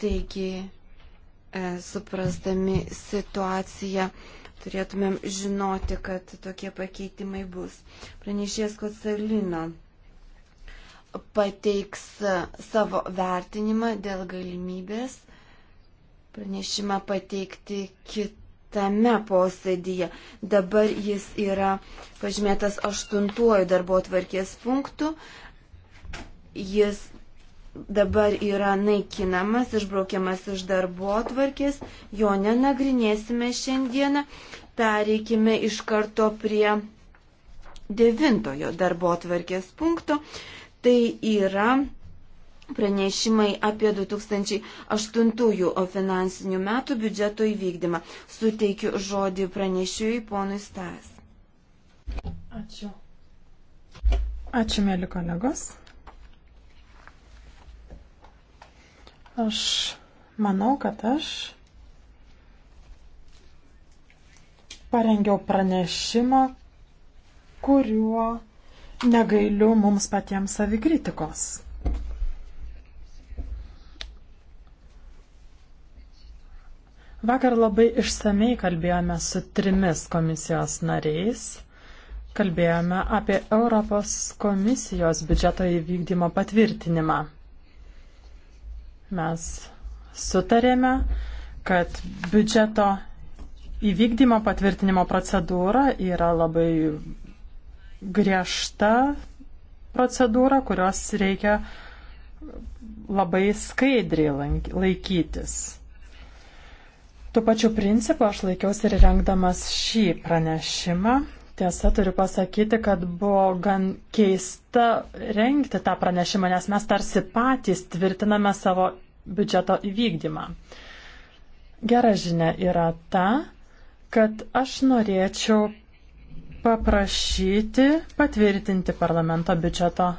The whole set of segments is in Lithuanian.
Taigi, e, suprasdami situaciją, turėtumėm žinoti, kad tokie pakeitimai bus. Pranešės Kocelino pateiks e, savo vertinimą dėl galimybės pranešimą pateikti kitame posėdyje. Dabar jis yra pažymėtas aštuntuoju darbo tvarkės punktu. Jis dabar yra naikinamas, išbraukiamas iš darbo atvarkės, jo nenagrinėsime šiandieną, pereikime iš karto prie devintojo darbo atvarkės punkto, tai yra pranešimai apie 2008 finansinių metų biudžeto įvykdymą. Suteikiu žodį pranešiui ponui Stas. Ačiū. Ačiū, mėly kolegos. Aš manau, kad aš parengiau pranešimą, kuriuo negailiu mums patiems savikritikos. Vakar labai išsamei kalbėjome su trimis komisijos nariais. Kalbėjome apie Europos komisijos biudžeto įvykdymo patvirtinimą mes sutarėme, kad biudžeto įvykdymo patvirtinimo procedūra yra labai griežta procedūra, kurios reikia labai skaidriai laikytis. Tų pačių principų aš laikiausi ir rengdamas šį pranešimą. Tiesa, turiu pasakyti, kad buvo gan keista rengti tą pranešimą, nes mes tarsi patys tvirtiname savo biudžeto įvykdymą. Gera žinia yra ta, kad aš norėčiau paprašyti patvirtinti parlamento biudžeto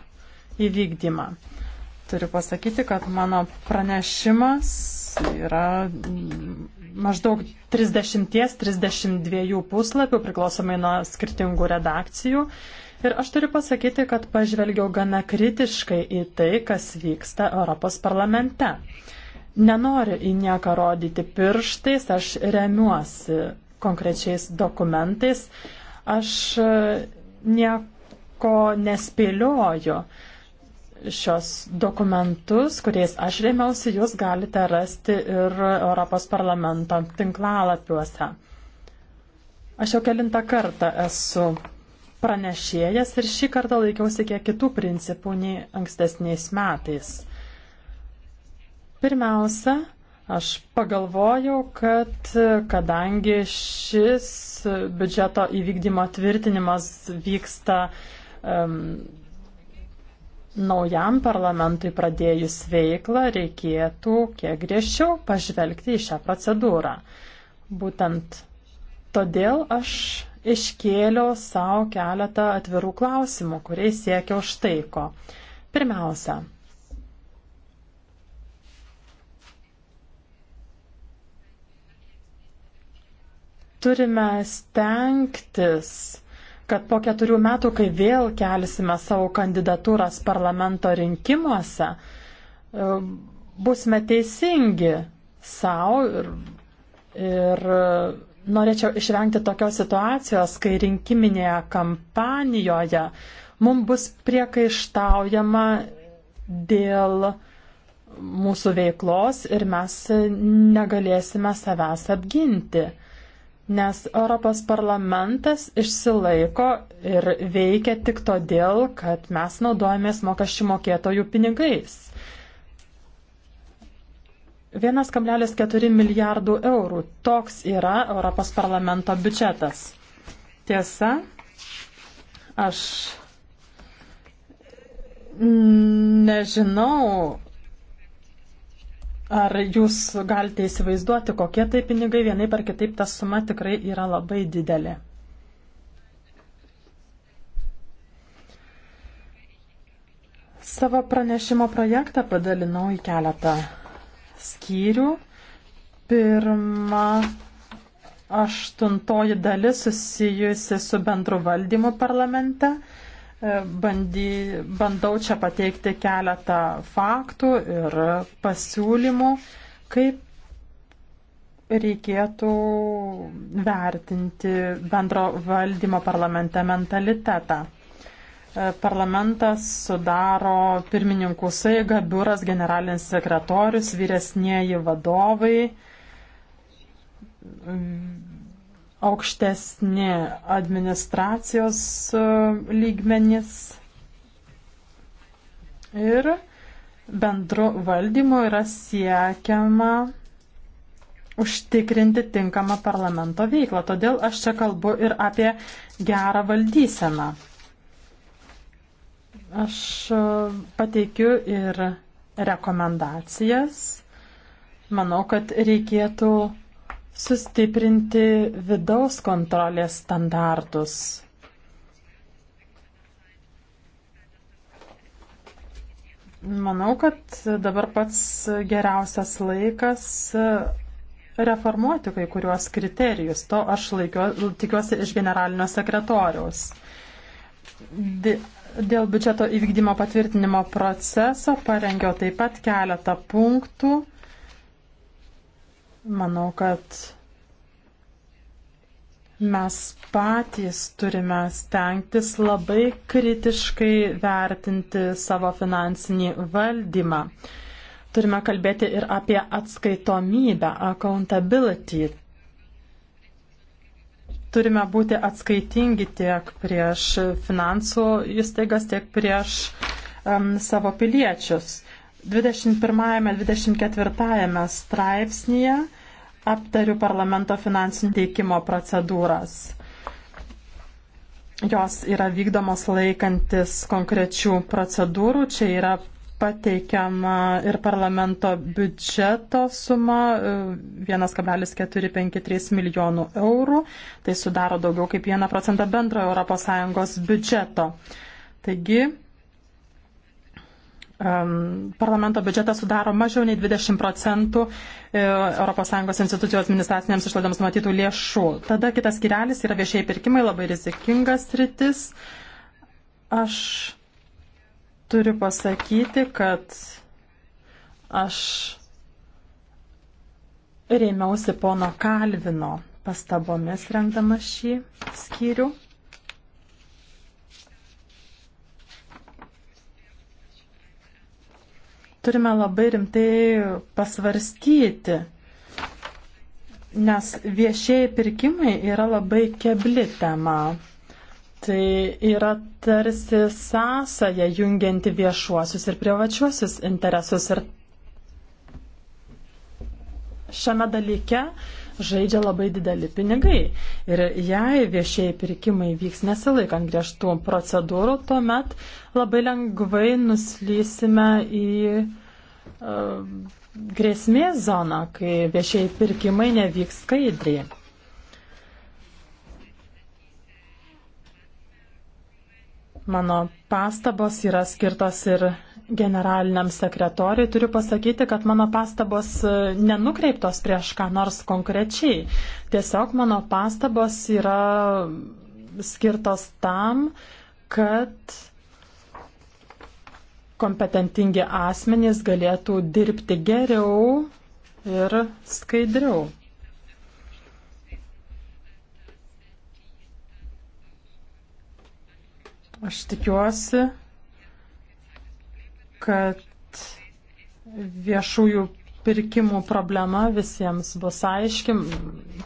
įvykdymą. Turiu pasakyti, kad mano pranešimas yra maždaug 30-32 puslapių, priklausomai nuo skirtingų redakcijų. Ir aš turiu pasakyti, kad pažvelgiau gana kritiškai į tai, kas vyksta Europos parlamente. Nenoriu į nieką rodyti pirštais, aš remiuosi konkrečiais dokumentais, aš e, nieko nespėlioju. Šios dokumentus, kuriais aš remiausi, jūs galite rasti ir Europos parlamento tinklalapiuose. Aš jau kelintą kartą esu pranešėjas ir šį kartą laikiausi kiek kitų principų nei ankstesniais metais. Pirmiausia, aš pagalvojau, kad kadangi šis biudžeto įvykdymo tvirtinimas vyksta um, naujam parlamentui pradėjus veiklą, reikėtų kiek griežčiau pažvelgti į šią procedūrą. Būtent todėl aš iškėliau savo keletą atvirų klausimų, kuriais siekiau štai ko. Pirmiausia, turime stengtis, kad po keturių metų, kai vėl kelsime savo kandidatūras parlamento rinkimuose, e, busime teisingi savo ir, ir norėčiau išvengti tokios situacijos, kai rinkiminėje kampanijoje mums bus priekaištaujama dėl mūsų veiklos ir mes negalėsime savęs apginti. Nes Europos parlamentas išsilaiko ir veikia tik todėl, kad mes naudojamės mokesčių mokėtojų pinigais. 1,4 milijardų eurų. Toks yra Europos parlamento biudžetas. Tiesa, aš nežinau, ar jūs galite įsivaizduoti, kokie tai pinigai, vienai par kitaip ta suma tikrai yra labai didelė. Savo pranešimo projektą padalinau į keletą skyrių. Pirma aštuntoji dalis susijusi su bendru valdymu parlamente. E, bandy, bandau čia pateikti keletą faktų ir pasiūlymų, kaip reikėtų vertinti bendro valdymo parlamente mentalitetą. Parlamentas sudaro pirmininkų saiga, biuras, generalinis sekretorius, vyresnieji vadovai, aukštesni administracijos e, lygmenys ir bendru valdymu yra siekiama užtikrinti tinkamą parlamento veiklą. Todėl aš čia kalbu ir apie gerą valdyseną. Aš e, pateikiu ir rekomendacijas. Manau, kad reikėtų sustiprinti vidaus kontrolės standartus. Manau, kad dabar pats geriausias laikas e, reformuoti kai kuriuos kriterijus. To aš laikio, tikiuosi iš generalinio sekretoriaus. Di Dėl biudžeto įvykdymo patvirtinimo proceso parengiau taip pat keletą punktų. Manau, kad mes patys turime stengtis labai kritiškai vertinti savo finansinį valdymą turime kalbėti ir apie atskaitomybę, accountability turime būti atskaitingi tiek prieš finansų įstaigas, tiek prieš um, savo piliečius. 21-24 straipsnėje aptariu parlamento finansinį teikimo procedūras. Jos yra vykdomos laikantis konkrečių procedūrų, čia yra pateikiama ir parlamento biudžeto suma 1,453 e, milijonų eurų. Tai sudaro daugiau kaip 1 procentą bendro ES biudžeto. Taigi, um, parlamento biudžetas sudaro mažiau nei 20 procentų ES institucijų administracinėms išlaidoms numatytų lėšų. Tada kitas skirelis yra viešieji pirkimai, labai rizikingas rytis. Aš turiu pasakyti, kad aš rėmiausi pono Kalvino pastabomis rengdama šį skyrių. Turime labai rimtai pasvarstyti, nes viešieji pirkimai yra labai kebli tema. Tai yra tarsi sąsaja jungianti viešuosius ir privačiuosius interesus. Ir šiame dalyke žaidžia labai dideli pinigai. Ir jei viešieji pirkimai vyks nesilaikant griežtų procedūrų, tuomet labai lengvai nuslysime į uh, grėsmės zoną, kai viešieji pirkimai nevyks skaidriai. Mano pastabos yra skirtos ir generaliniam sekretoriui. Turiu pasakyti, kad mano pastabos e, nenukreiptos prieš ką nors konkrečiai. Tiesiog mano pastabos yra skirtos tam, kad kompetentingi asmenys galėtų dirbti geriau ir skaidriau. Aš tikiuosi, kad viešųjų pirkimų problema visiems bus aiški.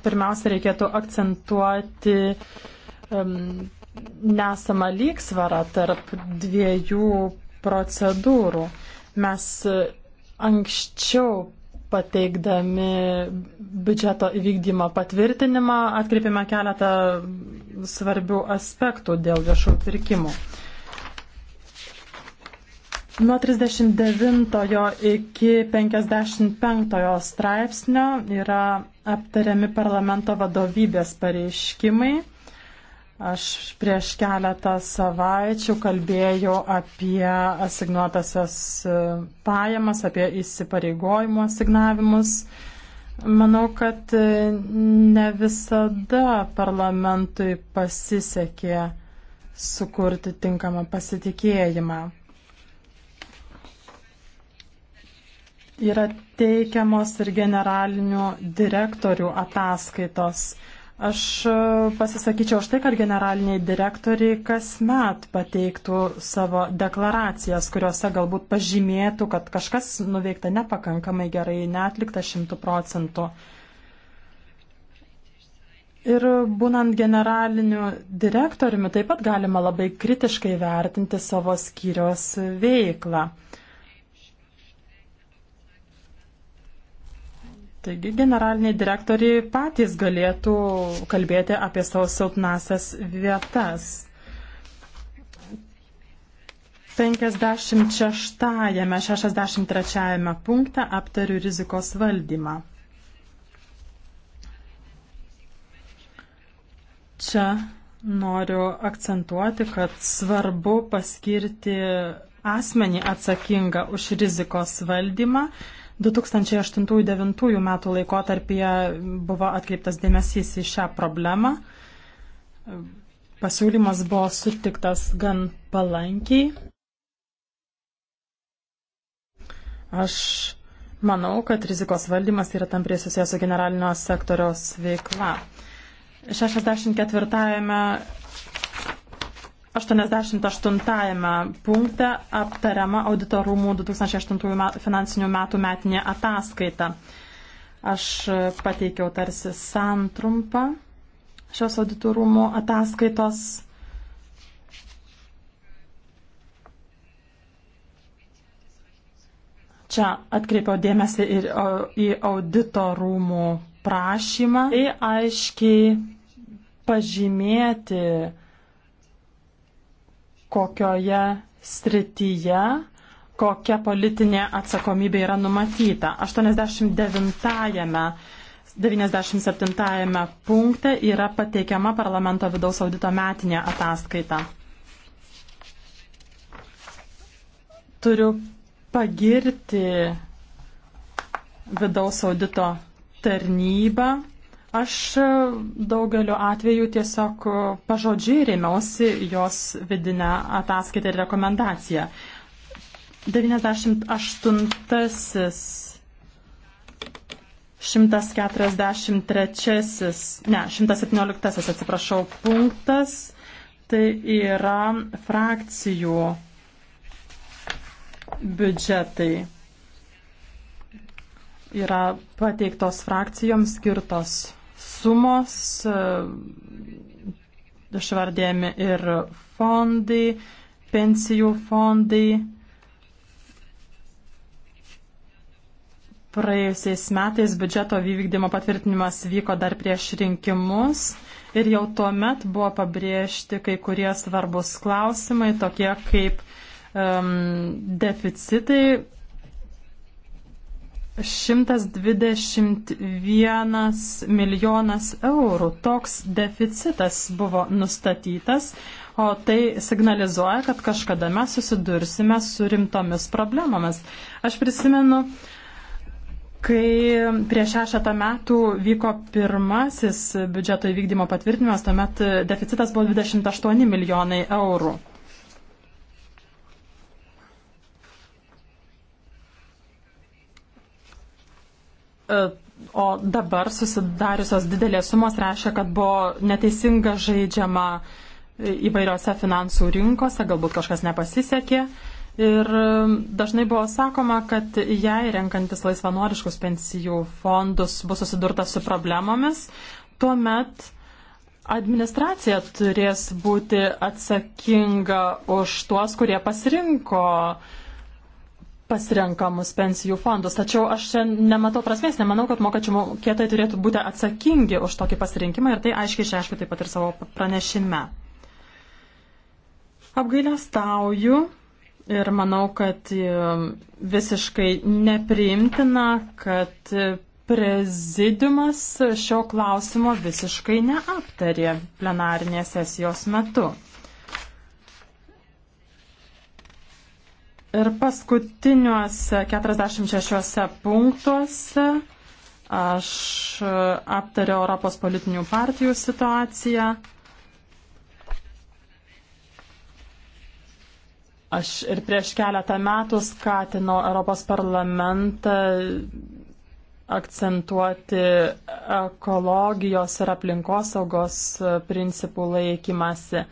Pirmiausia, reikėtų akcentuoti um, nesamą lygsvarą tarp dviejų procedūrų. Mes anksčiau pateikdami biudžeto įvykdymo patvirtinimą atkreipėme keletą svarbių aspektų dėl viešų pirkimų. Nuo 39 iki 55 straipsnio yra aptariami parlamento vadovybės pareiškimai. Aš prieš keletą savaičių kalbėjau apie asignuotasias e, pajamas, apie įsipareigojimo asignavimus. Manau, kad e, ne visada parlamentui pasisekė sukurti tinkamą pasitikėjimą. Yra teikiamos ir generalinių direktorių ataskaitos. Aš e, pasisakyčiau už tai, kad generaliniai direktoriai kasmet pateiktų savo deklaracijas, kuriuose galbūt pažymėtų, kad kažkas nuveikta nepakankamai gerai, netlikta šimtų procentų. Ir būnant generaliniu direktoriumi taip pat galima labai kritiškai vertinti savo skyrios veiklą. Uh, Taigi generaliniai direktoriai patys galėtų kalbėti apie savo silpnasias vietas. 56-ame, 63-ame punkte aptariu rizikos valdymą. Čia noriu akcentuoti, kad svarbu paskirti asmenį atsakingą už rizikos valdymą 2008-2009 metų laikotarpyje buvo atkreiptas dėmesys į šią problemą. Pasiūlymas buvo sutiktas gan palankiai. Aš manau, kad rizikos valdymas yra tam prie susijęs su generalinio sektoriaus veikla. 64 88 punkte aptariama auditorumų 2008 finansinių metų metinė ataskaita. Aš pateikiau tarsi santrumpą šios auditorumų ataskaitos. Čia atkreipiau dėmesį ir į auditorumų prašymą. Tai aiškiai pažymėti kokioje srityje kokia politinė atsakomybė yra numatyta. 89-ame 97 punkte yra pateikiama parlamento vidaus audito metinė ataskaita. Turiu pagirti vidaus audito tarnybą Aš daugeliu atveju tiesiog pažodžiai rėmiausi jos vidinę ataskaitą ir rekomendaciją. 98 143, ne, 117, atsiprašau, punktas, tai yra frakcijų biudžetai. Yra pateiktos frakcijoms skirtos sumos, e, išvardėjami ir fondai, pensijų fondai. Praėjusiais metais biudžeto vykdymo patvirtinimas vyko dar prieš rinkimus ir jau tuo met buvo pabrėžti kai kurie svarbus klausimai, tokie kaip um, deficitai 121 milijonas eurų. Toks deficitas buvo nustatytas, o tai signalizuoja, kad kažkada mes susidursime su rimtomis problemomis. Aš prisimenu, kai prieš šešetą metų vyko pirmasis biudžeto įvykdymo patvirtinimas, tuomet deficitas buvo 28 milijonai eurų. E, o dabar susidariusios didelės sumos reiškia, kad buvo neteisinga žaidžiama įvairiose finansų rinkose, galbūt kažkas nepasisekė. Ir e, dažnai buvo sakoma, kad jei renkantis laisvanoriškus pensijų fondus bus susidurta su problemomis, tuomet administracija turės būti atsakinga už tuos, kurie pasirinko uh, pasirenkamus pensijų fondus. Tačiau aš nematau prasmės, nemanau, kad mokesčių mokėtojai turėtų būti atsakingi už tokį pasirinkimą ir tai aiškiai išaiškiu taip pat ir savo pranešime. Apgailę stauju ir manau, kad um, visiškai nepriimtina, kad prezidiumas šio klausimo visiškai neaptarė plenarinės sesijos metu. Ir paskutiniuose 46 punktuose aš aptariau Europos politinių partijų situaciją. Aš ir prieš keletą metų skatinau Europos parlamentą akcentuoti ekologijos ir aplinkosaugos principų laikymasi.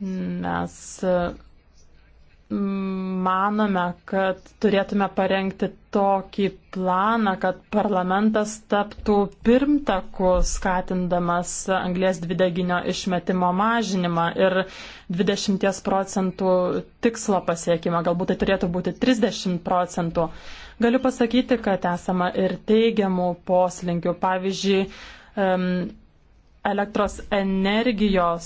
Mes manome, kad turėtume parengti tokį planą, kad parlamentas taptų pirmtaku skatindamas anglės dvideginio išmetimo mažinimą ir 20 procentų tikslo pasiekimą, galbūt tai turėtų būti 30 procentų. Galiu pasakyti, kad esama ir teigiamų poslinkių. Pavyzdžiui, um, elektros energijos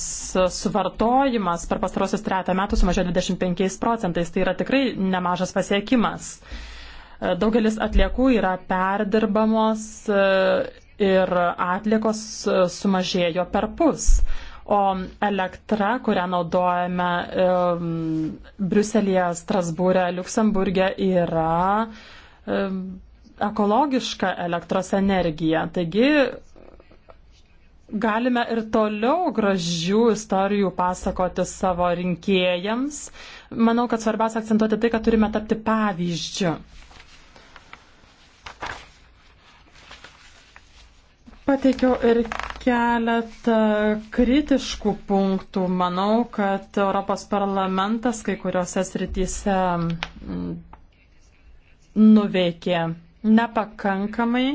suvartojimas per pastarosius trejata metų sumažėjo 25 procentais. Tai yra tikrai nemažas pasiekimas. Daugelis atliekų yra perdirbamos e, ir atliekos e, sumažėjo per pus. O elektra, kurią naudojame um, e, Bruselėje, Strasbūrė, Luksemburgė, yra um, ekologiška elektros energija. Taigi galime ir toliau gražių istorijų pasakoti savo rinkėjams. Manau, kad svarbiausia akcentuoti tai, kad turime tapti pavyzdžiu. Pateikiau ir keletą kritiškų punktų. Manau, kad Europos parlamentas kai kuriuose srityse mm, nuveikė nepakankamai.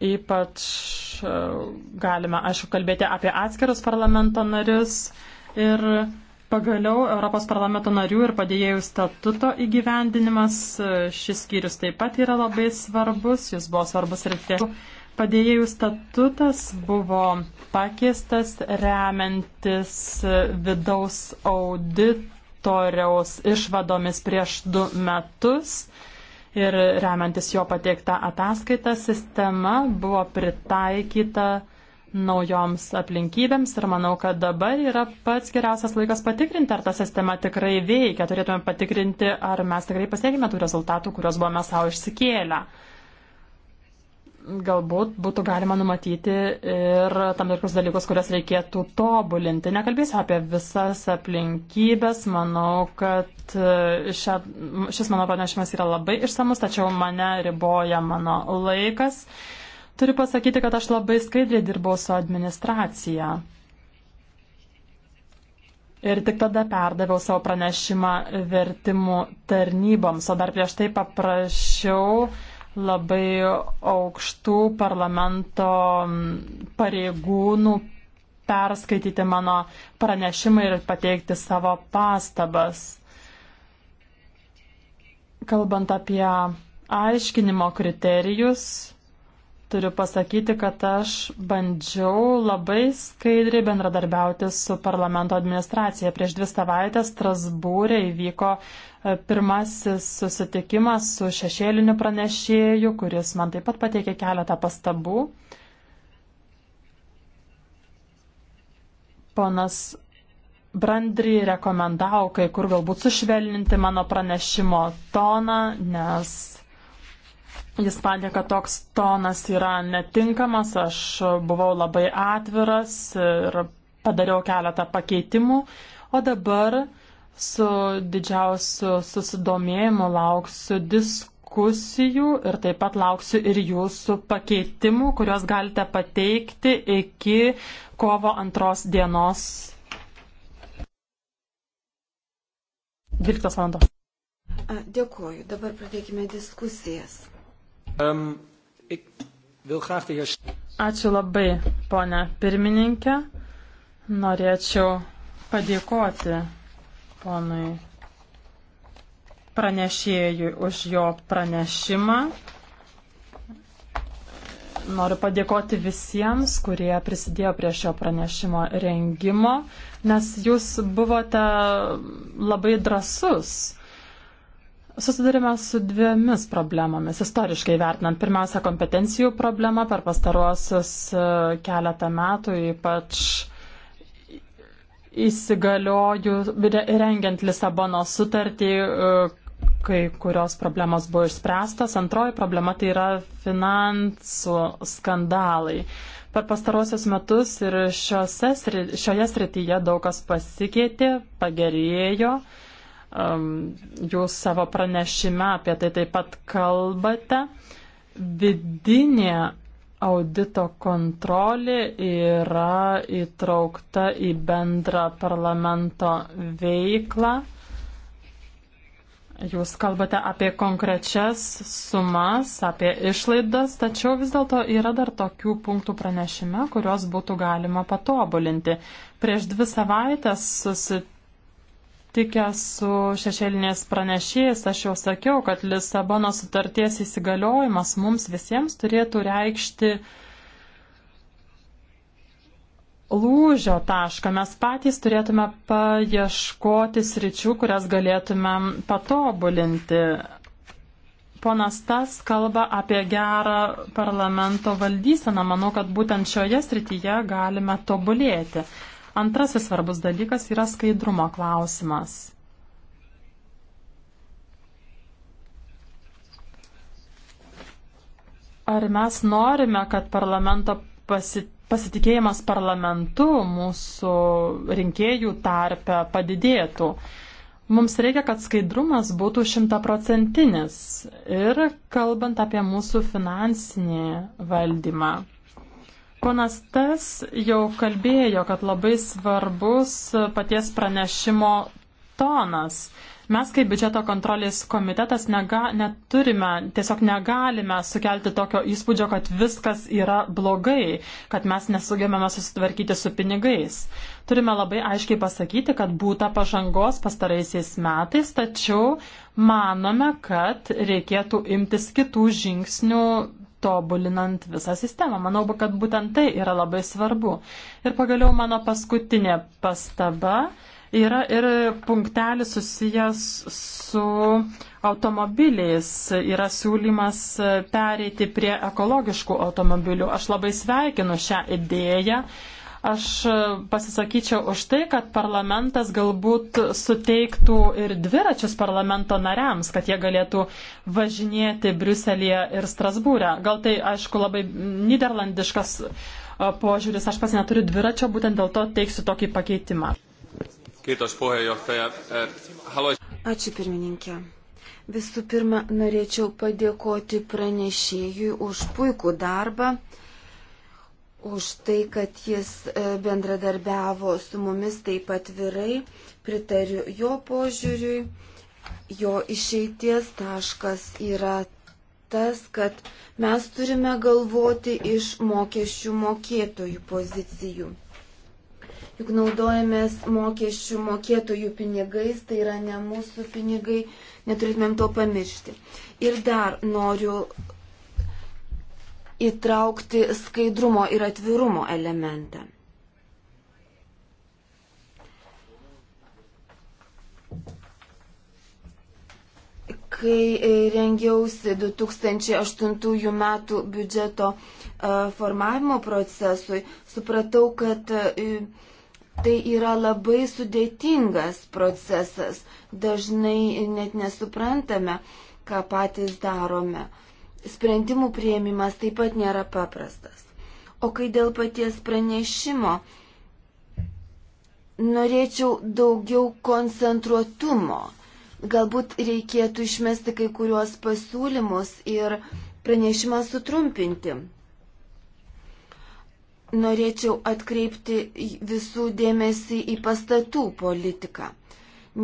Ypač e, galime, aišku, kalbėti apie atskirus parlamento narius ir Pagaliau Europos parlamento narių ir padėjėjų statuto įgyvendinimas. E, šis skyrius taip pat yra labai svarbus. Jis buvo svarbus ir tiek. Padėjėjų statutas buvo pakeistas remiantis vidaus auditoriaus išvadomis prieš du metus ir remiantis jo pateiktą ataskaitą, sistema buvo pritaikyta naujoms aplinkybėms ir manau, kad dabar yra pats geriausias laikas patikrinti, ar ta sistema tikrai veikia. Turėtume patikrinti, ar mes tikrai pasiekime tų rezultatų, kuriuos buvome savo išsikėlę galbūt būtų galima numatyti ir tam tikrus dalykus, kurias reikėtų tobulinti. Nekalbėsiu apie visas aplinkybės, manau, kad e, šia, šis mano pranešimas yra labai išsamus, tačiau mane riboja mano laikas. Turiu pasakyti, kad aš labai skaidriai dirbau su administracija. Ir tik tada perdaviau savo pranešimą vertimų tarnyboms, o dar prieš tai paprašiau uh, labai aukštų parlamento pareigūnų perskaityti mano pranešimą ir pateikti savo pastabas. Kalbant apie aiškinimo kriterijus, turiu pasakyti, kad aš bandžiau labai skaidriai bendradarbiauti su parlamento administracija. Prieš dvi savaitės Strasbūrė įvyko e, pirmasis susitikimas su šešėliniu pranešėju, kuris man taip pat pateikė keletą pastabų. Ponas Brandry rekomendavo kai kur galbūt sušvelninti mano pranešimo toną, nes Jis manė, kad toks tonas yra netinkamas, aš buvau labai atviras ir padariau keletą pakeitimų, o dabar su didžiausiu susidomėjimu lauksiu diskusijų ir taip pat lauksiu ir jūsų pakeitimų, kuriuos galite pateikti iki kovo antros dienos 12 val. Dėkuoju, dabar pradėkime diskusijas. Ehm, Ačiū labai, ponia pirmininkė. Norėčiau padėkoti ponui pranešėjui už jo pranešimą. Noriu padėkoti visiems, kurie prisidėjo prie šio pranešimo rengimo, nes jūs buvote labai drasus Susidurime su dviemis problemomis, istoriškai vertinant. Pirmiausia, kompetencijų problema per pastaruosius e, keletą metų, ypač įsigalioju, rengiant Lisabono sutartį, e, kai kurios problemos buvo išspręstos. Antroji problema tai yra finansų skandalai. Per pastarosius metus ir šiose, šioje srityje daug kas pasikeitė, pagerėjo. Jūs savo pranešime apie tai taip pat kalbate. Vidinė audito kontrolė yra įtraukta į bendrą parlamento veiklą. Jūs kalbate apie konkrečias sumas, apie išlaidas, tačiau vis dėlto yra dar tokių punktų pranešime, kuriuos būtų galima patobulinti. Prieš dvi savaitės susitikti susitikę su šešėlinės pranešėjais, aš jau sakiau, kad Lisabono sutarties įsigaliojimas mums visiems turėtų reikšti lūžio tašką. Mes patys turėtume paieškoti sričių, kurias galėtume patobulinti. Ponas Tas kalba apie gerą parlamento valdyseną. Manau, kad būtent šioje srityje galime tobulėti. Antrasis svarbus dalykas yra skaidrumo klausimas. Ar mes norime, kad parlamento pasitikėjimas pasitikėjimas parlamentu mūsų rinkėjų tarpe padidėtų. Mums reikia, kad skaidrumas būtų šimtaprocentinis ir kalbant apie mūsų finansinį valdymą. Ponas Tas jau kalbėjo, kad labai svarbus paties pranešimo tonas. Mes kaip biudžeto kontrolės komitetas nega, neturime, tiesiog negalime sukelti tokio įspūdžio, kad viskas yra blogai, kad mes nesugebėme susitvarkyti su pinigais. Turime labai aiškiai pasakyti, kad būta pažangos pastaraisiais metais, tačiau manome, kad reikėtų imtis kitų žingsnių tobulinant visą sistemą. Manau, kad būtent tai yra labai svarbu. Ir pagaliau mano paskutinė pastaba yra ir punktelis susijęs su automobiliais. Yra siūlymas pereiti prie ekologiškų automobilių. Aš labai sveikinu šią idėją. Aš e, pasisakyčiau už tai, kad parlamentas galbūt suteiktų ir dviračius parlamento nariams, kad jie galėtų važinėti Briuselėje ir Strasbūrė. Gal tai, aišku, labai niderlandiškas e, požiūris. Aš pas neturiu dviračio, būtent dėl to teiksiu tokį pakeitimą. Kiitos puheenjohtaja. E, Haluaisin... Ačiū pirmininkė. Visų pirma, norėčiau padėkoti pranešėjui už puikų darbą už tai, kad jis e, bendradarbiavo su mumis taip atvirai. Pritariu jo požiūriui. Jo išeities taškas yra tas, kad mes turime galvoti iš mokesčių mokėtojų pozicijų. Juk naudojamės mokesčių mokėtojų pinigais, tai yra ne mūsų pinigai, neturėtumėm to pamiršti. Ir dar noriu įtraukti skaidrumo ir atvirumo elementą. Kai e, rengiausi 2008 metų biudžeto e, formavimo procesui, supratau, kad e, tai yra labai sudėtingas procesas. Dažnai net nesuprantame, ką patys darome sprendimų prieimimas taip pat nėra paprastas. O kai dėl paties pranešimo, norėčiau daugiau koncentruotumo. Galbūt reikėtų išmesti kai kuriuos pasiūlymus ir pranešimą sutrumpinti. Norėčiau atkreipti visų dėmesį į pastatų politiką,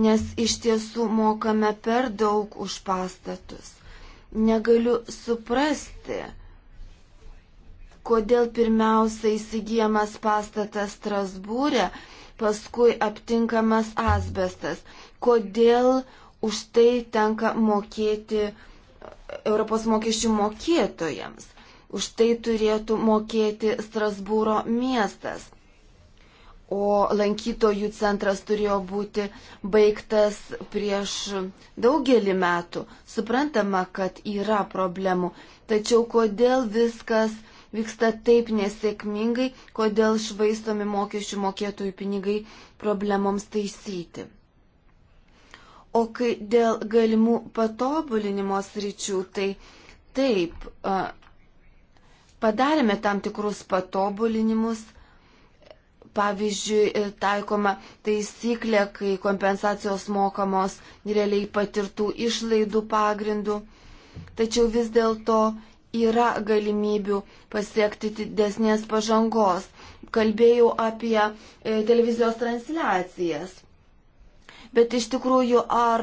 nes iš tiesų mokame per daug už pastatus negaliu suprasti, kodėl pirmiausia įsigijamas pastatas Strasbūrė, paskui aptinkamas asbestas, kodėl už tai tenka mokėti e, Europos mokesčių mokėtojams, už tai turėtų mokėti Strasbūro miestas o lankytojų centras turėjo būti baigtas prieš daugelį metų. Suprantama, kad yra problemų, tačiau kodėl viskas vyksta taip nesėkmingai, kodėl švaistomi mokesčių mokėtojų pinigai problemoms taisyti. O kai dėl galimų patobulinimo sričių, tai taip, padarėme tam tikrus patobulinimus, pavyzdžiui, e, taikoma taisyklė, kai kompensacijos mokamos realiai patirtų išlaidų pagrindų. Tačiau vis dėlto yra galimybių pasiekti didesnės pažangos. Kalbėjau apie e, televizijos transliacijas. Bet iš tikrųjų, ar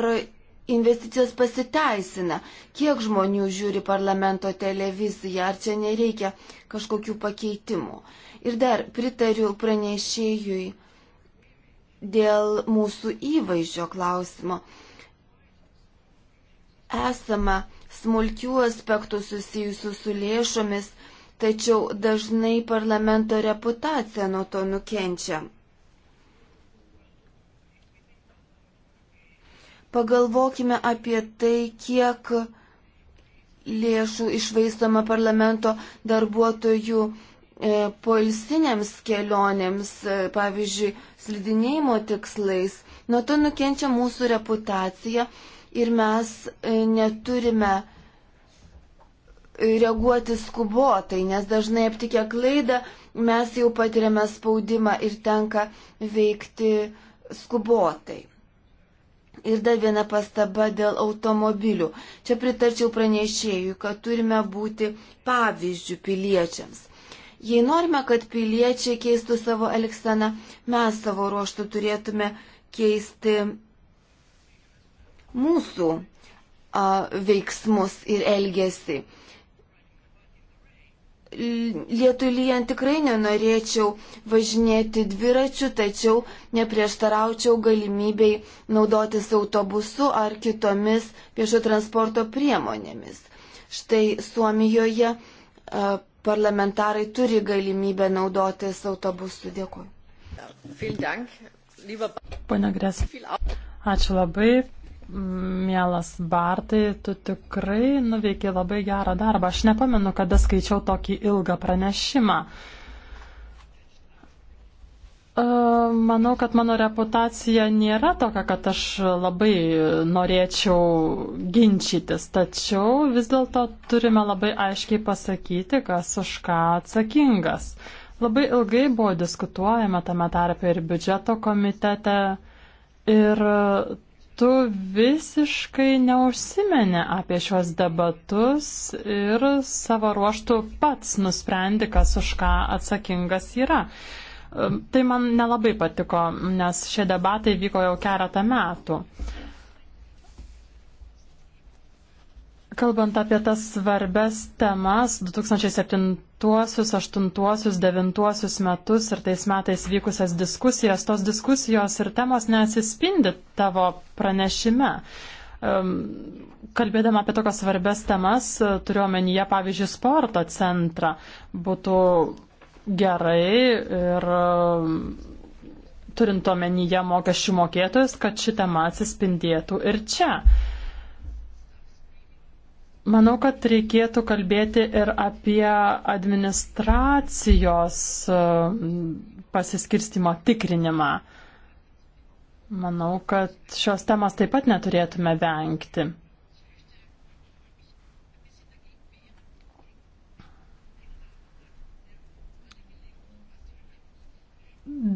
investicijos pasiteisina? Kiek žmonių žiūri parlamento televiziją? Ar čia nereikia kažkokių pakeitimų? Uh, Ir dar pritariu pranešėjui dėl mūsų įvaizdžio klausimo. Esama smulkių aspektų susijusių su lėšomis, tačiau dažnai parlamento reputacija nuo to nukenčia. Pagalvokime apie tai, kiek lėšų išvaistoma parlamento darbuotojų E, poilsinėms kelionėms, e, pavyzdžiui, slidinėjimo tikslais, nuo to nukenčia mūsų reputacija ir mes e, neturime reaguoti skubotai, nes dažnai aptikę klaidą mes jau patiriame spaudimą ir tenka veikti skubotai. Ir dar viena pastaba dėl automobilių. Čia pritarčiau pranešėjui, kad turime būti pavyzdžių piliečiams. Jei norime, kad piliečiai keistų savo elgseną, mes savo ruoštų turėtume keisti mūsų a, veiksmus ir elgesį. Lietui lyjant tikrai nenorėčiau važinėti dviračiu, tačiau neprieštaraučiau galimybei naudotis autobusu ar kitomis viešo transporto priemonėmis. Štai Suomijoje a, parlamentarai turi galimybę naudotis autobusu. Dėkuoju. Pane Grės, ačiū labai. Mielas Bartai, tu tikrai nuveikė labai gerą darbą. Aš nepamenu, kada skaičiau tokį ilgą pranešimą. Uh, Manau, kad mano reputacija nėra tokia, kad aš labai norėčiau ginčytis, tačiau vis dėlto turime labai aiškiai pasakyti, kas už ką atsakingas. Labai ilgai buvo diskutuojama tame tarpe ir biudžeto komitete ir tu visiškai neužsimeni apie šios debatus ir savo ruoštų pats nusprendi, kas už ką atsakingas yra. Tai man nelabai patiko, nes šie debatai vyko jau keletą metų. Kalbant apie tas svarbes temas, 2007, 2008, 2009 metus ir tais metais vykusias diskusijas, tos diskusijos ir temos neatsispindi tavo pranešime. Kalbėdama apie tokias svarbes temas, turiuomenyje, pavyzdžiui, sporto centrą, būtų gerai ir e, turint omenyje mokesčių mokėtojus, kad ši tema atsispindėtų ir čia. Manau, kad reikėtų kalbėti ir apie administracijos e, pasiskirstimo tikrinimą. Manau, kad šios temas taip pat neturėtume vengti.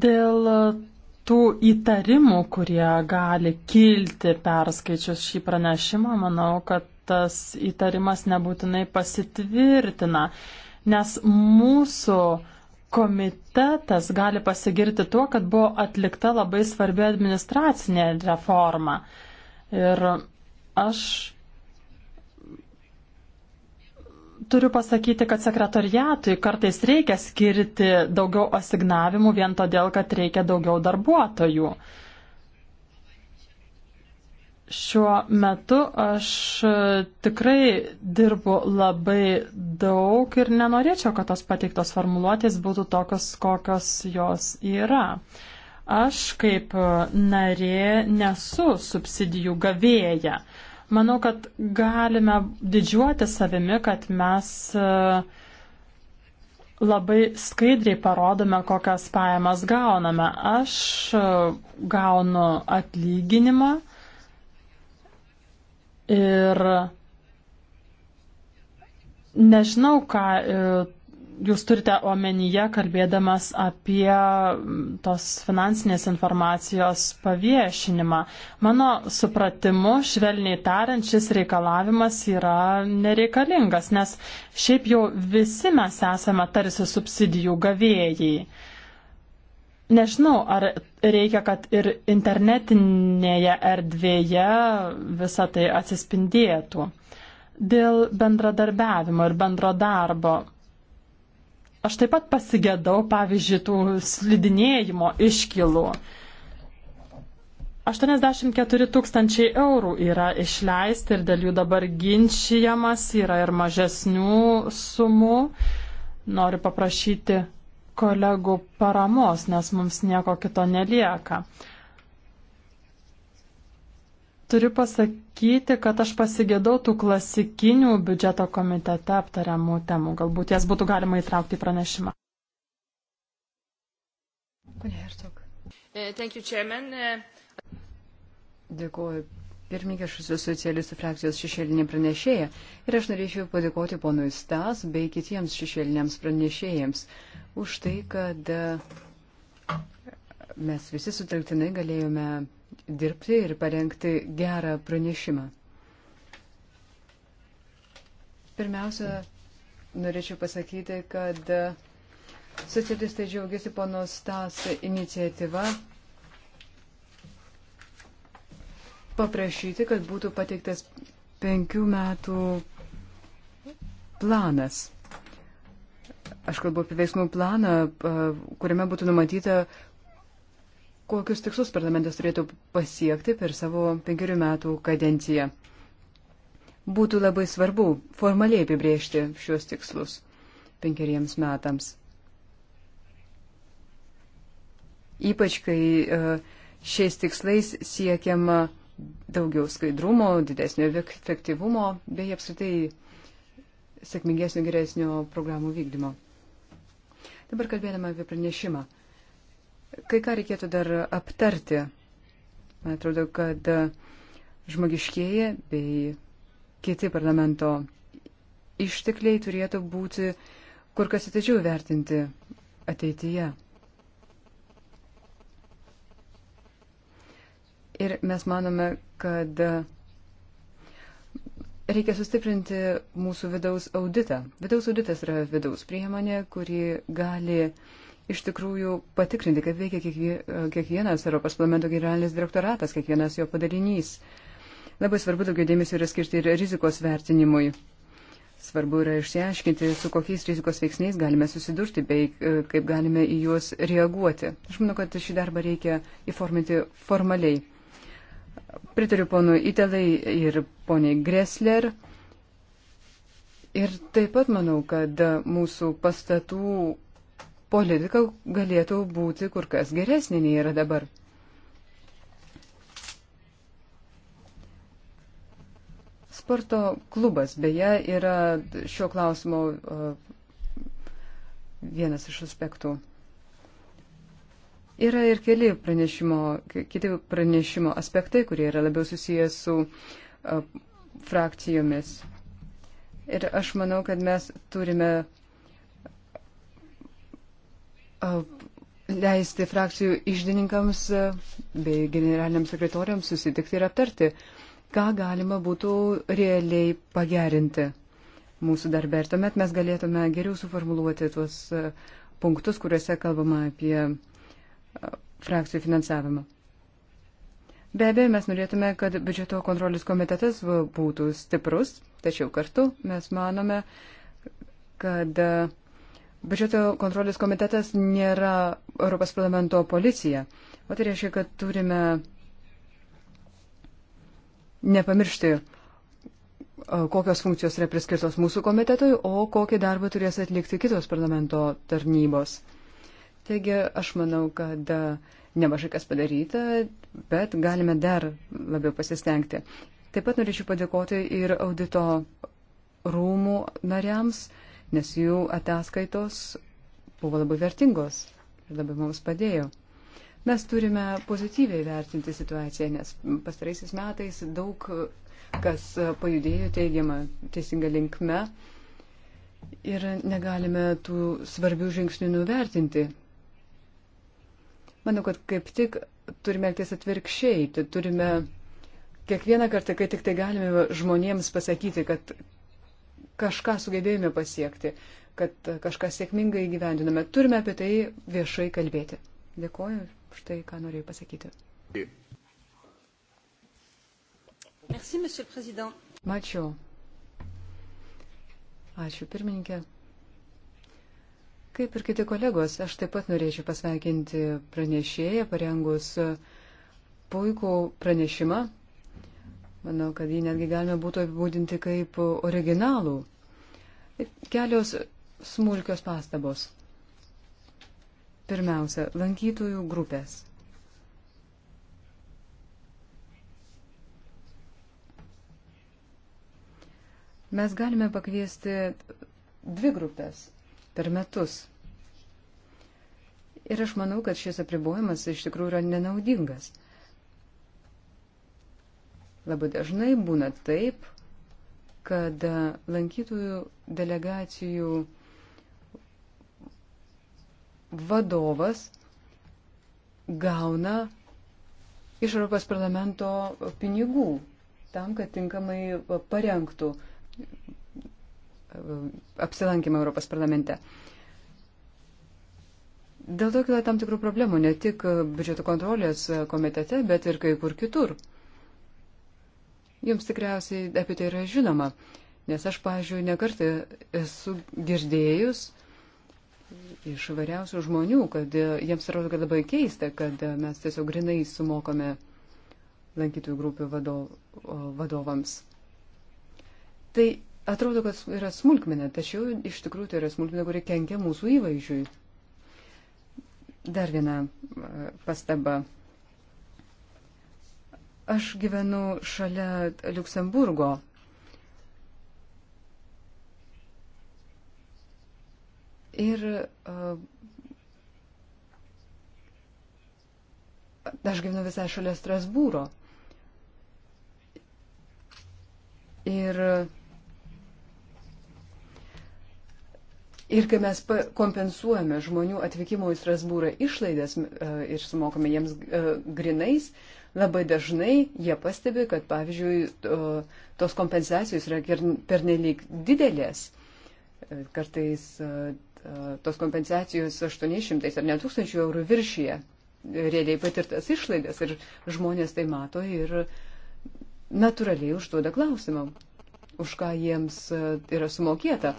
Dėl e, tų įtarimų, kurie gali kilti perskaičius šį pranešimą, manau, kad tas įtarimas nebūtinai pasitvirtina, nes mūsų komitetas gali pasigirti tuo, kad buvo atlikta labai svarbi administracinė reforma. Ir aš turiu pasakyti, kad sekretariatui kartais reikia skirti daugiau asignavimų vien todėl, kad reikia daugiau darbuotojų. Šiuo metu aš e, tikrai dirbu labai daug ir nenorėčiau, kad tos pateiktos formuluotės būtų tokios, kokios jos yra. Aš kaip e, narė nesu subsidijų gavėja. Manau, kad galime didžiuoti savimi, kad mes e, labai skaidriai parodome, kokias pajamas gauname. Aš e, gaunu atlyginimą ir nežinau, ką e, jūs turite omenyje, kalbėdamas apie tos finansinės informacijos paviešinimą. Mano supratimu, švelniai tariant, šis reikalavimas yra nereikalingas, nes šiaip jau visi mes esame tarsi subsidijų gavėjai. Nežinau, ar reikia, kad ir internetinėje erdvėje visa tai atsispindėtų. Dėl bendradarbiavimo ir bendro darbo Aš taip pat pasigėdau, pavyzdžiui, tų slidinėjimo iškilų. 84 tūkstančiai eurų yra išleisti ir dėl jų dabar ginčiamas, yra ir mažesnių sumų. Noriu paprašyti kolegų paramos, nes mums nieko kito nelieka. Turiu pasakyti, kad aš pasigėdau tų klasikinių biudžeto komitete aptariamų temų. Galbūt jas būtų galima įtraukti į pranešimą. Pane Hertog. E, e, Dėkuoju. Pirmininkė, aš esu socialistų frakcijos šešėlinė pranešėja ir aš norėčiau padėkoti ponui Stas bei kitiems šešėliniams pranešėjams už tai, kad e, mes visi sutelktinai galėjome dirbti ir parengti gerą pranešimą. Pirmiausia, norėčiau pasakyti, kad socialistai džiaugiasi pono Stas iniciatyva paprašyti, kad būtų pateiktas penkių metų planas. Aš kalbu apie veiksmų planą, kuriame būtų numatyta, kokius tikslus parlamentas turėtų pasiekti per savo penkerių metų kadenciją. Būtų labai svarbu formaliai apibriežti šios tikslus penkeriems metams. Ypač, kai e, šiais tikslais siekiama daugiau skaidrumo, didesnio efektyvumo bei apskritai sėkmingesnio geresnio programų vykdymo. Dabar kalbėdama apie pranešimą. Kai ką reikėtų dar aptarti. Man atrodo, kad žmogiškieji bei kiti parlamento ištekliai turėtų būti kur kas atidžiau vertinti ateityje. Ir mes manome, kad reikia sustiprinti mūsų vidaus auditą. Vidaus auditas yra vidaus priemonė, kuri gali uh, iš tikrųjų patikrinti, kaip veikia kiekvienas Europos parlamento generalinis direktoratas, kiekvienas jo padalinys. Labai svarbu daugiau dėmesio yra skirti ir rizikos vertinimui. Svarbu yra išsiaiškinti, su kokiais rizikos veiksniais galime susidurti bei e, kaip galime į juos reaguoti. Aš manau, kad šį darbą reikia įforminti formaliai. Pritariu ponui Itelai ir poniai Gressler. Ir taip pat manau, kad mūsų pastatų politika galėtų būti kur kas geresnė nei yra dabar. Sporto klubas beje yra šio klausimo e, vienas iš aspektų. Yra ir keli pranešimo, kiti pranešimo aspektai, kurie yra labiau susijęs su e, frakcijomis. Ir aš manau, kad mes turime leisti frakcijų išdininkams bei generaliniams sekretoriams susitikti ir aptarti, ką galima būtų realiai pagerinti mūsų darbę. Ir tuomet mes galėtume geriau suformuluoti tuos punktus, kuriuose kalbama apie frakcijų finansavimą. Be abejo, mes norėtume, kad biudžeto kontrolės komitetas būtų stiprus, tačiau kartu mes manome, kad uh, Biudžeto kontrolės komitetas nėra Europos parlamento policija. O tai reiškia, kad turime nepamiršti, kokios funkcijos yra priskirtos mūsų komitetui, o kokį darbą turės atlikti kitos parlamento tarnybos. Taigi aš manau, kad nemažai kas padaryta, bet galime dar labiau pasistengti. Taip pat norėčiau padėkoti ir audito rūmų nariams nes jų ataskaitos buvo labai vertingos ir labai mums padėjo. Mes turime pozityviai vertinti situaciją, nes pastaraisiais metais daug kas pajudėjo teigiamą teisingą linkme ir negalime tų svarbių žingsnių nuvertinti. Manau, kad kaip tik turime elgtis atvirkščiai, turime kiekvieną kartą, kai tik tai galime žmonėms pasakyti, kad kažką sugebėjome pasiekti, kad kažką sėkmingai įgyvendiname. Turime apie tai viešai kalbėti. Dėkuoju už tai, ką norėjau pasakyti. Merci, Mačiau. Ačiū, pirmininkė. Kaip ir kiti kolegos, aš taip pat norėčiau pasveikinti pranešėją, parengus puikų pranešimą, Manau, kad jį netgi galime būtų apibūdinti kaip originalų. Kelios smulkios pastabos. Pirmiausia, lankytojų grupės. Mes galime pakviesti dvi grupės per metus. Ir aš manau, kad šis apribojimas iš tikrųjų yra nenaudingas. Labai dažnai būna taip, kad lankytojų delegacijų vadovas gauna iš Europos parlamento pinigų tam, kad tinkamai parengtų apsilankymą Europos parlamente. Dėl to kila tam tikrų problemų ne tik biudžeto kontrolės komitete, bet ir kai kur kitur. Jums tikriausiai apie tai yra žinoma, nes aš, pažiūrėjau, nekartą esu girdėjus iš variausių žmonių, kad e, jiems atrodo, kad labai keista, kad e, mes tiesiog grinai sumokame lankytojų grupių vadov, vadovams. Tai atrodo, kad yra smulkmena, tačiau iš tikrųjų tai yra smulkmena, kuri kenkia mūsų įvaizdžiui. Dar viena e, pastaba. Aš gyvenu šalia Luksemburgo. Ir uh, aš gyvenu visai šalia Strasbūro. Ir, ir kai mes kompensuojame žmonių atvykimo į Strasbūrą išlaidas uh, ir sumokame jiems uh, grinais, uh, Labai dažnai jie pastebi, kad, pavyzdžiui, tos kompensacijos yra pernelyg didelės. Kartais tos kompensacijos 800 ar net 1000 eurų viršyje realiai patirtas išlaidas ir žmonės tai mato ir natūraliai užduoda klausimą, už ką jiems yra sumokėta.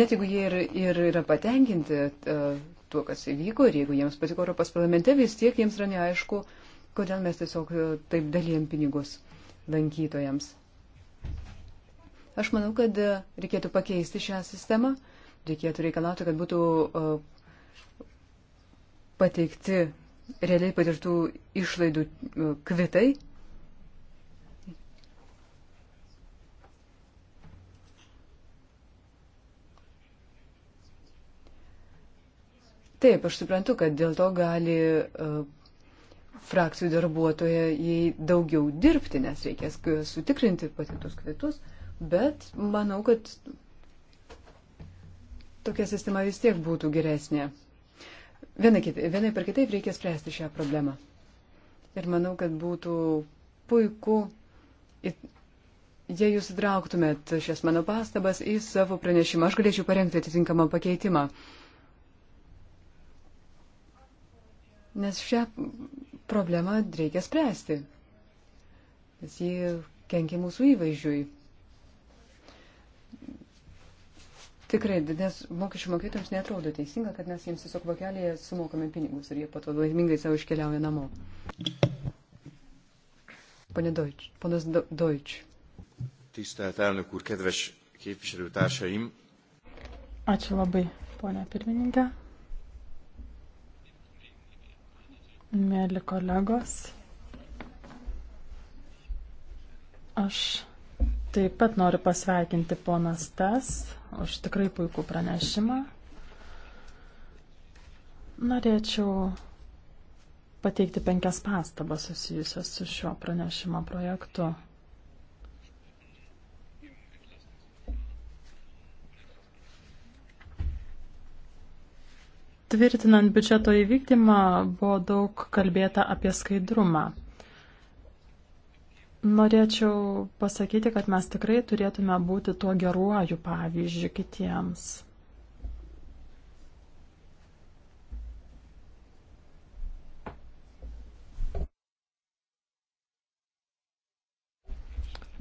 Net jeigu jie ir, ir yra patenkinti tuo, kas įvyko ir jeigu jiems patiko Europos parlamente, vis tiek jiems yra neaišku, uh, kodėl mes tiesiog e, taip dalyjam pinigus lankytojams. Aš manau, kad e, reikėtų pakeisti šią sistemą, reikėtų reikalauti, kad būtų e, pateikti realiai patirtų išlaidų kvitai. Taip, aš suprantu, kad dėl to gali uh, frakcijų darbuotoja jai daugiau dirbti, nes reikės sutikrinti patiktus kvitus, bet manau, kad tokia sistema vis tiek būtų geresnė. Vienai, vienai per kitaip reikia spręsti šią problemą. Ir manau, kad būtų puiku, jei jūs įtrauktumėt šias mano pastabas į savo pranešimą. Aš galėčiau parengti atitinkamą pakeitimą. Nes šią problemą reikia spręsti, nes ji kenkia mūsų įvaizdžiui. Tikrai, nes mokesčių mokėtojams netrodo teisinga, kad mes jiems tiesiog vakelėje sumokame pinigus ir jie pato laimingai savo iškeliauja namo. Pane Deutsch, ponas Do Deutsch. Tisztelt elnök úr, kedves képviselőtársaim! Ačiū labai, ponia pirmininkė. Mėly kolegos, aš taip pat noriu pasveikinti ponas Tas už tikrai puikų pranešimą. Norėčiau pateikti penkias pastabas susijusias su šiuo pranešimo projektu. Tvirtinant biudžeto įvykdymą buvo daug kalbėta apie skaidrumą. Norėčiau pasakyti, kad mes tikrai turėtume būti tuo geruoju pavyzdžiu kitiems.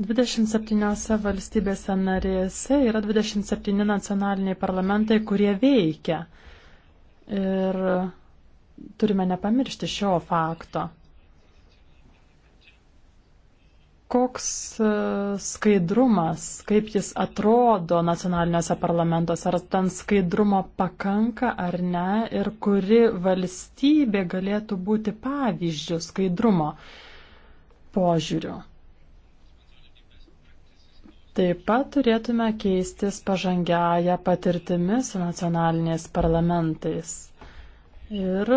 Dvidešimt septyniose valstybėse narėse yra dvidešimt septyni nacionaliniai parlamentai, kurie veikia. Ir turime nepamiršti šio fakto. Koks e, skaidrumas, kaip jis atrodo nacionaliniuose parlamentuose, ar ten skaidrumo pakanka ar ne, ir kuri valstybė galėtų būti pavyzdžių skaidrumo požiūriu. Taip pat turėtume keistis pažangiają patirtimi su nacionaliniais parlamentais. Ir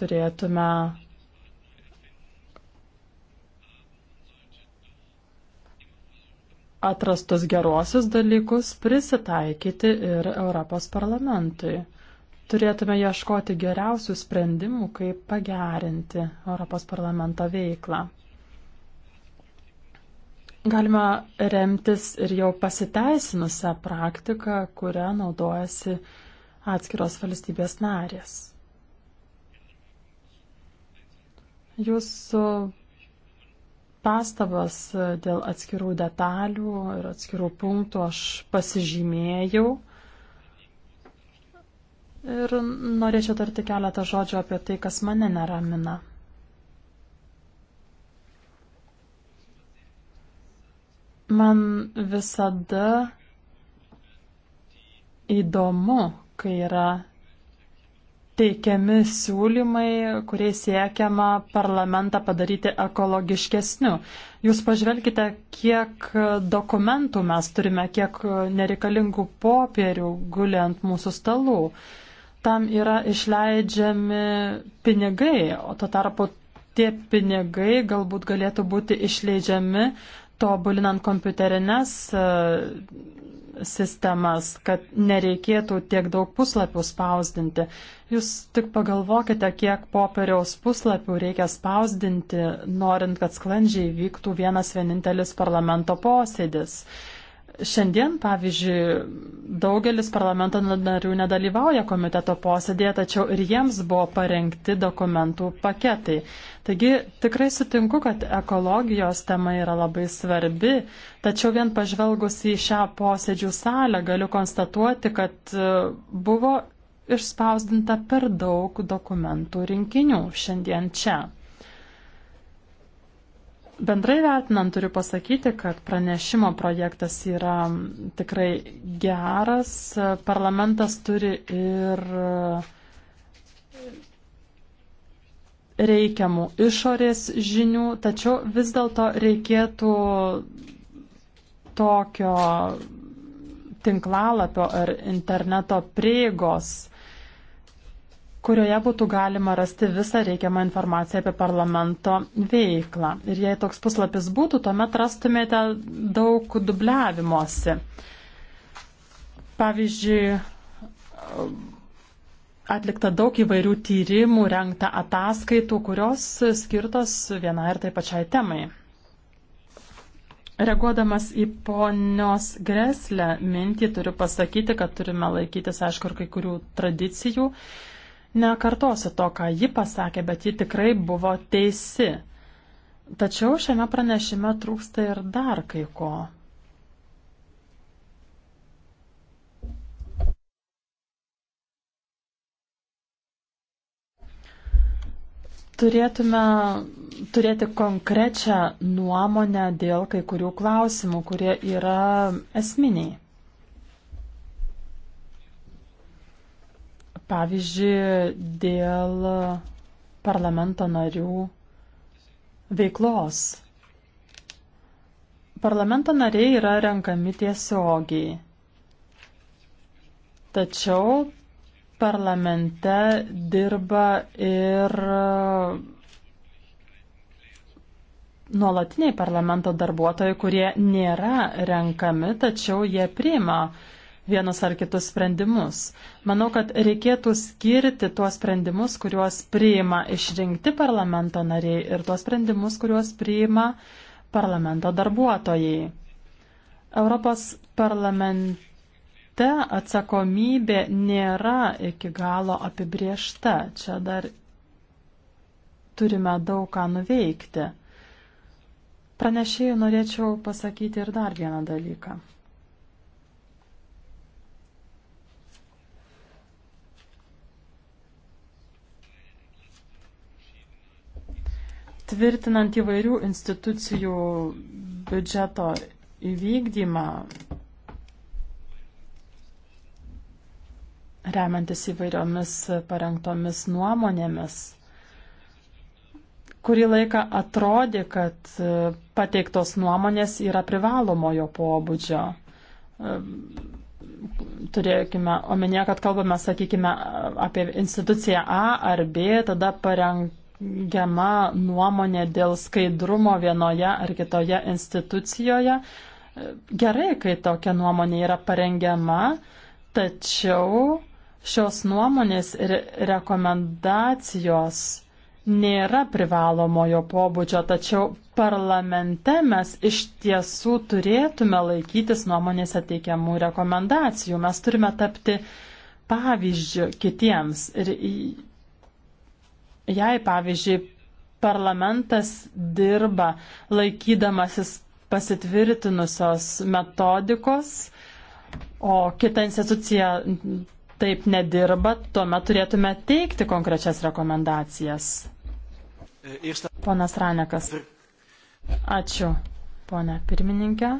turėtume atrastus gerosius dalykus prisitaikyti ir Europos parlamentui. Turėtume ieškoti geriausių sprendimų, kaip pagerinti Europos parlamento veiklą. Galima remtis ir jau pasiteisinusią praktiką, kurią naudojasi atskiros valstybės narės. Jūsų pastabas dėl atskirų detalių ir atskirų punktų aš pasižymėjau. Ir norėčiau tarti keletą žodžių apie tai, kas mane neramina. Man visada įdomu, kai yra teikiami siūlymai, kuriais siekiama parlamentą padaryti ekologiškesniu. Jūs pažvelkite, kiek dokumentų mes turime, kiek nereikalingų popierių guli ant mūsų stalų. Tam yra išleidžiami pinigai, o to tarpu tie pinigai galbūt galėtų būti išleidžiami tobulinant kompiuterinės e, sistemas, kad nereikėtų tiek daug puslapių spausdinti. Jūs tik pagalvokite, kiek popieriaus puslapių reikia spausdinti, norint, kad sklandžiai vyktų vienas vienintelis parlamento posėdis. Šiandien, pavyzdžiui, daugelis parlamento narių nedalyvauja komiteto posėdėje, tačiau ir jiems buvo parengti dokumentų paketai. Taigi tikrai sutinku, kad ekologijos tema yra labai svarbi, tačiau vien pažvelgus į šią posėdžių salę galiu konstatuoti, kad e, buvo išspausdinta per daug dokumentų rinkinių šiandien čia. Bendrai vertinant turiu pasakyti, kad pranešimo projektas yra tikrai geras. Parlamentas turi ir reikiamų išorės žinių, tačiau vis dėlto reikėtų tokio tinklalapio ar interneto prieigos kurioje būtų galima rasti visą reikiamą informaciją apie parlamento veiklą. Ir jei toks puslapis būtų, tuomet rastumėte daug dubliavimuose. Pavyzdžiui, atlikta daug įvairių tyrimų, renkta ataskaitų, kurios skirtos vienai ir tai pačiai temai. Reaguodamas į ponios greslę mintį, turiu pasakyti, kad turime laikytis, aišku, ir kai kurių tradicijų. Uh, Nekartosiu to, ką ji pasakė, bet ji tikrai buvo teisi. Tačiau šiame pranešime trūksta ir dar kai ko. turėtume turėti konkrečią nuomonę dėl kai kurių klausimų, kurie yra esminiai. pavyzdžiui, dėl parlamento narių veiklos. Parlamento nariai yra renkami tiesiogiai. Tačiau parlamente dirba ir nuolatiniai parlamento darbuotojai, kurie nėra renkami, tačiau jie priima uh, vienus ar kitus sprendimus. Manau, kad reikėtų skirti tuos sprendimus, kuriuos priima išrinkti parlamento nariai ir tuos sprendimus, kuriuos priima parlamento darbuotojai. Europos parlamente te atsakomybė nėra iki galo apibriešta. Čia dar turime daug ką nuveikti. Pranešėjai norėčiau pasakyti ir dar vieną dalyką. tvirtinant įvairių institucijų biudžeto įvykdymą, remiantis įvairiomis parengtomis nuomonėmis, kurį laiką atrodė, kad pateiktos nuomonės yra privalomojo pobūdžio. Turėkime omenyje, kad kalbame, sakykime, apie instituciją A ar B, tada parengti rengiama nuomonė dėl skaidrumo vienoje ar kitoje institucijoje. Gerai, kai tokia nuomonė yra parengiama, tačiau šios nuomonės ir rekomendacijos nėra privalomojo pobūdžio, tačiau parlamente mes iš tiesų turėtume laikytis nuomonėse teikiamų rekomendacijų. Mes turime tapti pavyzdžių kitiems ir Jei, pavyzdžiui, parlamentas dirba laikydamasis pasitvirtinusios metodikos, o kita institucija taip nedirba, tuomet turėtume teikti konkrečias rekomendacijas. E, Ponas Ranekas. Ačiū, ponė pirmininkė.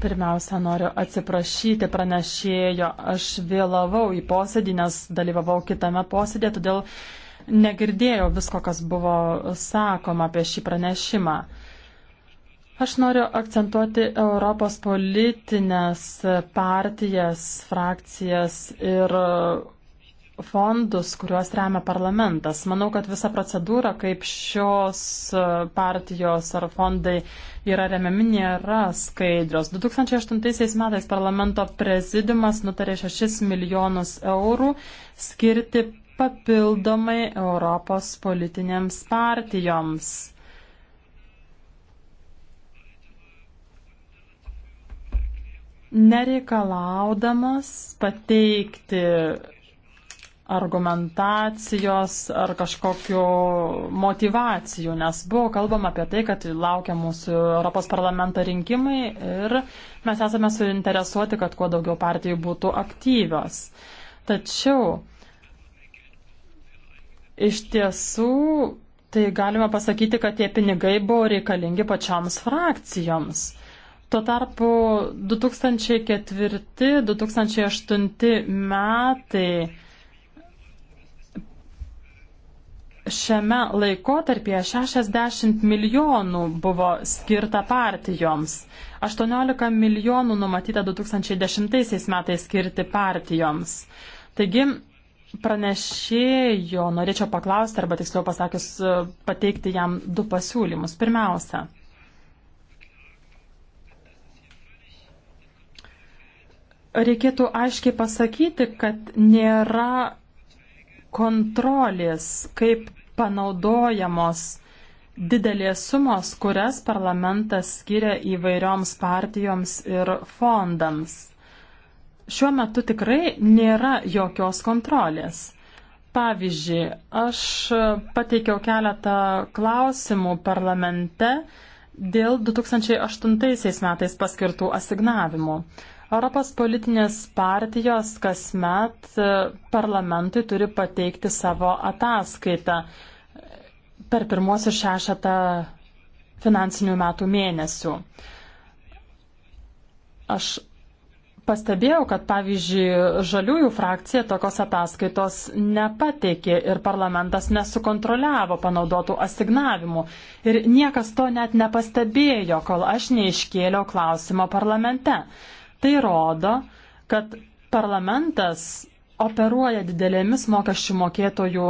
Pirmiausia, noriu atsiprašyti pranešėjo. Aš vėlavau į posėdį, nes dalyvavau kitame posėdė, todėl negirdėjau visko, kas buvo sakoma apie šį pranešimą. Aš noriu akcentuoti Europos politinės partijas, frakcijas ir fondus, kuriuos remia parlamentas. Manau, kad visa procedūra, kaip šios e, partijos ar fondai yra remiami, nėra skaidrios. 2008 metais parlamento prezidimas nutarė 6 milijonus eurų skirti papildomai Europos politinėms partijoms. Nereikalaudamas pateikti argumentacijos ar kažkokiu motivacijų, nes buvo kalbama apie tai, kad laukia mūsų Europos parlamento rinkimai ir mes esame suinteresuoti, kad kuo daugiau partijų būtų aktyvios. Tačiau iš tiesų tai galima pasakyti, kad tie pinigai buvo reikalingi pačioms frakcijoms. Tuo tarpu 2004-2008 metai šiame laikotarpyje 60 milijonų buvo skirta partijoms, 18 milijonų numatyta 2010 metais skirti partijoms. Taigi, pranešėjo norėčiau paklausti, arba tiksliau pasakius, pateikti jam du pasiūlymus. Pirmiausia, reikėtų aiškiai pasakyti, kad nėra kontrolės, kaip panaudojamos didelės sumos, kurias parlamentas skiria įvairioms partijoms ir fondams. Šiuo metu tikrai nėra jokios kontrolės. Pavyzdžiui, aš pateikiau keletą klausimų parlamente dėl 2008 metais paskirtų asignavimų. Europos politinės partijos kasmet e, parlamentui turi pateikti savo ataskaitą per pirmuosius šešetą finansinių metų mėnesių. Aš pastebėjau, kad pavyzdžiui žaliųjų frakcija tokios ataskaitos nepateikė ir parlamentas nesukontroliavo panaudotų asignavimų. Ir niekas to net nepastebėjo, kol aš neiškėliau klausimo parlamente. Tai rodo, kad parlamentas operuoja didelėmis mokesčių mokėtojų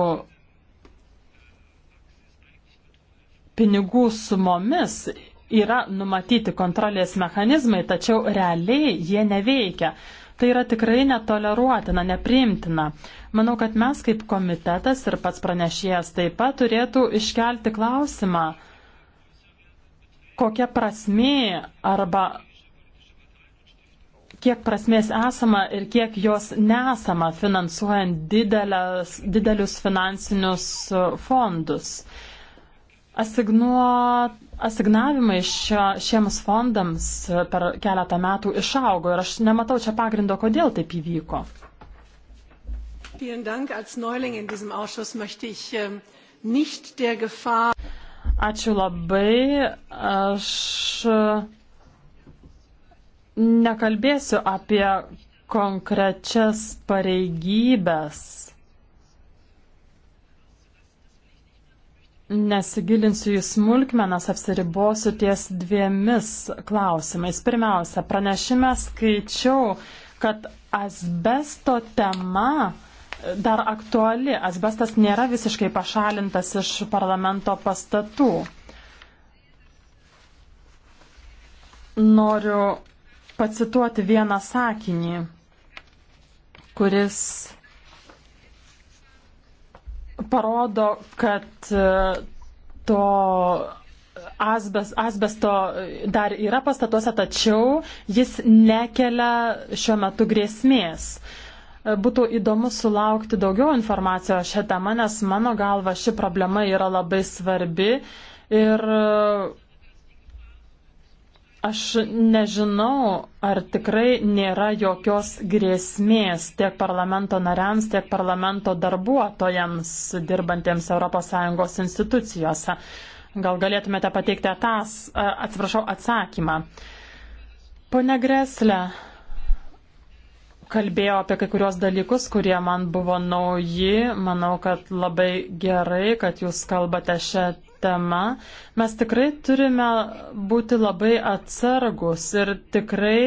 pinigų sumomis yra numatyti kontrolės mechanizmai, tačiau realiai jie neveikia. Tai yra tikrai netoleruotina, nepriimtina. Manau, kad mes kaip komitetas ir pats pranešėjas taip pat turėtų iškelti klausimą, kokia prasmė arba kiek prasmės esama ir kiek jos nesama finansuojant didelės, didelius finansinius fondus. Asignuo, asignavimai šio, šiems fondams e, per keletą metų išaugo ir aš nematau čia pagrindo, kodėl taip įvyko. Ähm, Ačiū labai. Aš e, nekalbėsiu apie konkrečias pareigybės Nesigilinsiu į smulkmenas, apsiribosiu ties dviemis klausimais. Pirmiausia, pranešime skaičiau, kad asbesto tema dar aktuali. Asbestas nėra visiškai pašalintas iš parlamento pastatų. Noriu pacituoti vieną sakinį, kuris parodo, kad e, to asbes, asbesto dar yra pastatuose, tačiau jis nekelia šiuo metu grėsmės. E, būtų įdomu sulaukti daugiau informacijos šią temą, nes mano galva ši problema yra labai svarbi ir Aš nežinau, ar tikrai nėra jokios grėsmės tiek parlamento nariams, tiek parlamento darbuotojams dirbantiems ES institucijose. Gal galėtumėte pateikti atas, atsiprašau, atsakymą. Pone Greslė kalbėjo apie kai kurios dalykus, kurie man buvo nauji. Manau, kad labai gerai, kad jūs kalbate šią tema, mes tikrai turime būti labai atsargus ir tikrai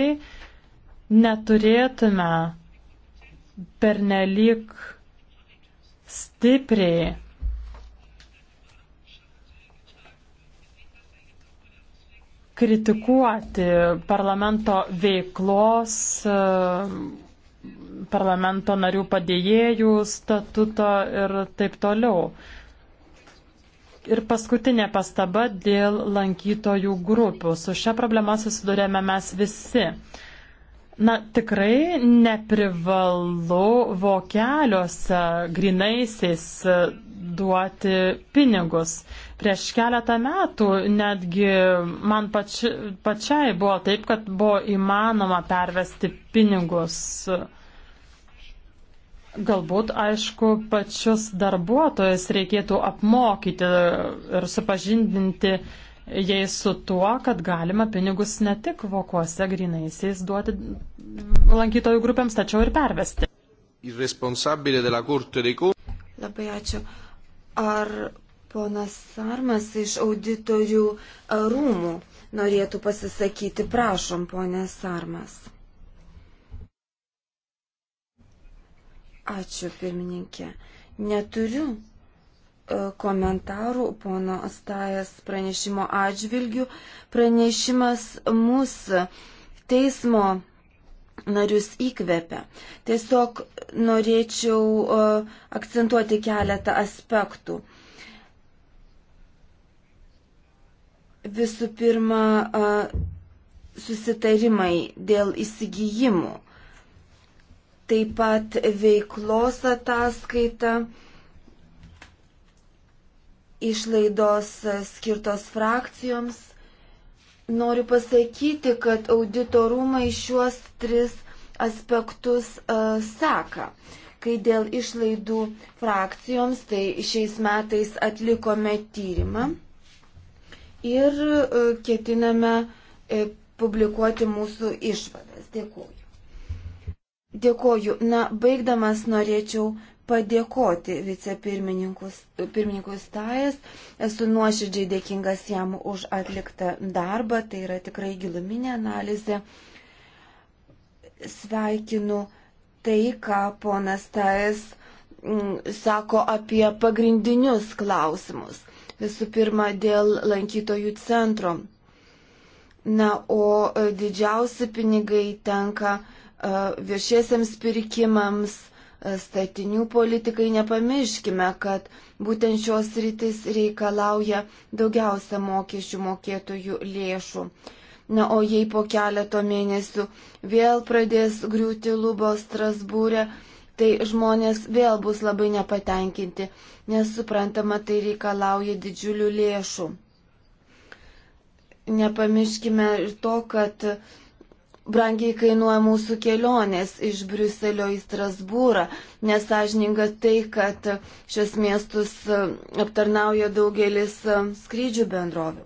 neturėtume pernelyg stipriai kritikuoti parlamento veiklos, parlamento narių padėjėjų statuto ir taip toliau. Ir paskutinė pastaba dėl lankytojų grupių. Su šia problema susidurėme mes visi. Na, tikrai neprivalu vokeliuose grinaisiais e, duoti pinigus. Prieš keletą metų netgi man pači, pačiai buvo taip, kad buvo įmanoma pervesti pinigus Galbūt, aišku, pačius darbuotojus reikėtų apmokyti ir supažindinti jais su tuo, kad galima pinigus ne tik vokuose grinaisiais duoti lankytojų grupėms, tačiau ir pervesti. Labai ačiū. Ar ponas Sarmas iš auditorių e, rūmų norėtų pasisakyti? Prašom, ponė Sarmas. Ačiū, pirmininkė. Neturiu e, komentarų pono Stajas pranešimo atžvilgių. Pranešimas mūsų teismo narius įkvepia. Tiesiog norėčiau e, akcentuoti keletą aspektų. Visų pirma, e, susitarimai dėl įsigijimų taip pat veiklos ataskaita, išlaidos skirtos frakcijoms. Noriu pasakyti, kad auditorumai šiuos tris aspektus uh, seka. Kai dėl išlaidų frakcijoms, tai šiais metais atlikome tyrimą ir uh, ketiname uh, publikuoti mūsų išvadas. Dėkuoju. Dėkoju. Na, baigdamas norėčiau padėkoti vicepirmininkui Stajas. Esu nuoširdžiai dėkingas jam už atliktą darbą. Tai yra tikrai giluminė analizė. Sveikinu tai, ką ponas Stajas mm, sako apie pagrindinius klausimus. Visų pirma, dėl lankytojų centro. Na, o e, didžiausi pinigai tenka uh, viešiesiams pirkimams, statinių politikai, nepamirškime, kad būtent šios rytis reikalauja daugiausia mokesčių mokėtojų lėšų. Na, o jei po keleto mėnesių vėl pradės griūti lubos Strasbūrė, tai žmonės vėl bus labai nepatenkinti, nes suprantama, tai reikalauja didžiulių lėšų. Nepamirškime ir to, kad brangiai kainuoja mūsų kelionės iš Briuselio į Strasbūrą. Nesažininga tai, kad šios miestus e, aptarnauja daugelis e, skrydžių bendrovių.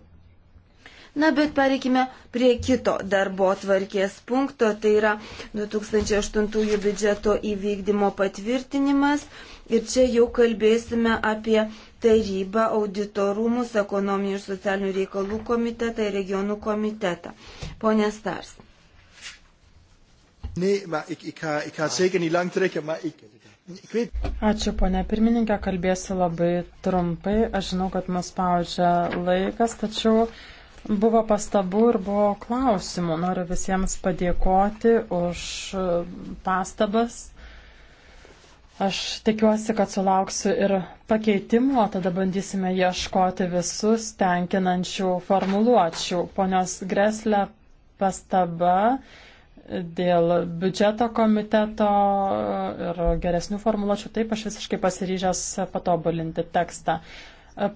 Na, bet pareikime prie kito darbo tvarkės punkto, tai yra 2008 biudžeto įvykdymo patvirtinimas. Ir čia jau kalbėsime apie tarybą, auditorumus, ekonominių ir socialinių reikalų komitetą ir regionų komitetą. Pone Stars. Ačiū, ponė pirmininkė, kalbėsiu labai trumpai. Aš žinau, kad mus spaudžia laikas, tačiau buvo pastabų ir buvo klausimų. Noriu visiems padėkoti už pastabas. Aš tikiuosi, kad sulauksiu ir pakeitimo, tada bandysime ieškoti visus tenkinančių formuluočių. Ponios Greslė pastaba dėl biudžeto komiteto ir geresnių formuluočių, taip aš visiškai pasiryžęs patobulinti tekstą.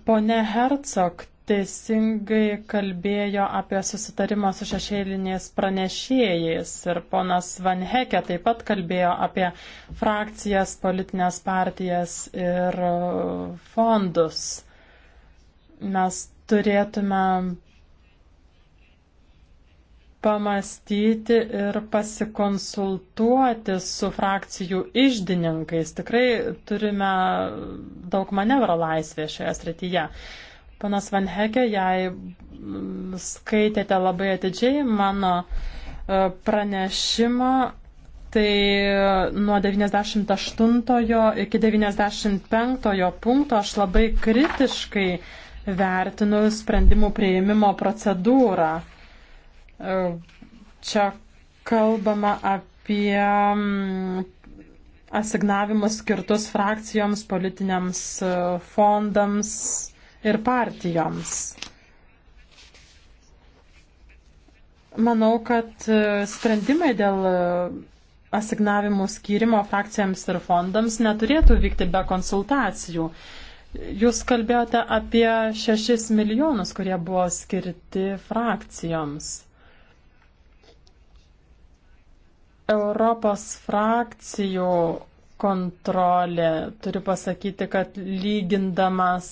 Pone Hercog teisingai kalbėjo apie susitarimą su šešėliniais pranešėjais ir ponas Van Heke taip pat kalbėjo apie frakcijas, politinės partijas ir fondus. Mes turėtume pamastyti ir pasikonsultuoti su frakcijų išdininkais. Tikrai turime daug manevro laisvės šioje srityje. Panas Van Heke, jei skaitėte labai atidžiai mano e, pranešimą, tai nuo 98 iki 95 punkto aš labai kritiškai vertinu sprendimų prieimimo procedūrą. Čia kalbama apie mm, asignavimus skirtus frakcijoms, politiniams e, fondams ir partijoms. Manau, kad e, sprendimai dėl e, asignavimų skyrimo frakcijams ir fondams neturėtų vykti be konsultacijų. Jūs kalbėjote apie 6 milijonus, kurie buvo skirti frakcijoms. Europos frakcijų kontrolė, turiu pasakyti, kad lygindamas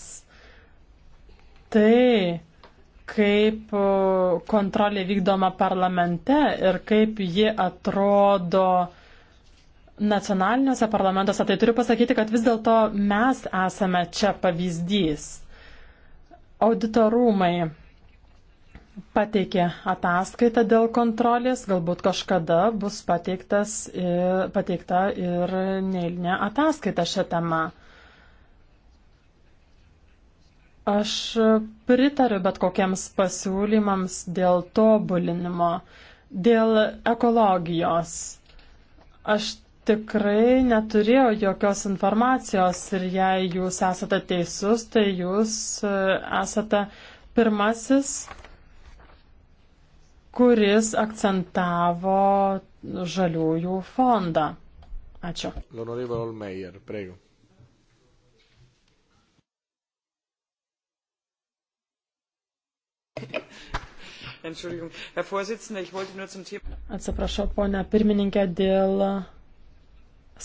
tai, kaip kontrolė vykdoma parlamente ir kaip ji atrodo nacionaliniuose parlamentuose, tai turiu pasakyti, kad vis dėlto mes esame čia pavyzdys. Auditorumai pateikė ataskaitą dėl kontrolės, galbūt kažkada bus pateiktas, pateikta ir neįlinė ataskaita šią temą. Aš pritariu bet kokiems pasiūlymams dėl tobulinimo, dėl ekologijos. Aš tikrai neturėjau jokios informacijos ir jei jūs esate teisus, tai jūs e, esate pirmasis kuris akcentavo žaliųjų fondą. Ačiū. L'onorevole Olmeyer, prego. Atsiprašau, ponia pirmininkė, dėl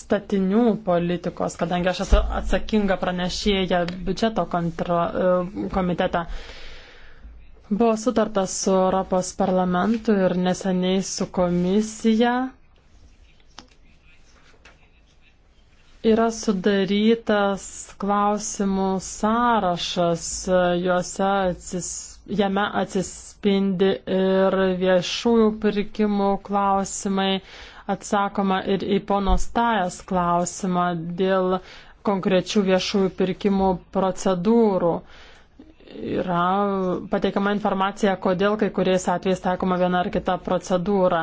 statinių politikos, kadangi aš esu atsakinga pranešėja biudžeto kontra, e, komitete. Uh, Buvo sutarta su Europos parlamentu ir neseniai su komisija. Yra sudarytas klausimų sąrašas, juose atsis, jame atsispindi ir viešųjų pirkimų klausimai, atsakoma ir į ponos tajas klausimą dėl konkrečių viešųjų pirkimų procedūrų. Uh, yra pateikiama informacija, kodėl kai kuriais atvejais taikoma viena ar kita procedūra.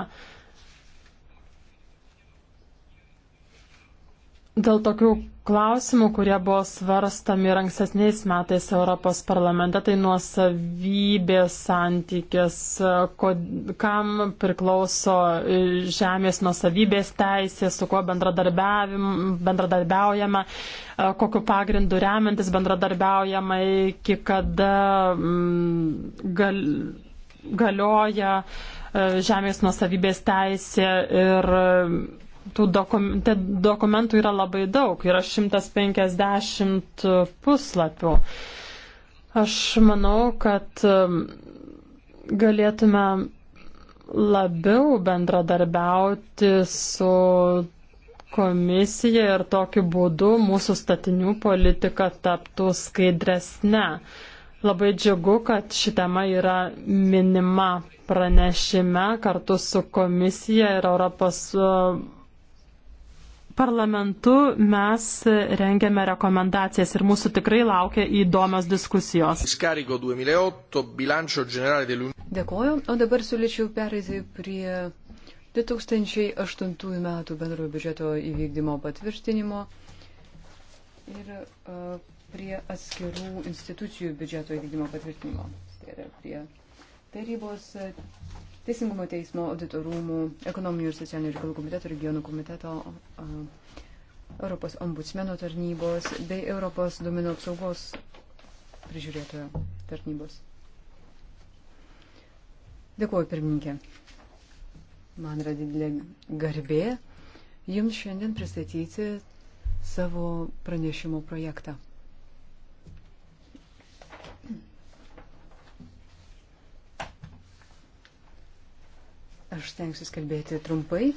Dėl tokių klausimų, kurie buvo svarstami ir ankstesniais metais Europos parlamente, tai nuosavybės santykis, kam priklauso žemės nuosavybės teisė, su kuo bendradarbiaujama, kokiu pagrindu remiantis bendradarbiaujama, iki kada mm, gal, galioja e, žemės nuosavybės teisė ir tų dokumentų yra labai daug, yra 150 e, puslapių. Aš manau, kad e, galėtume labiau bendradarbiauti su komisija ir tokiu būdu mūsų statinių politika taptų skaidresnė. Labai džiugu, kad ši tema yra minima pranešime kartu su komisija ir Europos e, parlamentu mes rengiame rekomendacijas ir mūsų tikrai laukia įdomios diskusijos. Dėkoju, o dabar siūlyčiau pereiti prie 2008 metų bendrojo biudžeto įvykdymo patvirtinimo ir e, prie atskirų institucijų biudžeto įvykdymo patvirtinimo. Tai yra prie tarybos Teisingumo teismo auditorumų, ekonominių ir socialinių reikalų komiteto, regionų komiteto, Europos ombudsmeno tarnybos bei Europos duomenų apsaugos prižiūrėtojo tarnybos. Dėkuoju, pirmininkė. Man yra didelė garbė Jums šiandien pristatyti savo pranešimo projektą. Aš stengsiu kalbėti trumpai.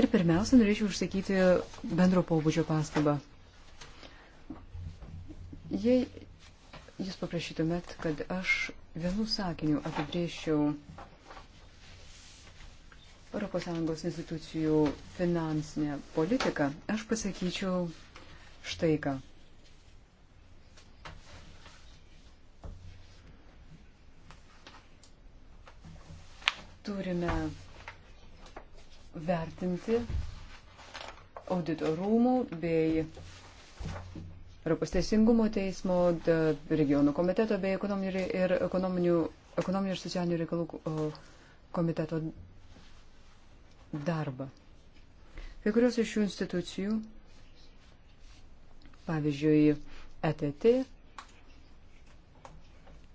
Ir pirmiausia, norėčiau užsakyti bendro pobūdžio pastabą. Jei jūs paprašytumėt, kad aš vienu sakiniu apibrėžčiau ES institucijų finansinę politiką, aš pasakyčiau štai ką. turime vertinti auditorumų bei Europos Teisingumo teismo, regionų komiteto bei ekonominių ir, ekonominių, ekonominių ir socialinių reikalų komiteto darbą. Kai kurios iš šių institucijų, pavyzdžiui, ETT,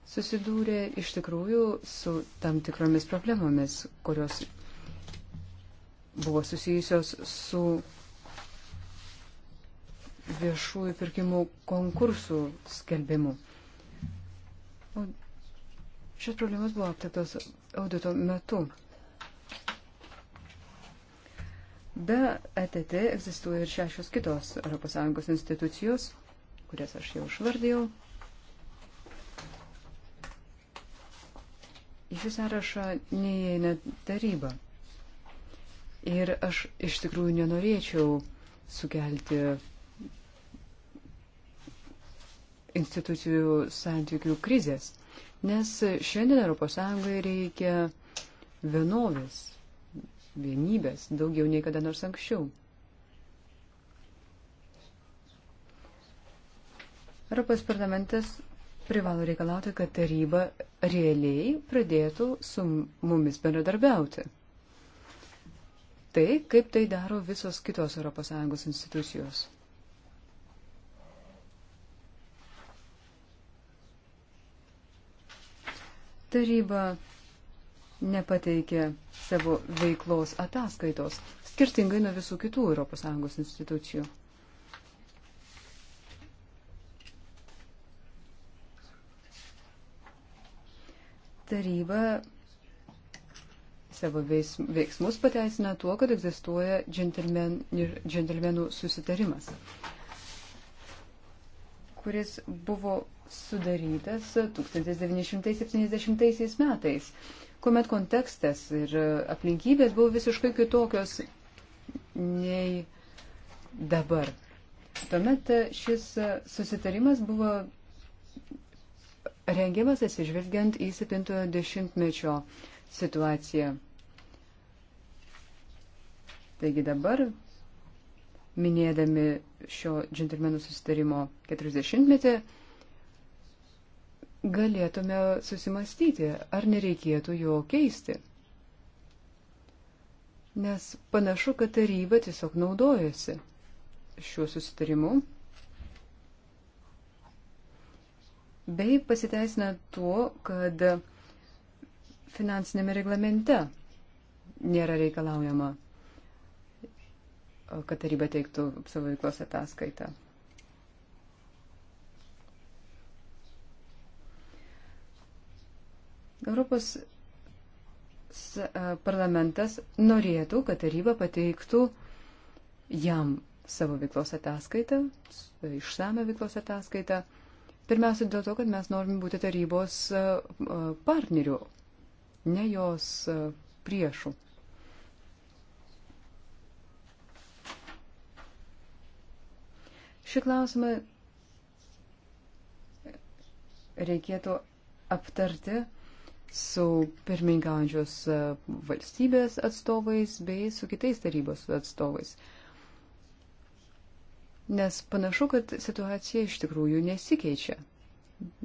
susidūrė iš tikrųjų su tam tikromis problemomis, kurios buvo susijusios su viešųjų pirkimų konkursų skelbimu. O šios problemas buvo aptiktos audito metu. Be ETT egzistuoja ir šešios kitos ES institucijos, kurias aš jau išvardėjau. į šį sąrašą neįeina taryba. Ir aš iš tikrųjų nenorėčiau sukelti institucijų santykių krizės, nes šiandien ES reikia vienovės, vienybės daugiau nei kada nors anksčiau. Europos parlamentas privalo reikalauti, kad taryba realiai pradėtų su mumis bendradarbiauti. Tai, kaip tai daro visos kitos ES institucijos. Taryba nepateikė savo veiklos ataskaitos, skirtingai nuo visų kitų ES institucijų. taryba savo veiksmus pateisina tuo, kad egzistuoja džentelmen, džentelmenų susitarimas, kuris buvo sudarytas 1970 metais, kuomet kontekstas ir aplinkybės buvo visiškai kitokios nei dabar. Tuomet šis susitarimas buvo rengiamas atsižvelgiant į 70-mečio situaciją. Taigi dabar, minėdami šio džentelmenų susitarimo 40-metį, galėtume susimastyti, ar nereikėtų jo keisti. Nes panašu, kad taryba tiesiog naudojasi šiuo susitarimu bei pasiteisina tuo, kad finansinėme reglamente nėra reikalaujama, kad taryba teiktų savo veiklos ataskaitą. Europos parlamentas norėtų, kad taryba pateiktų jam savo veiklos ataskaitą, išsame veiklos ataskaitą Pirmiausia, dėl to, kad mes norime būti tarybos e, e, partnerių, ne jos e, priešų. Šį klausimą reikėtų aptarti su pirmininkaujančios valstybės atstovais bei su kitais tarybos atstovais. Uh, Nes panašu, kad situacija iš tikrųjų nesikeičia.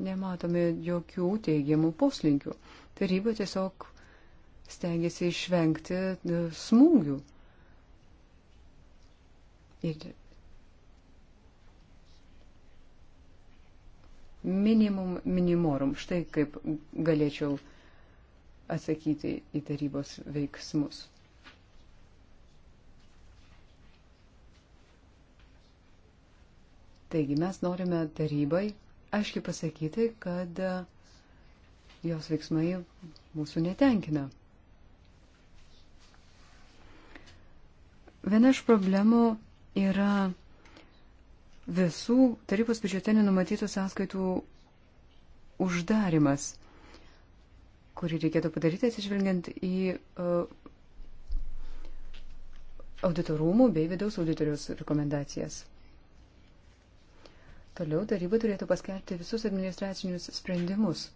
Nematome jokių teigiamų poslinkių. Taryba tiesiog stengiasi išvengti e, smūgių. Ir minimum minimorum, štai kaip galėčiau atsakyti į tarybos veiksmus. Taigi mes norime tarybai aiškiai pasakyti, kad e, jos veiksmai mūsų netenkina. Viena iš problemų yra visų tarybos biudžete nenumatytų sąskaitų uždarimas, kurį reikėtų padaryti atsižvelgiant į e, auditorumų bei vidaus auditorius rekomendacijas. Toliau taryba turėtų paskelbti visus administracinius sprendimus.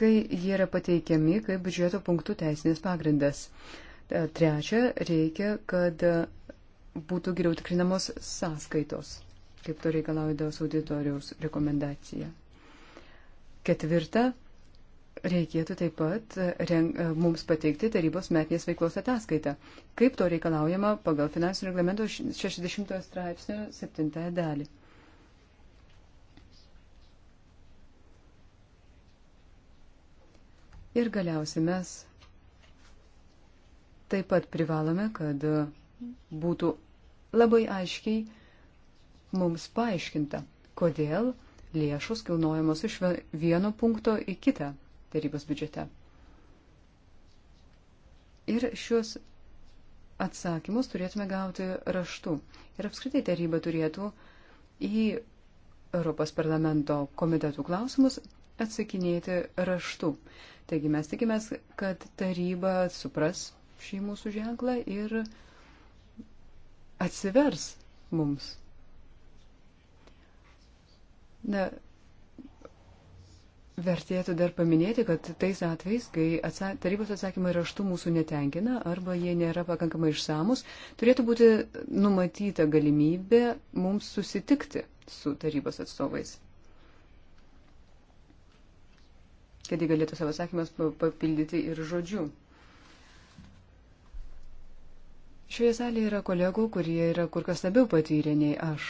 kai jie yra pateikiami kaip biudžeto punktų teisinės pagrindas. E, trečia, reikia, kad būtų geriau tikrinamos sąskaitos, kaip to reikalauja Daus auditoriaus rekomendacija. Ketvirta, Reikėtų taip pat e, renk, e, mums pateikti tarybos metinės veiklos ataskaitą, kaip to reikalaujama pagal finansinių reglamento 60 straipsnio 7 dalį. Ir galiausiai mes taip pat privalome, kad e, būtų labai aiškiai mums paaiškinta, kodėl lėšos kilnojamos iš vieno punkto į kitą tarybos biudžete. Ir šios atsakymus turėtume gauti raštu. Ir apskritai taryba turėtų į Europos parlamento komitetų klausimus atsakinėti raštu. Taigi mes tikimės, kad taryba supras šį mūsų ženklą ir atsivers mums. Na, Vertėtų dar paminėti, kad tais atvejais, kai atsa tarybos atsakymai raštu mūsų netenkina arba jie nėra pakankamai išsamus, turėtų būti numatyta galimybė mums susitikti su tarybos atstovais. Kad jie galėtų savo atsakymus papildyti ir žodžiu. Šioje salėje yra kolegų, kurie yra kur kas labiau patyrę nei aš.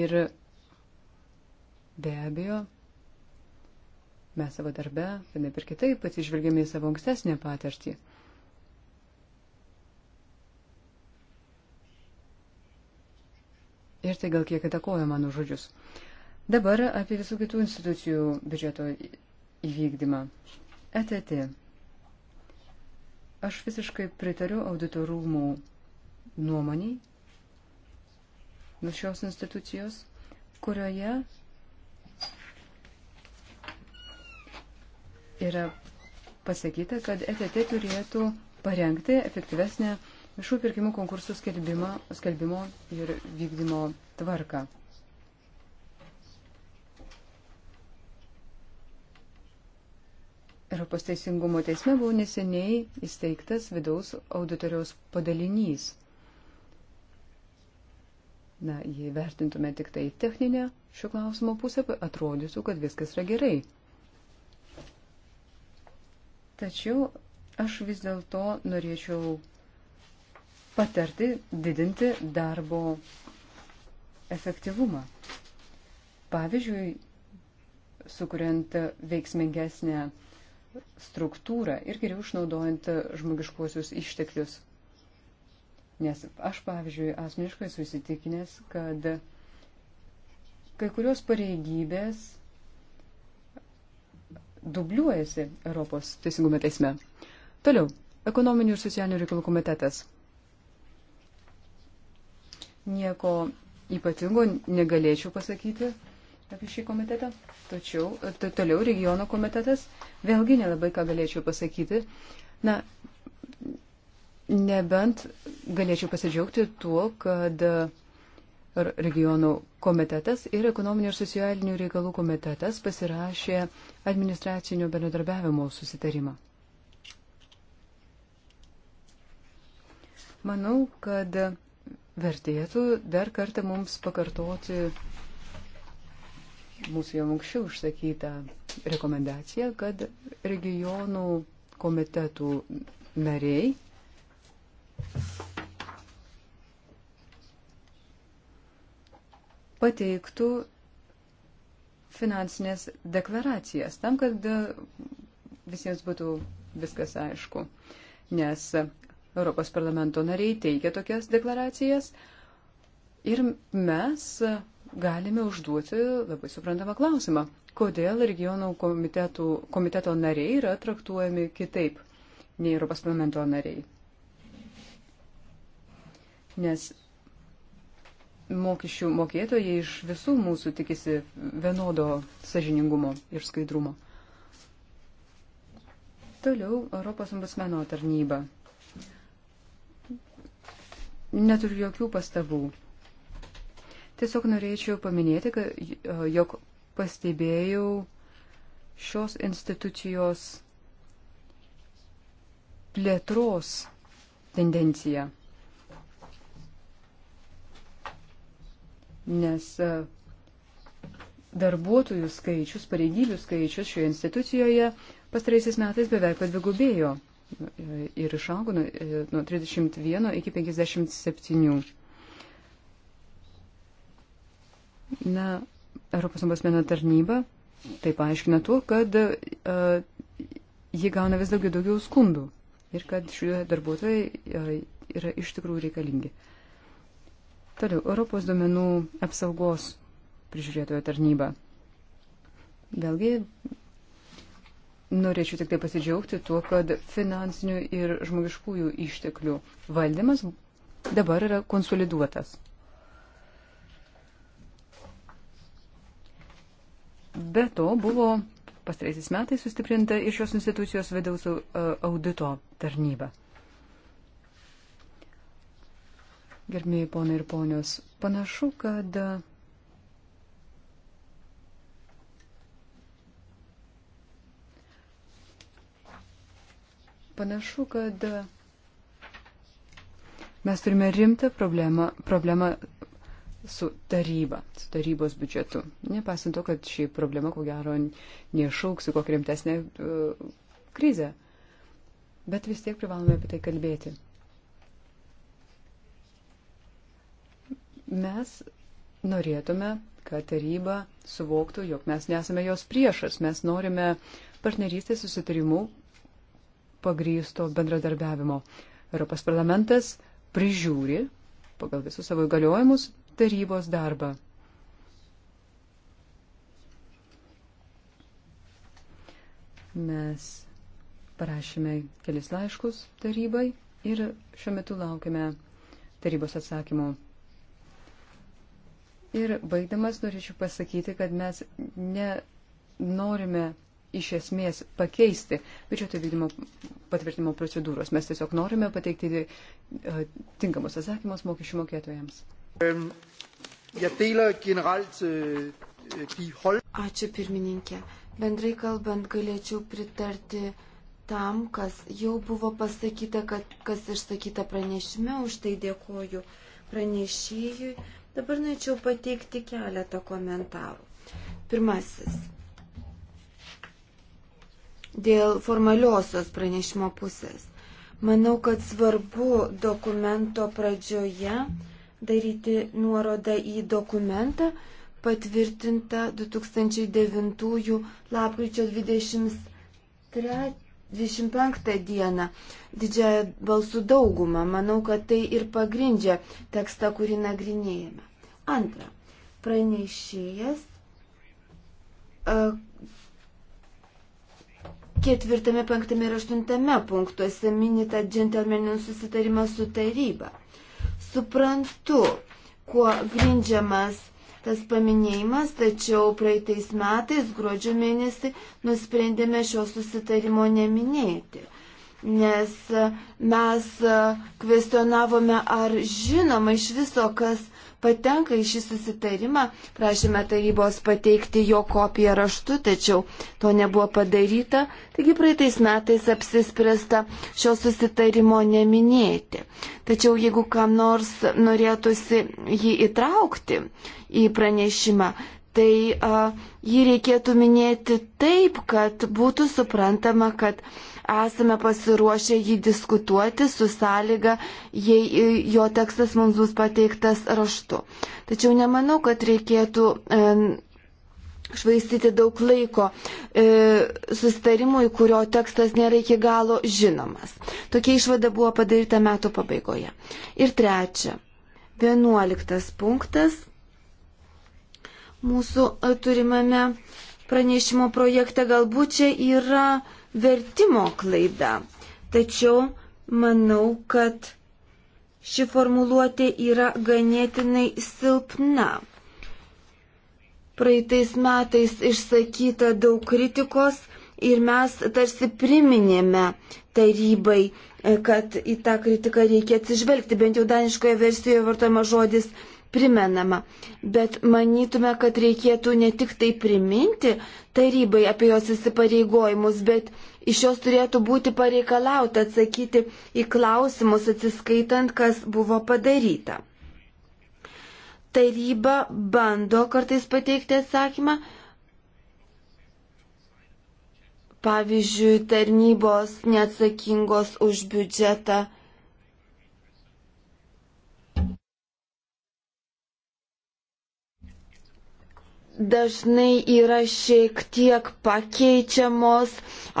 Ir be abejo, Mes savo darbe, vienaip ir kitaip, atsižvelgėme į savo ankstesnę patirtį. Ir tai gal kiek atakojo mano žodžius. Dabar apie visų kitų institucijų biudžeto įvykdymą. ETT. Aš visiškai pritariu auditorumų nuomoniai nuo šios institucijos, kurioje yra pasakyta, kad ETT turėtų parengti efektyvesnę viešų pirkimų konkursų skelbimo, skelbimo ir vykdymo tvarką. Europos teisingumo teisme buvo neseniai įsteigtas vidaus auditoriaus padalinys. Na, jei vertintume tik tai techninę šio klausimo pusę, atrodytų, kad viskas yra gerai. Tačiau aš vis dėlto norėčiau patarti didinti darbo efektyvumą. Pavyzdžiui, sukuriant veiksmingesnę struktūrą ir geriau išnaudojant žmogiškuosius išteklius. Nes aš, pavyzdžiui, asmeniškai susitikinęs, kad kai kurios pareigybės dubliuojasi Europos teisingumo teisme. Toliau, ekonominių ir socialinių reikalų komitetas. Nieko ypatingo negalėčiau pasakyti apie šį komitetą, tačiau toliau regiono komitetas, vėlgi nelabai ką galėčiau pasakyti. Na, nebent galėčiau pasidžiaugti tuo, kad uh, regionų komitetas ir ekonominio ir socialinių reikalų komitetas pasirašė administracinio bendradarbiavimo susitarimą. Manau, kad vertėtų dar kartą mums pakartoti mūsų jau anksčiau užsakytą rekomendaciją, kad regionų komitetų nariai pateiktų finansinės deklaracijas, tam, kad e, visiems būtų viskas aišku. Nes Europos parlamento nariai teikia tokias deklaracijas ir mes galime užduoti labai suprantamą klausimą, kodėl regionų komitetų, komiteto nariai yra traktuojami kitaip nei Europos parlamento nariai. Nes mokesčių mokėtojai iš visų mūsų tikisi vienodo sažiningumo ir skaidrumo. Toliau Europos ombudsmeno tarnyba. Neturiu jokių pastabų. Tiesiog norėčiau paminėti, kad, jog pastebėjau šios institucijos plėtros tendenciją. nes e, darbuotojų skaičius, pareigybių skaičius šioje institucijoje pastaraisiais metais beveik padvigubėjo e, ir išaugo nuo 31 e, iki 57. Na, Europos ambasmeno tarnyba taip aiškina tuo, kad uh, jie gauna vis daugiau daugiau skundų ir kad šie darbuotojai yra, yra iš tikrųjų reikalingi. Uh, Toliau, Europos duomenų apsaugos prižiūrėtojo tarnyba. Vėlgi, norėčiau tik tai pasidžiaugti tuo, kad finansinių ir žmogiškųjų išteklių valdymas dabar yra konsoliduotas. Be to buvo pastaraisiais metais sustiprinta iš šios institucijos vidaus audito tarnyba. gerbėjai ponai ir ponios. Panašu, kad panašu, kad mes turime rimtą problemą, problemą su taryba, su tarybos biudžetu. Nepasint to, kad ši problema, ko gero, nešauks į kokią rimtesnę uh, krizę. Bet vis tiek privalome apie tai kalbėti. Mes norėtume, kad taryba suvoktų, jog mes nesame jos priešas, mes norime partnerystės susitarimų pagrysto bendradarbiavimo. Europos parlamentas prižiūri pagal visus savo įgaliojimus tarybos darbą. Mes parašėme kelis laiškus tarybai ir šiuo metu laukime tarybos atsakymų. Ir baigdamas norėčiau pasakyti, kad mes nenorime iš esmės pakeisti biudžeto vykdymo patvirtinimo procedūros. Mes tiesiog norime pateikti e, tinkamus atsakymus mokesčių mokėtojams. E, Ačiū pirmininkė. Bendrai kalbant, galėčiau pritarti tam, kas jau buvo pasakyta, kad, kas išsakyta pranešime, už tai dėkoju pranešėjui. Dabar norėčiau pateikti keletą komentarų. Pirmasis. Dėl formaliosios pranešimo pusės. Manau, kad svarbu dokumento pradžioje daryti nuorodą į dokumentą patvirtintą 2009 lapkričio 23 25 dieną didžiąją balsų daugumą. Manau, kad tai ir pagrindžia tekstą, kurį nagrinėjame. Antra, pranešėjas ketvirtame, penktame ir aštuntame punktuose minita džentelmeninų susitarimą su taryba. Suprantu, kuo grindžiamas tas paminėjimas, tačiau praeitais metais, gruodžio mėnesį, nusprendėme šio susitarimo neminėti. Nes mes e, kvestionavome, ar žinoma iš viso, kas patenka į šį susitarimą. Prašėme tarybos pateikti jo kopiją raštu, tačiau to nebuvo padaryta. Taigi praeitais metais apsispręsta šio susitarimo neminėti. Tačiau jeigu kam nors norėtųsi jį įtraukti į pranešimą, tai uh, jį reikėtų minėti taip, kad būtų suprantama, kad uh, esame pasiruošę jį diskutuoti su sąlyga, jei e, jo tekstas mums bus pateiktas raštu. Tačiau nemanau, kad reikėtų švaistyti daug laiko e, sustarimui, kurio tekstas nėra iki galo žinomas. Tokia išvada buvo padaryta metų pabaigoje. Ir trečia, vienuoliktas punktas mūsų e, turimame pranešimo projekte. Galbūt čia yra vertimo klaida. Tačiau manau, kad ši formuluotė yra ganėtinai silpna. Praeitais metais išsakyta daug kritikos ir mes tarsi priminėme tarybai, e, kad į tą kritiką reikia atsižvelgti. Bent jau daniškoje versijoje vartojama žodis primenama, bet manytume, kad reikėtų ne tik tai priminti tarybai apie jos įsipareigojimus, bet iš jos turėtų būti pareikalauta atsakyti į klausimus atsiskaitant, kas buvo padaryta. Taryba bando kartais pateikti atsakymą. Pavyzdžiui, tarnybos neatsakingos už biudžetą dažnai yra šiek tiek pakeičiamos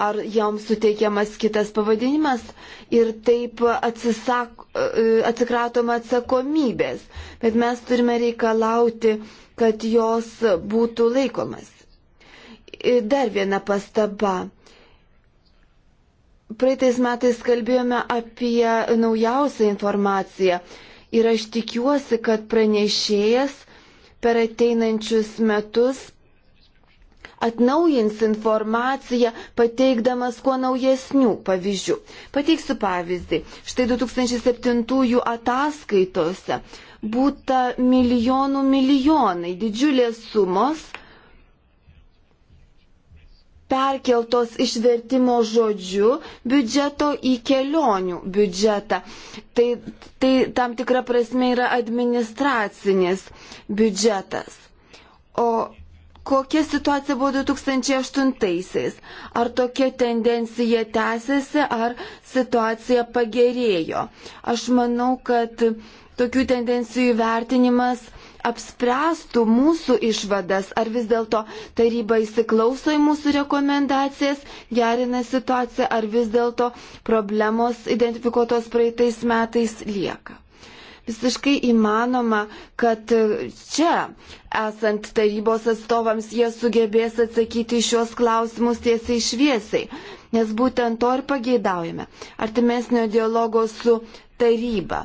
ar joms suteikiamas kitas pavadinimas ir taip atsisak, e, atsikratoma atsakomybės. Bet mes turime reikalauti, kad jos būtų laikomas. Ir e, dar viena pastaba. Praeitais metais kalbėjome apie naujausią informaciją ir aš tikiuosi, kad pranešėjas per ateinančius metus atnaujins informaciją, pateikdamas kuo naujesnių pavyzdžių. Pateiksiu pavyzdį. Štai 2007 ataskaitose būta milijonų milijonai, didžiulės sumos perkeltos iš vertimo žodžių biudžeto į kelionių biudžetą. Tai, tai tam tikra prasme yra administracinis biudžetas. O kokia situacija buvo 2008-aisiais? Ar tokia tendencija tęsiasi, ar situacija pagerėjo? Aš manau, kad tokių tendencijų vertinimas apspręstų mūsų išvadas, ar vis dėlto taryba įsiklauso į mūsų rekomendacijas, gerina situaciją, ar vis dėlto problemos identifikuotos praeitais metais lieka. Visiškai įmanoma, kad čia esant tarybos atstovams jie sugebės atsakyti šios klausimus tiesiai šviesiai, nes būtent to ir pageidaujame. Artimesnio dialogo su tarybą.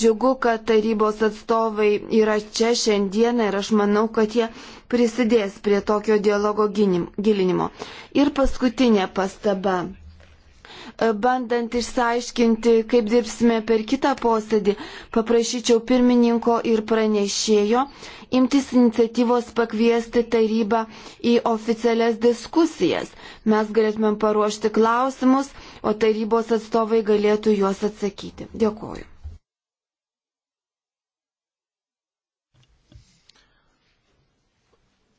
Džiugu, kad tarybos atstovai yra čia šiandieną ir aš manau, kad jie prisidės prie tokio dialogo gilinimo. Ir paskutinė pastaba bandant išsiaiškinti, kaip dirbsime per kitą posėdį, paprašyčiau pirmininko ir pranešėjo imtis iniciatyvos pakviesti tarybą į oficialias diskusijas. Mes galėtumėm paruošti klausimus, o tarybos atstovai galėtų juos atsakyti. Dėkuoju.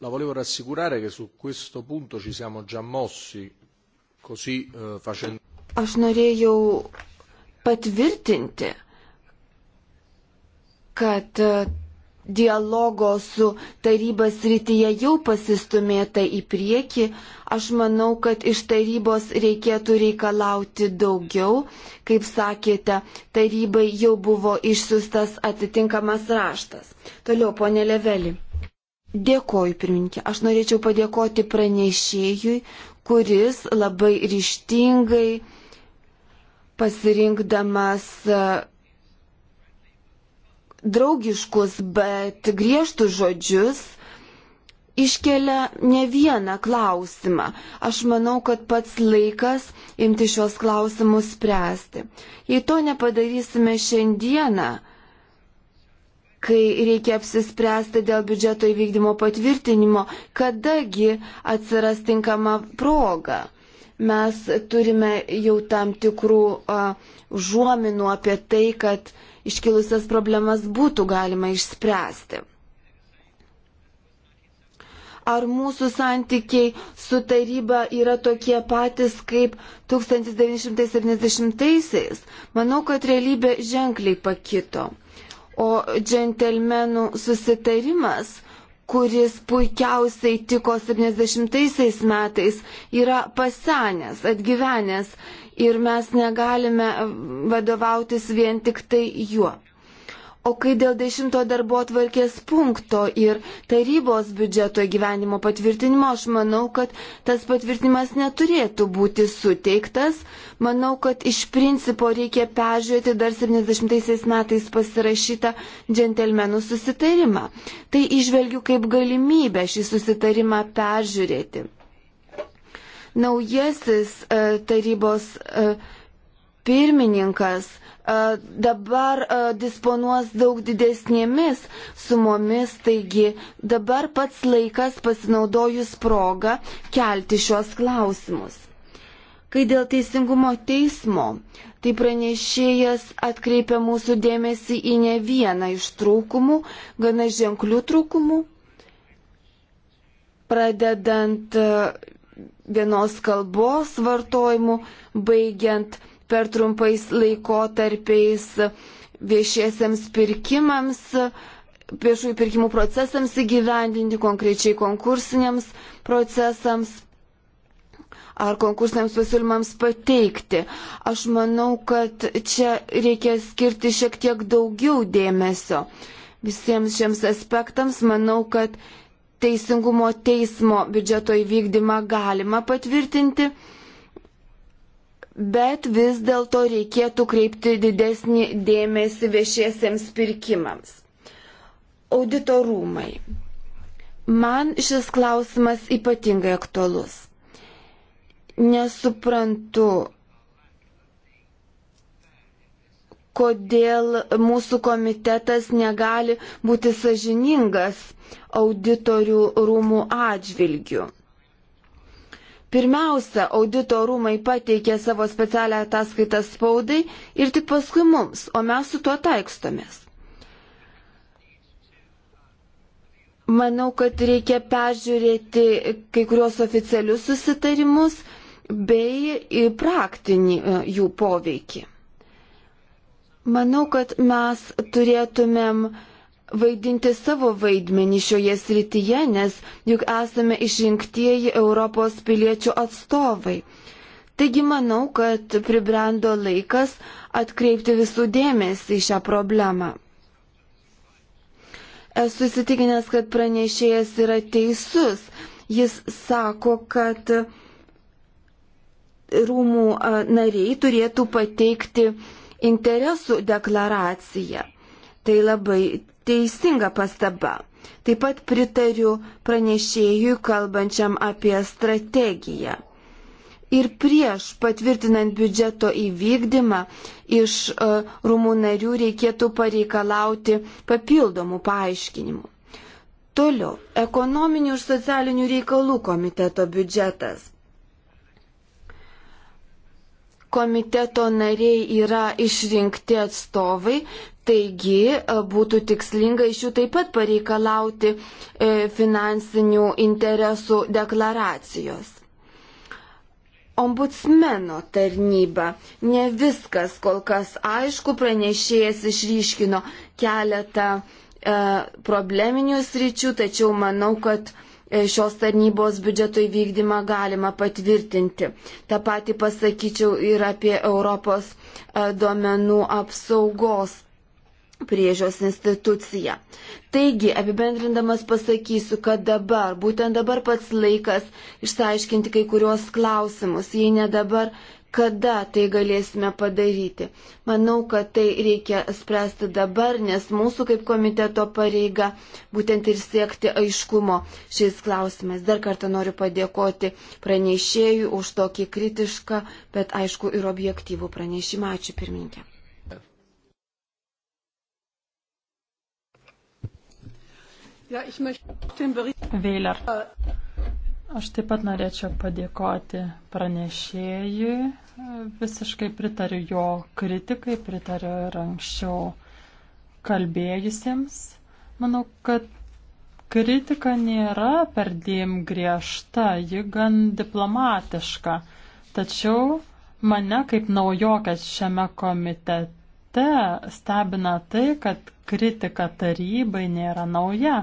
La volevo rassicurare che su questo punto ci siamo già mossi così eh, facendo. Aš norėjau patvirtinti, kad e, dialogo su tarybos rytyje jau pasistumėta į priekį. Aš manau, kad iš tarybos reikėtų reikalauti daugiau. Kaip sakėte, tarybai jau buvo išsiustas atitinkamas raštas. Toliau, ponė Leveli. Dėkoju, pirminkė. Aš norėčiau padėkoti pranešėjui, kuris labai ryštingai pasirinkdamas e, draugiškus, bet griežtus žodžius, iškelia ne vieną klausimą. Aš manau, kad pats laikas imti šios klausimus spręsti. Jei to nepadarysime šiandieną, kai reikia apsispręsti dėl biudžeto įvykdymo patvirtinimo, kadagi atsiras tinkama proga mes turime jau tam tikrų užuominų apie tai, kad iškilusias problemas būtų galima išspręsti. Ar mūsų santykiai su taryba yra tokie patys kaip 1970-aisiais? Manau, kad realybė ženkliai pakito. O džentelmenų susitarimas kuris puikiausiai tiko 70-aisiais metais, yra pasenęs, atgyvenęs ir mes negalime vadovautis vien tik tai juo. O kai dėl dešimto darbo atvarkės punkto ir tarybos biudžeto gyvenimo patvirtinimo, aš manau, kad tas patvirtinimas neturėtų būti suteiktas. Manau, kad iš principo reikia peržiūrėti dar 70 metais pasirašytą džentelmenų susitarimą. Tai išvelgiu kaip galimybę šį susitarimą peržiūrėti. Naujasis e, tarybos. E, pirmininkas dabar disponuos daug didesnėmis sumomis, taigi dabar pats laikas pasinaudojus progą kelti šios klausimus. Kai dėl teisingumo teismo, tai pranešėjas atkreipia mūsų dėmesį į ne vieną iš trūkumų, gana ženklių trūkumų, pradedant vienos kalbos vartojimu, baigiant per trumpais laikotarpiais viešiesiems pirkimams, viešųjų pirkimų procesams įgyvendinti, konkrečiai konkursiniams procesams ar konkursiniams pasiūlymams pateikti. Aš manau, kad čia reikia skirti šiek tiek daugiau dėmesio. Visiems šiems aspektams manau, kad teisingumo teismo biudžeto įvykdymą galima patvirtinti bet vis dėlto reikėtų kreipti didesnį dėmesį viešiesiems pirkimams. Auditorumai. Man šis klausimas ypatingai aktualus. Nesuprantu, kodėl mūsų komitetas negali būti sažiningas auditorių rūmų atžvilgių. Pirmiausia, audito rūmai pateikė savo specialią ataskaitą spaudai ir tik paskui mums, o mes su tuo taikstomės. Manau, kad reikia peržiūrėti kai kurios oficialius susitarimus bei praktinį e, jų poveikį. Manau, kad mes turėtumėm uh, vaidinti savo vaidmenį šioje srityje, nes juk esame išrinktieji Europos piliečių atstovai. Taigi manau, kad pribrendo laikas atkreipti visų dėmesį į šią problemą. Esu įsitikinęs, kad pranešėjas yra teisus. Jis sako, kad rūmų nariai turėtų pateikti interesų deklaraciją. Tai labai teisinga pastaba. Taip pat pritariu pranešėjui kalbančiam apie strategiją. Ir prieš patvirtinant biudžeto įvykdymą iš uh, e, rūmų narių reikėtų pareikalauti papildomų paaiškinimų. Toliau, ekonominių ir socialinių reikalų komiteto biudžetas komiteto nariai yra išrinkti atstovai, taigi e, būtų tikslinga iš jų taip pat pareikalauti e, finansinių interesų deklaracijos. Ombudsmeno tarnyba. Ne viskas kol kas aišku, pranešėjas išryškino keletą e, probleminių sričių, tačiau manau, kad e, E, šios tarnybos biudžeto įvykdymą galima patvirtinti. Ta pati pasakyčiau ir apie Europos e, duomenų apsaugos priežios instituciją. Taigi, apibendrindamas pasakysiu, kad dabar, būtent dabar pats laikas išsiaiškinti kai kurios klausimus. Jei ne dabar, kada tai galėsime padaryti. Manau, kad tai reikia spręsti dabar, nes mūsų kaip komiteto pareiga būtent ir siekti aiškumo šiais klausimais. Dar kartą noriu padėkoti pranešėjui už tokį kritišką, bet aišku ir objektyvų pranešimą. Ačiū pirmininkė. Vėler. Aš taip pat norėčiau padėkoti pranešėjui. Visiškai pritariu jo kritikai, pritariu ir anksčiau kalbėjusiems. Manau, kad kritika nėra perdėm griežta, ji gan diplomatiška. Tačiau mane kaip naujokas šiame komitete stebina tai, kad kritika tarybai nėra nauja.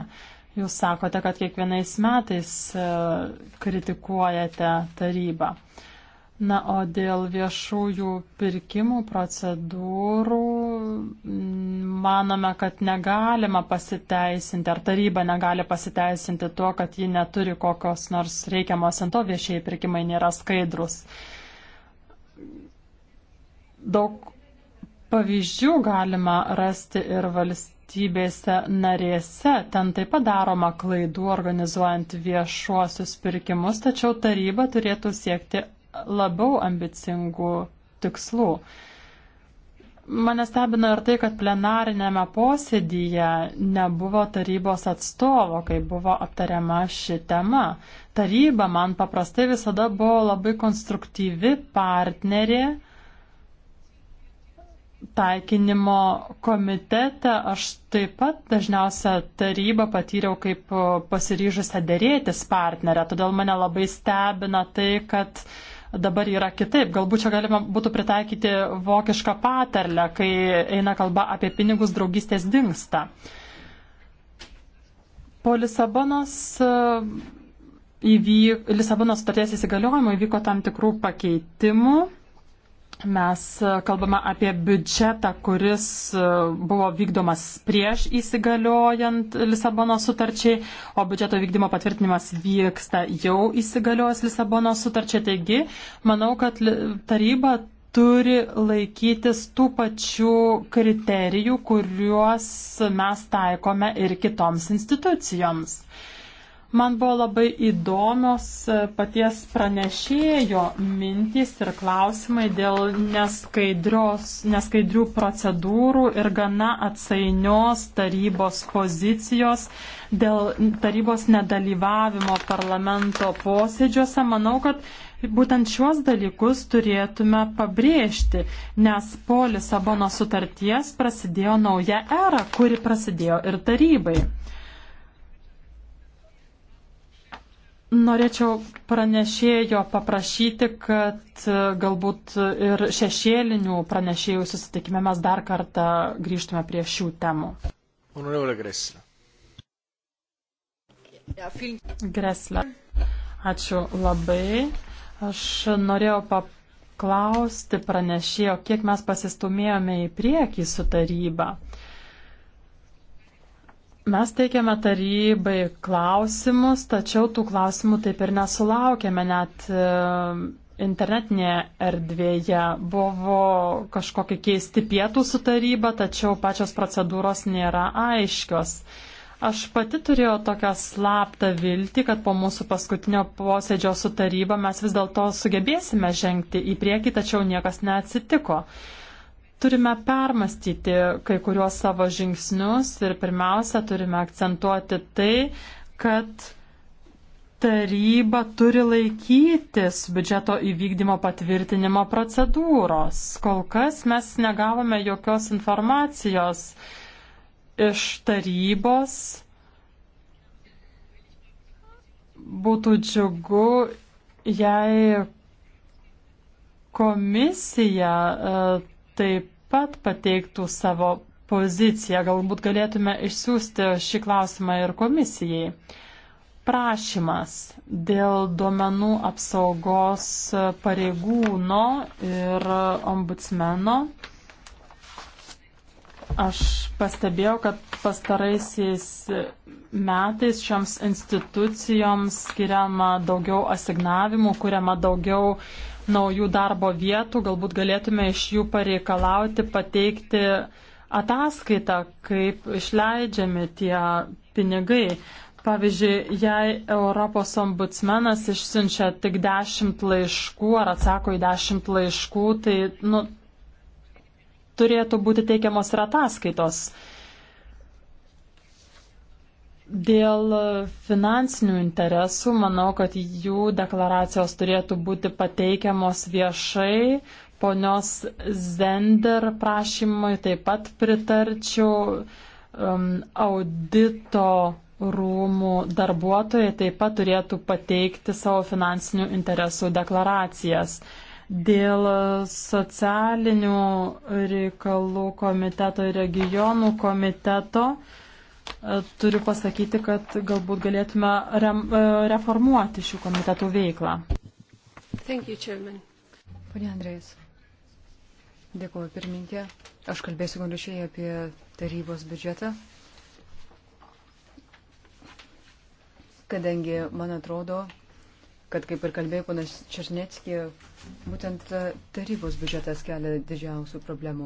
Jūs sakote, kad kiekvienais metais e, kritikuojate tarybą. Na, o dėl viešųjų pirkimų procedūrų manome, kad negalima pasiteisinti, ar taryba negali pasiteisinti tuo, kad ji neturi kokios nors reikiamos ant to viešieji pirkimai nėra skaidrus. Daug pavyzdžių galima rasti ir valstybės valstybėse narėse. Ten taip pat daroma klaidų organizuojant viešuosius pirkimus, tačiau taryba turėtų siekti labiau ambicingų tikslų. Mane stebina ir tai, kad plenarinėme posėdyje nebuvo tarybos atstovo, kai buvo aptariama ši tema. Taryba man paprastai visada buvo labai konstruktyvi partnerė taikinimo komitete aš taip pat dažniausia tarybą patyriau kaip pasiryžusią dėrėtis partnerę, todėl mane labai stebina tai, kad dabar yra kitaip. Galbūt čia galima būtų pritaikyti vokišką patarlę, kai eina kalba apie pinigus draugystės dinksta. Po Lisabonos e, įvyko, Lisabonos sutarties įsigaliojimo įvyko tam tikrų pakeitimų Mes e, kalbame apie biudžetą, kuris e, buvo vykdomas prieš įsigaliojant Lisabono sutarčiai, o biudžeto vykdymo patvirtinimas vyksta jau įsigaliojus Lisabono sutarčiai. Taigi, manau, kad taryba turi laikytis tų pačių kriterijų, kuriuos mes taikome ir kitoms institucijoms. Man buvo labai įdomios e, paties pranešėjo mintys ir klausimai dėl neskaidrių procedūrų ir gana atsainios tarybos pozicijos, dėl tarybos nedalyvavimo parlamento posėdžiuose. Manau, kad Būtent šiuos dalykus turėtume pabrėžti, nes po Lisabono sutarties prasidėjo nauja era, kuri prasidėjo ir tarybai. Norėčiau pranešėjo paprašyti, kad e, galbūt ir šešėlinių pranešėjų susitikime mes dar kartą grįžtume prie šių temų. Greslė. Ačiū labai. Aš norėjau paklausti pranešėjo, kiek mes pasistumėjome į priekį su taryba. Mes teikiame tarybai klausimus, tačiau tų klausimų taip ir nesulaukėme net e, internetinėje erdvėje buvo kažkokie keisti pietų su taryba, tačiau pačios procedūros nėra aiškios. Aš pati turėjau tokią slaptą viltį, kad po mūsų paskutinio posėdžio su taryba mes vis dėlto sugebėsime žengti į priekį, tačiau niekas neatsitiko. Turime permastyti kai kuriuos savo žingsnius ir pirmiausia turime akcentuoti tai, kad taryba turi laikytis biudžeto įvykdymo patvirtinimo procedūros. Kol kas mes negavome jokios informacijos iš tarybos. Būtų džiugu, jei komisija e, taip pat pateiktų savo poziciją. Galbūt galėtume išsiųsti šį klausimą ir komisijai. Prašymas dėl duomenų apsaugos pareigūno ir ombudsmeno Aš pastebėjau, kad pastaraisiais metais šioms institucijoms skiriama daugiau asignavimų, kuriama daugiau naujų darbo vietų, galbūt galėtume iš jų pareikalauti pateikti ataskaitą, kaip išleidžiami tie pinigai. Pavyzdžiui, jei Europos ombudsmenas išsiunčia tik dešimt laiškų ar atsako į dešimt laiškų, tai nu, turėtų būti teikiamos ir ataskaitos. Dėl finansinių interesų manau, kad jų deklaracijos turėtų būti pateikiamos viešai. Ponios Zender prašymui taip pat pritarčiau. Um, audito rūmų darbuotojai taip pat turėtų pateikti savo finansinių interesų deklaracijas. Uh, Dėl socialinių reikalų komiteto ir regionų komiteto e, turiu pasakyti, kad galbūt galėtume rem, e, reformuoti šių komitetų veiklą. Thank you, Chairman. Pane Andrėjus, dėkuoju pirmininkė. Aš kalbėsiu konkrečiai apie tarybos biudžetą. Kadangi man atrodo, kad kaip ir kalbėjo panas Černetskis, Būtent e, tarybos biudžetas kelia didžiausių problemų.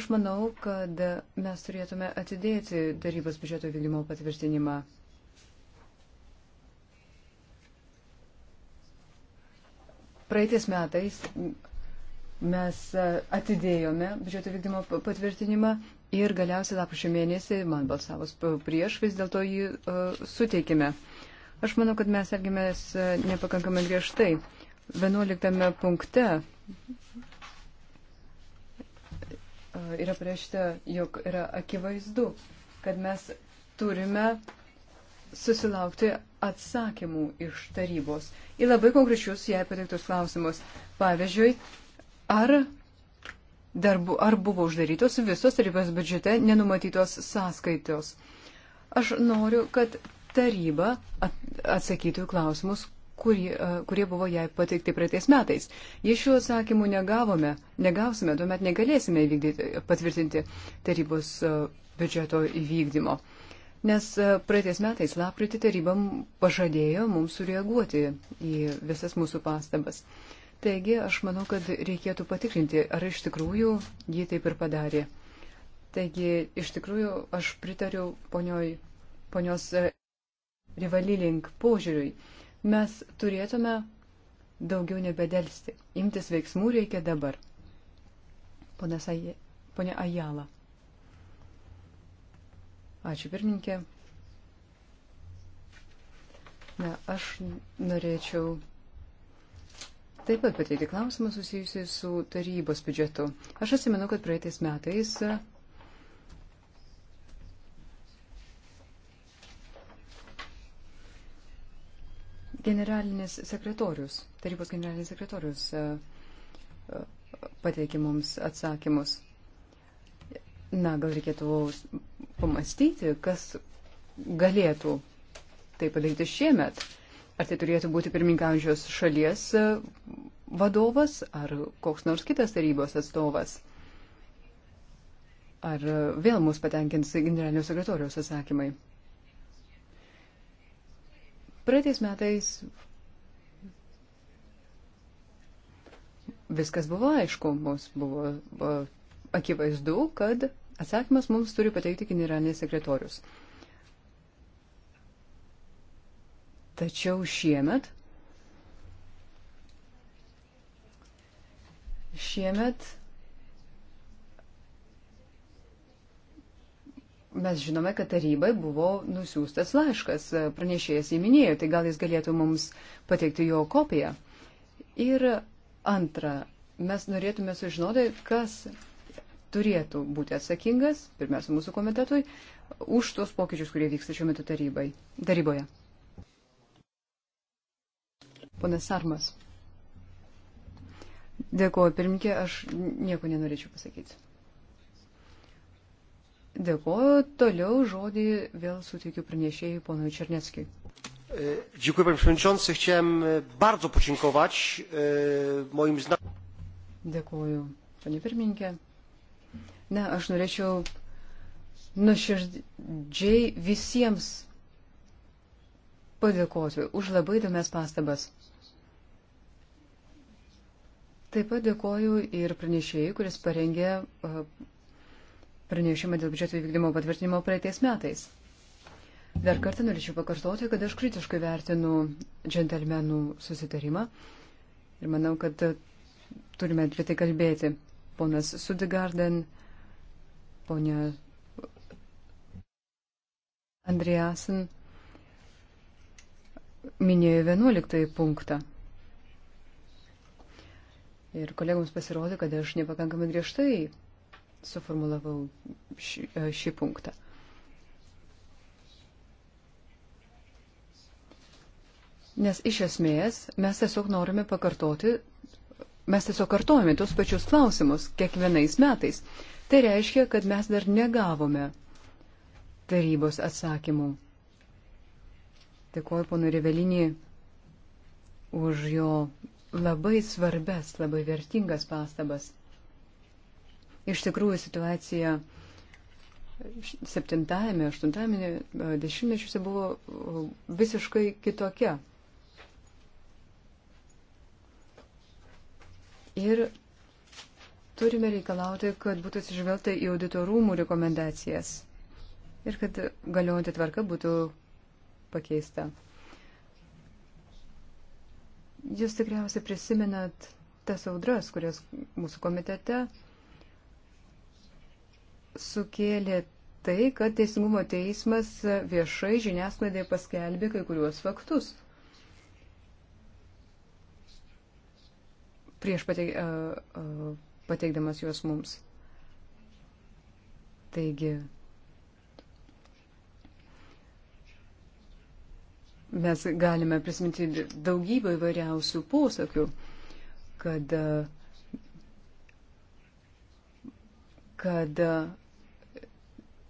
Aš manau, kad mes turėtume atidėti tarybos biudžeto vykdymo patvirtinimą. Praeitais metais mes e, atidėjome biudžeto vykdymo patvirtinimą ir galiausiai lapkričio mėnesį, man balsavus prieš, vis dėlto jį uh, suteikėme. Aš manau, kad mes elgėmės nepakankamai griežtai. Uh, 11 punkte e, yra priešta, jog yra akivaizdu, kad mes turime susilaukti atsakymų iš tarybos į labai konkrečius jai pateiktus klausimus. Pavyzdžiui, ar, darbu, ar buvo uždarytos visos tarybos biudžete nenumatytos sąskaitos. Aš noriu, kad taryba atsakytų į klausimus, kurie, kurie buvo jai pateikti praeitais metais. Jei šių atsakymų negavome, negausime, tuomet negalėsime įvykdyti, patvirtinti tarybos e, biudžeto įvykdymo. Nes e, praeitais metais lapkritį taryba pažadėjo mums sureaguoti į visas mūsų pastabas. Taigi aš manau, kad reikėtų patikrinti, ar iš tikrųjų ji taip ir padarė. Taigi iš tikrųjų aš pritariu ponioj, ponios e, rivalilink požiūriui mes turėtume daugiau nebedelsti. Imtis veiksmų reikia dabar. Pone Ajala. Ačiū pirmininkė. Na, aš norėčiau taip pat pateikti klausimą susijusį su tarybos biudžetu. Aš atsimenu, kad praeitais metais Generalinis sekretorius, tarybos generalinis sekretorius e, e, pateikė mums atsakymus. Na, gal reikėtų pamastyti, kas galėtų tai padaryti šiemet. Ar tai turėtų būti pirmininkaujančios šalies e, vadovas, ar koks nors kitas tarybos atstovas. Ar vėl mus patenkins generalinio sekretorijos atsakymai. Praeitais metais viskas buvo aišku, mums buvo, buvo akivaizdu, kad atsakymas mums turi pateikti generalinis sekretorius. Tačiau šiemet, šiemet mes žinome, kad tarybai buvo nusiųstas laiškas, e, pranešėjas įminėjo, tai gal jis galėtų mums pateikti jo kopiją. Ir antra, mes norėtume sužinoti, kas turėtų būti atsakingas, pirmiausia, mūsų komitetui, už tos pokyčius, kurie vyksta šiuo metu tarybai, taryboje. Ponas Sarmas. Dėkuoju, pirmkė, aš nieko nenorėčiau pasakyti. Dėkuoju. Toliau žodį vėl suteikiu pranešėjai ponui Černeckiui. E, dziękuję panie przewodniczący. Chciałem e, bardzo podziękować e, moim znajomym. Dėkuoju, panie pirmininkė. Na, aš norėčiau nuoširdžiai visiems padėkoti už labai įdomias pastabas. Taip pat dėkoju ir pranešėjai, kuris parengė pranešimą dėl biudžeto įvykdymo patvirtinimo praeitais metais. Dar kartą norėčiau pakartoti, kad aš kritiškai vertinu džentelmenų susitarimą ir manau, kad turime apie tai kalbėti. Ponas Sudigarden, ponia Andriasen minėjo 11 punktą. Ir kolegoms pasirodė, kad aš nepakankamai griežtai suformulavau šį, e, šį punktą. Nes iš esmės mes tiesiog norime pakartoti, mes tiesiog kartojame tos pačius klausimus kiekvienais metais. Tai reiškia, kad mes dar negavome tarybos atsakymų. Dėkuoju ponu Revelinį už jo labai svarbes, labai vertingas pastabas. Iš tikrųjų situacija septintajame, aštuntame e, dešimtmečiuose buvo e, visiškai kitokia. Ir turime reikalauti, kad būtų atsižvelgta į auditorumų rekomendacijas ir kad galiojanti tvarka būtų pakeista. Jūs tikriausiai prisimenat tas audras, kurias mūsų komitete sukėlė tai, kad Teisingumo teismas viešai žiniasklaidai paskelbė kai kuriuos faktus. Prieš pateik, pateikdamas juos mums. Taigi, mes galime prisiminti daugybę įvairiausių posakių, kad, kad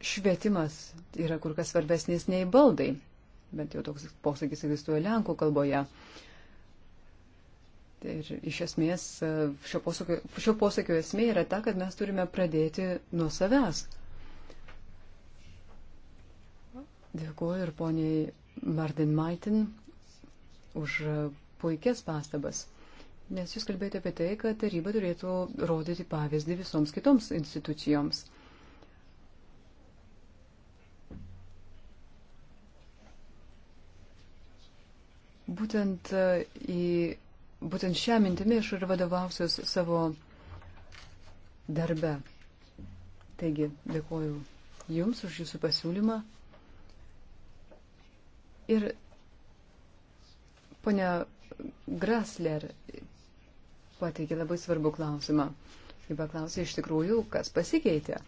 švietimas yra kur kas svarbesnis nei baldai. Bent jau toks posakis egzistuoja Lenkų kalboje. Tai ir iš esmės e, šio posakio, šio posakio esmė yra ta, kad mes turime pradėti nuo savęs. Dėkuoju ir poniai Martin Maitin už puikias pastabas. Nes jūs kalbėjote apie tai, kad taryba turėtų rodyti pavyzdį visoms kitoms institucijoms. Būtent, e, į, būtent šią mintimį aš ir vadovausios savo darbe. Taigi, dėkoju Jums už Jūsų pasiūlymą. Ir ponia Grasler pateikė labai svarbų klausimą. Ji paklausė iš tikrųjų, kas pasikeitė,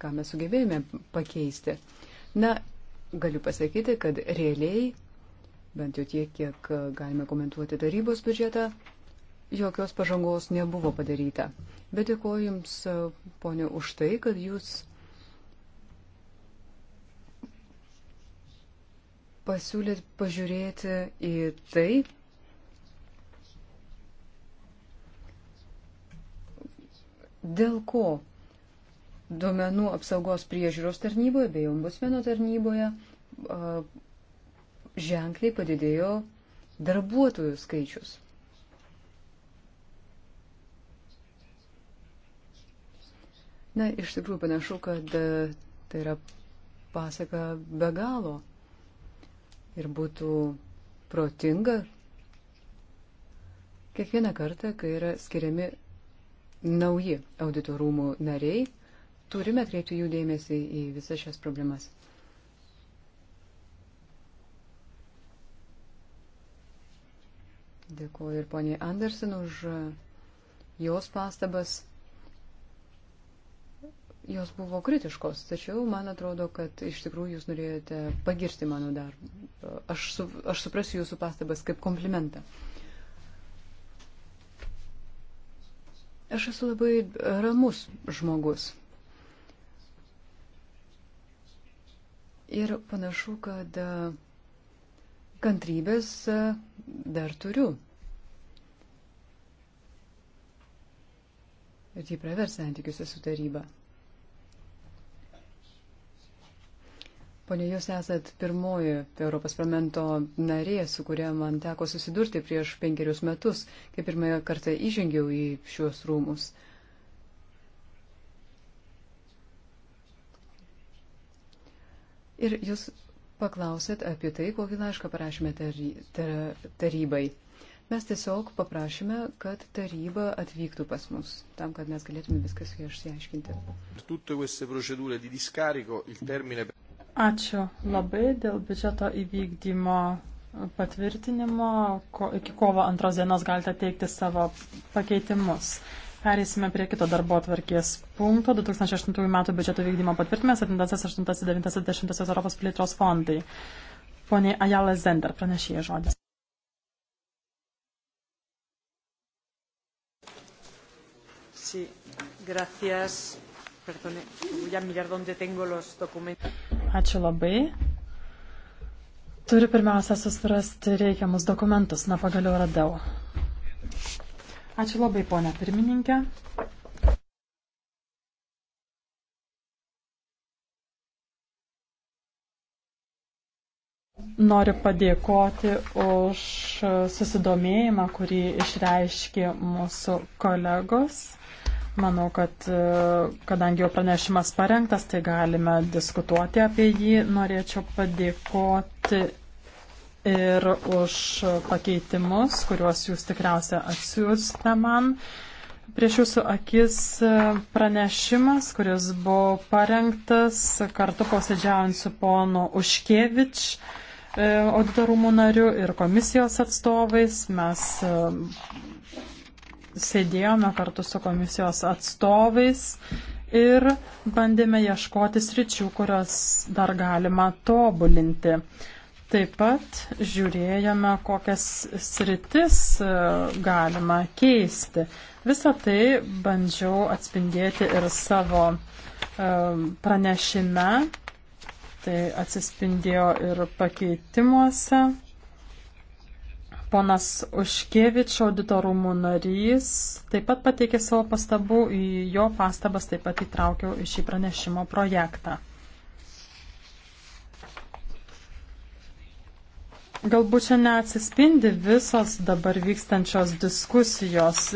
ką mes sugebėjome pakeisti. Na, galiu pasakyti, kad realiai bent jau tiek, kiek galime komentuoti tarybos biudžetą, jokios pažangos nebuvo padaryta. Bet dėkoju Jums, ponė, už tai, kad Jūs pasiūlėt pažiūrėti į tai, dėl ko duomenų apsaugos priežiūros tarnyboje bei ombudsmeno tarnyboje ženkliai padidėjo darbuotojų skaičius. Na, iš tikrųjų panašu, kad e, tai yra pasaka be galo. Ir būtų protinga kiekvieną kartą, kai yra skiriami nauji auditorumų nariai, turime atkreipti jų dėmesį į visas šias problemas. Dėkuoju ir poniai Andersen už jos pastabas. Jos buvo kritiškos, tačiau man atrodo, kad iš tikrųjų jūs norėjote pagirti mano darbą. Aš, su, aš suprasiu jūsų pastabas kaip komplimentą. Aš esu labai ramus žmogus. Ir panašu, kad kantrybės e, dar turiu. Ir tai pravers santykiuose su taryba. Pone, jūs esat pirmoji Europos parlamento narė, su kuria man teko susidurti prieš penkerius metus, kai pirmąją kartą įžengiau į šiuos rūmus. Ir jūs paklausėt apie tai, kokį laišką parašėme tary, tar, tarybai. Mes tiesiog paprašėme, kad taryba atvyktų pas mus, tam, kad mes galėtume viską su jais išsiaiškinti. Ačiū labai dėl biudžeto įvykdymo patvirtinimo. Ko, iki kovo antros dienos galite teikti savo pakeitimus. Perėsime prie kito darbo atvarkės punkto 2008 metų biudžeto vykdymo patvirtinimas 7, 8, 9, 10 Europos plėtros fondai. Pone Ajala Zender, pranešėja žodis. Sí, gracias. Perdone, voy a mirar dónde tengo los documentos. Ačiū labai. Turiu pirmiausia susirasti reikiamus dokumentus. Na, pagaliau radau. Ačiū labai, ponia pirmininkė. Noriu padėkoti už susidomėjimą, kurį išreiškė mūsų kolegos. Manau, kad e, kadangi jau pranešimas parengtas, tai galime diskutuoti apie jį. Norėčiau padėkoti ir už pakeitimus, kuriuos jūs tikriausia atsiųsite man. Prieš jūsų akis pranešimas, kuris buvo parengtas kartu posėdžiaujant su ponu Uškevič e, auditorumų nariu ir komisijos atstovais. Mes e, sėdėjome kartu su komisijos atstovais ir bandėme ieškoti sričių, kurios dar galima tobulinti. Taip pat žiūrėjome, kokias sritis e, galima keisti. Visą tai bandžiau atspindėti ir savo e, pranešime, tai atsispindėjo ir pakeitimuose. Ponas Užkievič, auditorumų narys, taip pat pateikė savo pastabų, jo pastabas taip pat įtraukiau į šį pranešimo projektą. Galbūt čia neatsispindi visos dabar vykstančios diskusijos.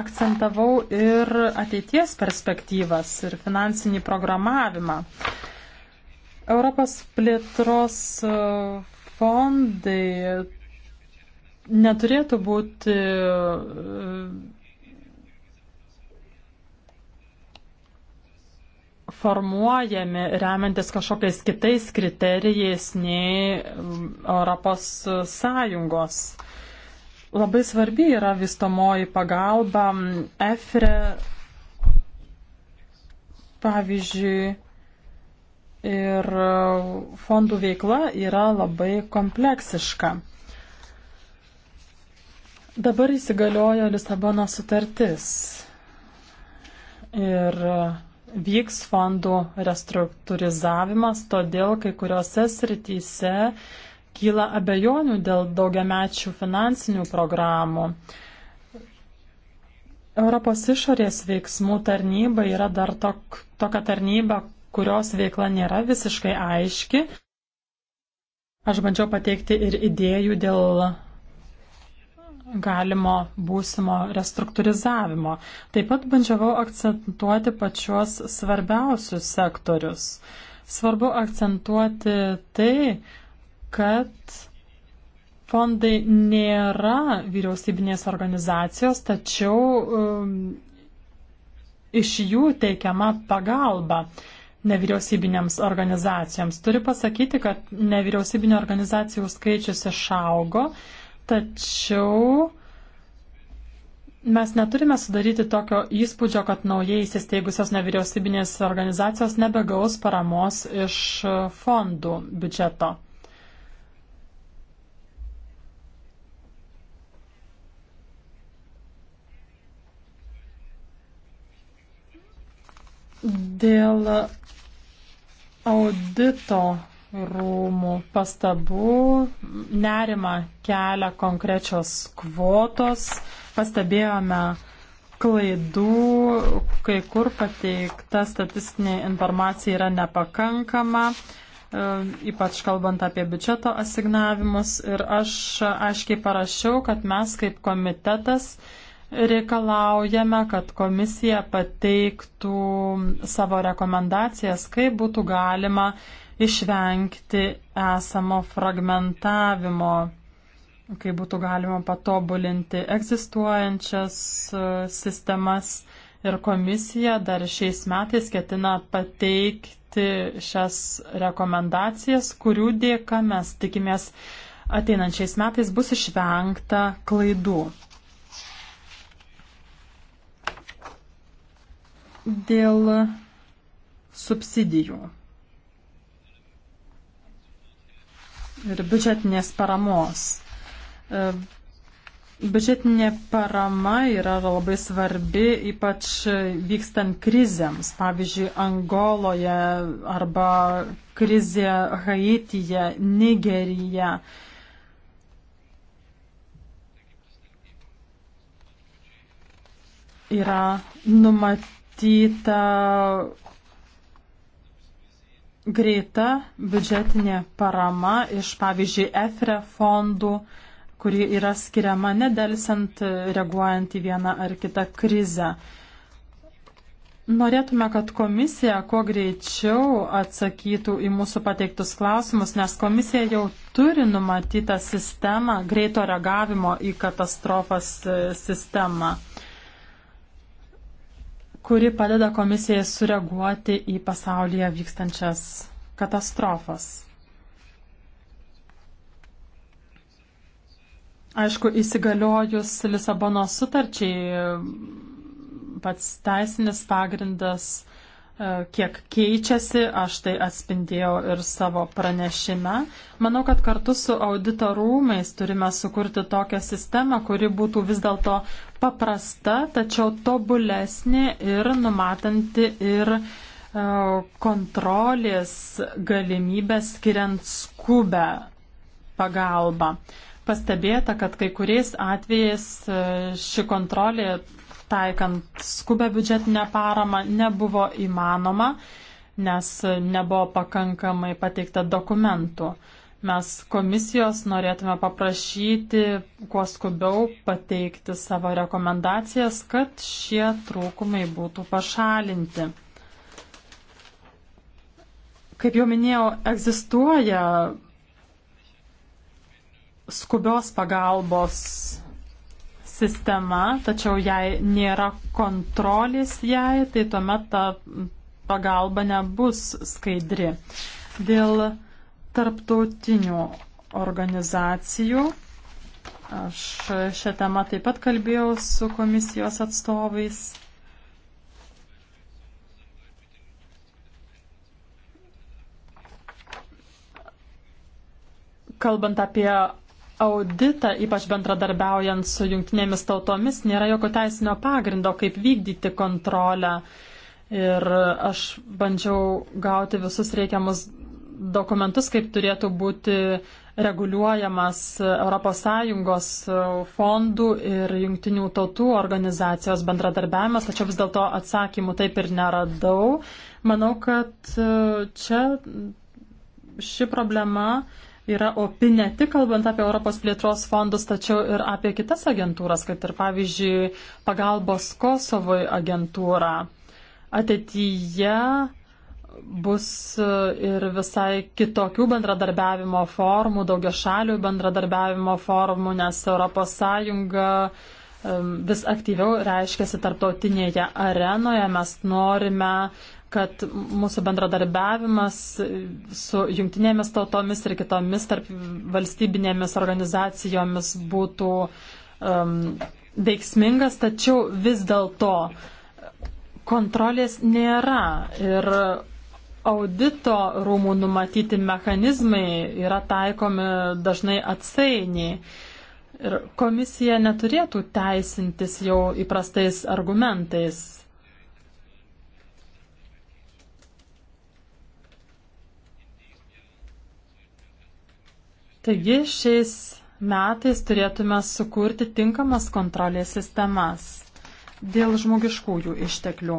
Akcentavau ir ateities perspektyvas ir finansinį programavimą. Europos plėtros e, fondai neturėtų būti e, formuojami remiantis kažkokiais kitais kriterijais nei um, Europos Sąjungos. Labai svarbi yra vystomoji pagalba. Um, EFRE, pavyzdžiui, ir uh, fondų veikla yra labai kompleksiška. Dabar įsigaliojo Lisabono sutartis. Ir uh, vyks fondų restruktūrizavimas, todėl kai kuriuose srityse kyla abejonių dėl daugiamečių finansinių programų. Europos išorės veiksmų tarnyba yra dar tok, tokia tarnyba, kurios veikla nėra visiškai aiški. Aš bandžiau pateikti ir idėjų dėl galimo būsimo restruktūrizavimo. Taip pat bandžiavau akcentuoti pačios svarbiausius sektorius. Svarbu akcentuoti tai, kad fondai nėra vyriausybinės organizacijos, tačiau um, iš jų teikiama pagalba nevyriausybinėms organizacijoms. Turiu pasakyti, kad nevyriausybinio organizacijų skaičius išaugo, uh, tačiau mes neturime sudaryti tokio įspūdžio, kad naujai įsisteigusios nevyriausybinės organizacijos nebegaus paramos iš fondų biudžeto. Dėl audito rūmų pastabų. Nerima kelia konkrečios kvotos. Pastebėjome klaidų, kai kur pateikta statistinė informacija yra nepakankama e, ypač kalbant apie biudžeto asignavimus. Ir aš aiškiai parašiau, kad mes kaip komitetas reikalaujame, kad komisija pateiktų savo rekomendacijas, kaip būtų galima uh, išvengti esamo fragmentavimo, kai būtų galima patobulinti egzistuojančias e, sistemas ir komisija dar šiais metais ketina pateikti šias rekomendacijas, kurių dėka mes tikimės ateinančiais metais bus išvengta klaidų. Dėl subsidijų. ir biudžetinės paramos. E, biudžetinė parama yra labai svarbi, ypač vykstant krizėms, pavyzdžiui, Angoloje arba krizė Haityje, Nigerija. Yra numatyta greita biudžetinė parama iš, pavyzdžiui, EFRE fondų, kuri yra skiriama nedelsiant reaguojant į vieną ar kitą krizę. Norėtume, kad komisija kuo greičiau atsakytų į mūsų pateiktus klausimus, nes komisija jau turi numatytą sistemą, greito reagavimo į katastrofas e, sistemą. Uh, kuri padeda komisijai sureaguoti į pasaulyje vykstančias katastrofas. Aišku, įsigaliojus Lisabono sutarčiai pats teisinis pagrindas E, kiek keičiasi, aš tai atspindėjau ir savo pranešime. Manau, kad kartu su audito rūmais turime sukurti tokią sistemą, kuri būtų vis dėlto paprasta, tačiau tobulesnė ir numatanti ir e, kontrolės galimybę skiriant skubę pagalbą. Pastebėta, kad kai kuriais atvejais e, ši kontrolė taikant skubę biudžetinę paramą nebuvo įmanoma, nes nebuvo pakankamai pateikta dokumentų. Mes komisijos norėtume paprašyti, kuo skubiau pateikti savo rekomendacijas, kad šie trūkumai būtų pašalinti. Kaip jau minėjau, egzistuoja skubios pagalbos sistema, tačiau jei nėra kontrolės jai, tai tuomet ta pagalba nebus skaidri. Dėl tarptautinių organizacijų Aš šią temą taip pat kalbėjau su komisijos atstovais. Kalbant apie auditą, ypač bendradarbiaujant su jungtinėmis tautomis, nėra jokio teisinio pagrindo, kaip vykdyti kontrolę. Ir aš bandžiau gauti visus reikiamus dokumentus, kaip turėtų būti reguliuojamas ES fondų ir jungtinių tautų organizacijos bendradarbiavimas, tačiau vis dėlto atsakymų taip ir neradau. Manau, kad e, čia ši problema uh, yra opi ne tik kalbant apie Europos plėtros fondus, tačiau ir apie kitas agentūras, kad ir pavyzdžiui pagalbos Kosovoj agentūrą. Ateityje bus e, ir visai kitokių bendradarbiavimo formų, daugia šalių bendradarbiavimo formų, nes ES vis aktyviau reiškiasi tarptautinėje arenoje. Mes norime kad mūsų bendradarbiavimas su jungtinėmis tautomis ir kitomis tarp valstybinėmis organizacijomis būtų um, veiksmingas, tačiau vis dėlto kontrolės nėra ir audito rūmų numatyti mechanizmai yra taikomi dažnai atsainiai. Ir komisija neturėtų teisintis jau įprastais argumentais. Taigi šiais metais turėtume sukurti tinkamas kontrolės sistemas dėl žmogiškųjų išteklių.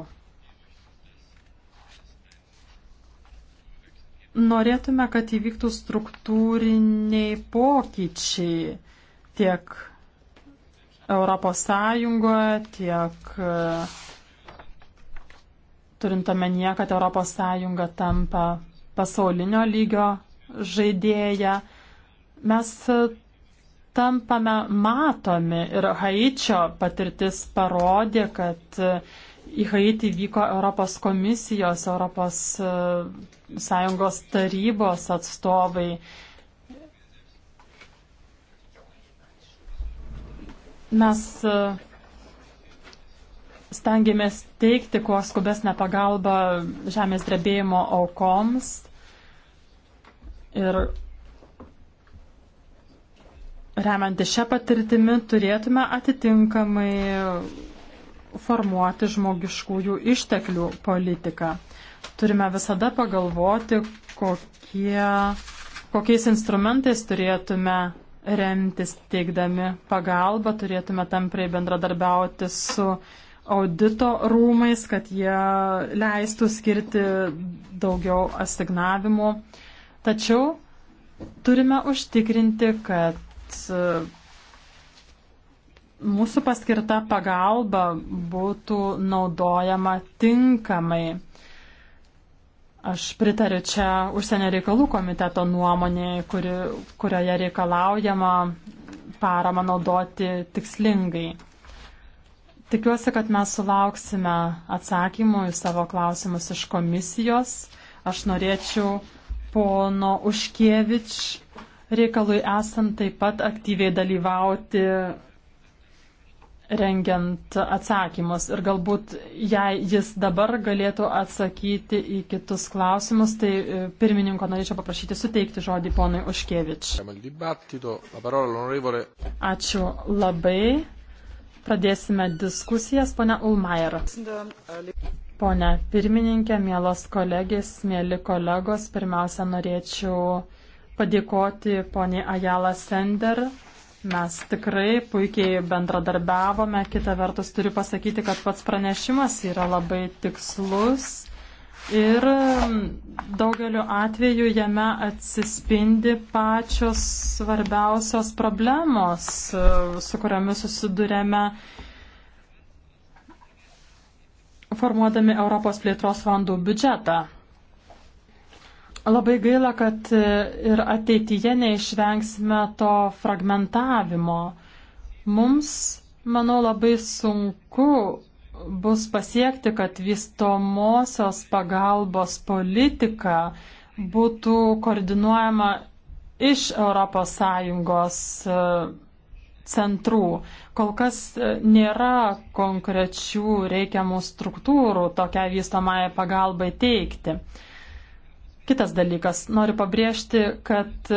Norėtume, kad įvyktų struktūriniai pokyčiai tiek Europos Sąjungoje, tiek turint omenyje, kad Europos Sąjunga tampa pasaulinio lygio žaidėja. Mes e, tampame matomi ir Haičio patirtis parodė, kad e, į Haitį vyko Europos komisijos, Europos e, Sąjungos tarybos atstovai. Mes stengiamės teikti kuo skubesnę pagalbą žemės drebėjimo aukoms ir remianti šią patirtimį turėtume atitinkamai formuoti žmogiškųjų išteklių politiką. Turime visada pagalvoti, kokie, kokiais instrumentais turėtume remtis teikdami pagalbą, turėtume tamprai bendradarbiauti su audito rūmais, kad jie leistų skirti daugiau asignavimų. Tačiau turime užtikrinti, kad E, mūsų paskirta pagalba būtų naudojama tinkamai. Aš pritariu čia užsienio reikalų komiteto nuomonėje, kuri, kurioje reikalaujama paramą naudoti tikslingai. Tikiuosi, kad mes sulauksime atsakymų į savo klausimus iš komisijos. Aš norėčiau pono Užkievič reikalui esant taip pat aktyviai dalyvauti rengiant atsakymus. Ir galbūt, jei jis dabar galėtų atsakyti į kitus klausimus, tai e, pirmininko norėčiau paprašyti suteikti žodį ponui Uškevič. Ačiū labai. Pradėsime diskusijas, ponia Ulmajer. Pone pirmininkė, mielos kolegės, mėly kolegos, pirmiausia norėčiau padėkoti poniai Ajala Sender. Mes tikrai puikiai bendradarbiavome. Kita vertus turiu pasakyti, kad pats pranešimas yra labai tikslus ir daugeliu atveju jame atsispindi pačios svarbiausios problemos, su kuriamis susidurėme formuodami Europos plėtros fondų biudžetą. Labai gaila, kad e, ir ateityje neišvengsime to fragmentavimo. Mums, manau, labai sunku bus pasiekti, kad vystomosios pagalbos politika būtų koordinuojama iš ES e, centrų. Kol kas e, nėra konkrečių reikiamų struktūrų tokiai vystomai pagalbai teikti. Kitas dalykas, noriu pabrėžti, kad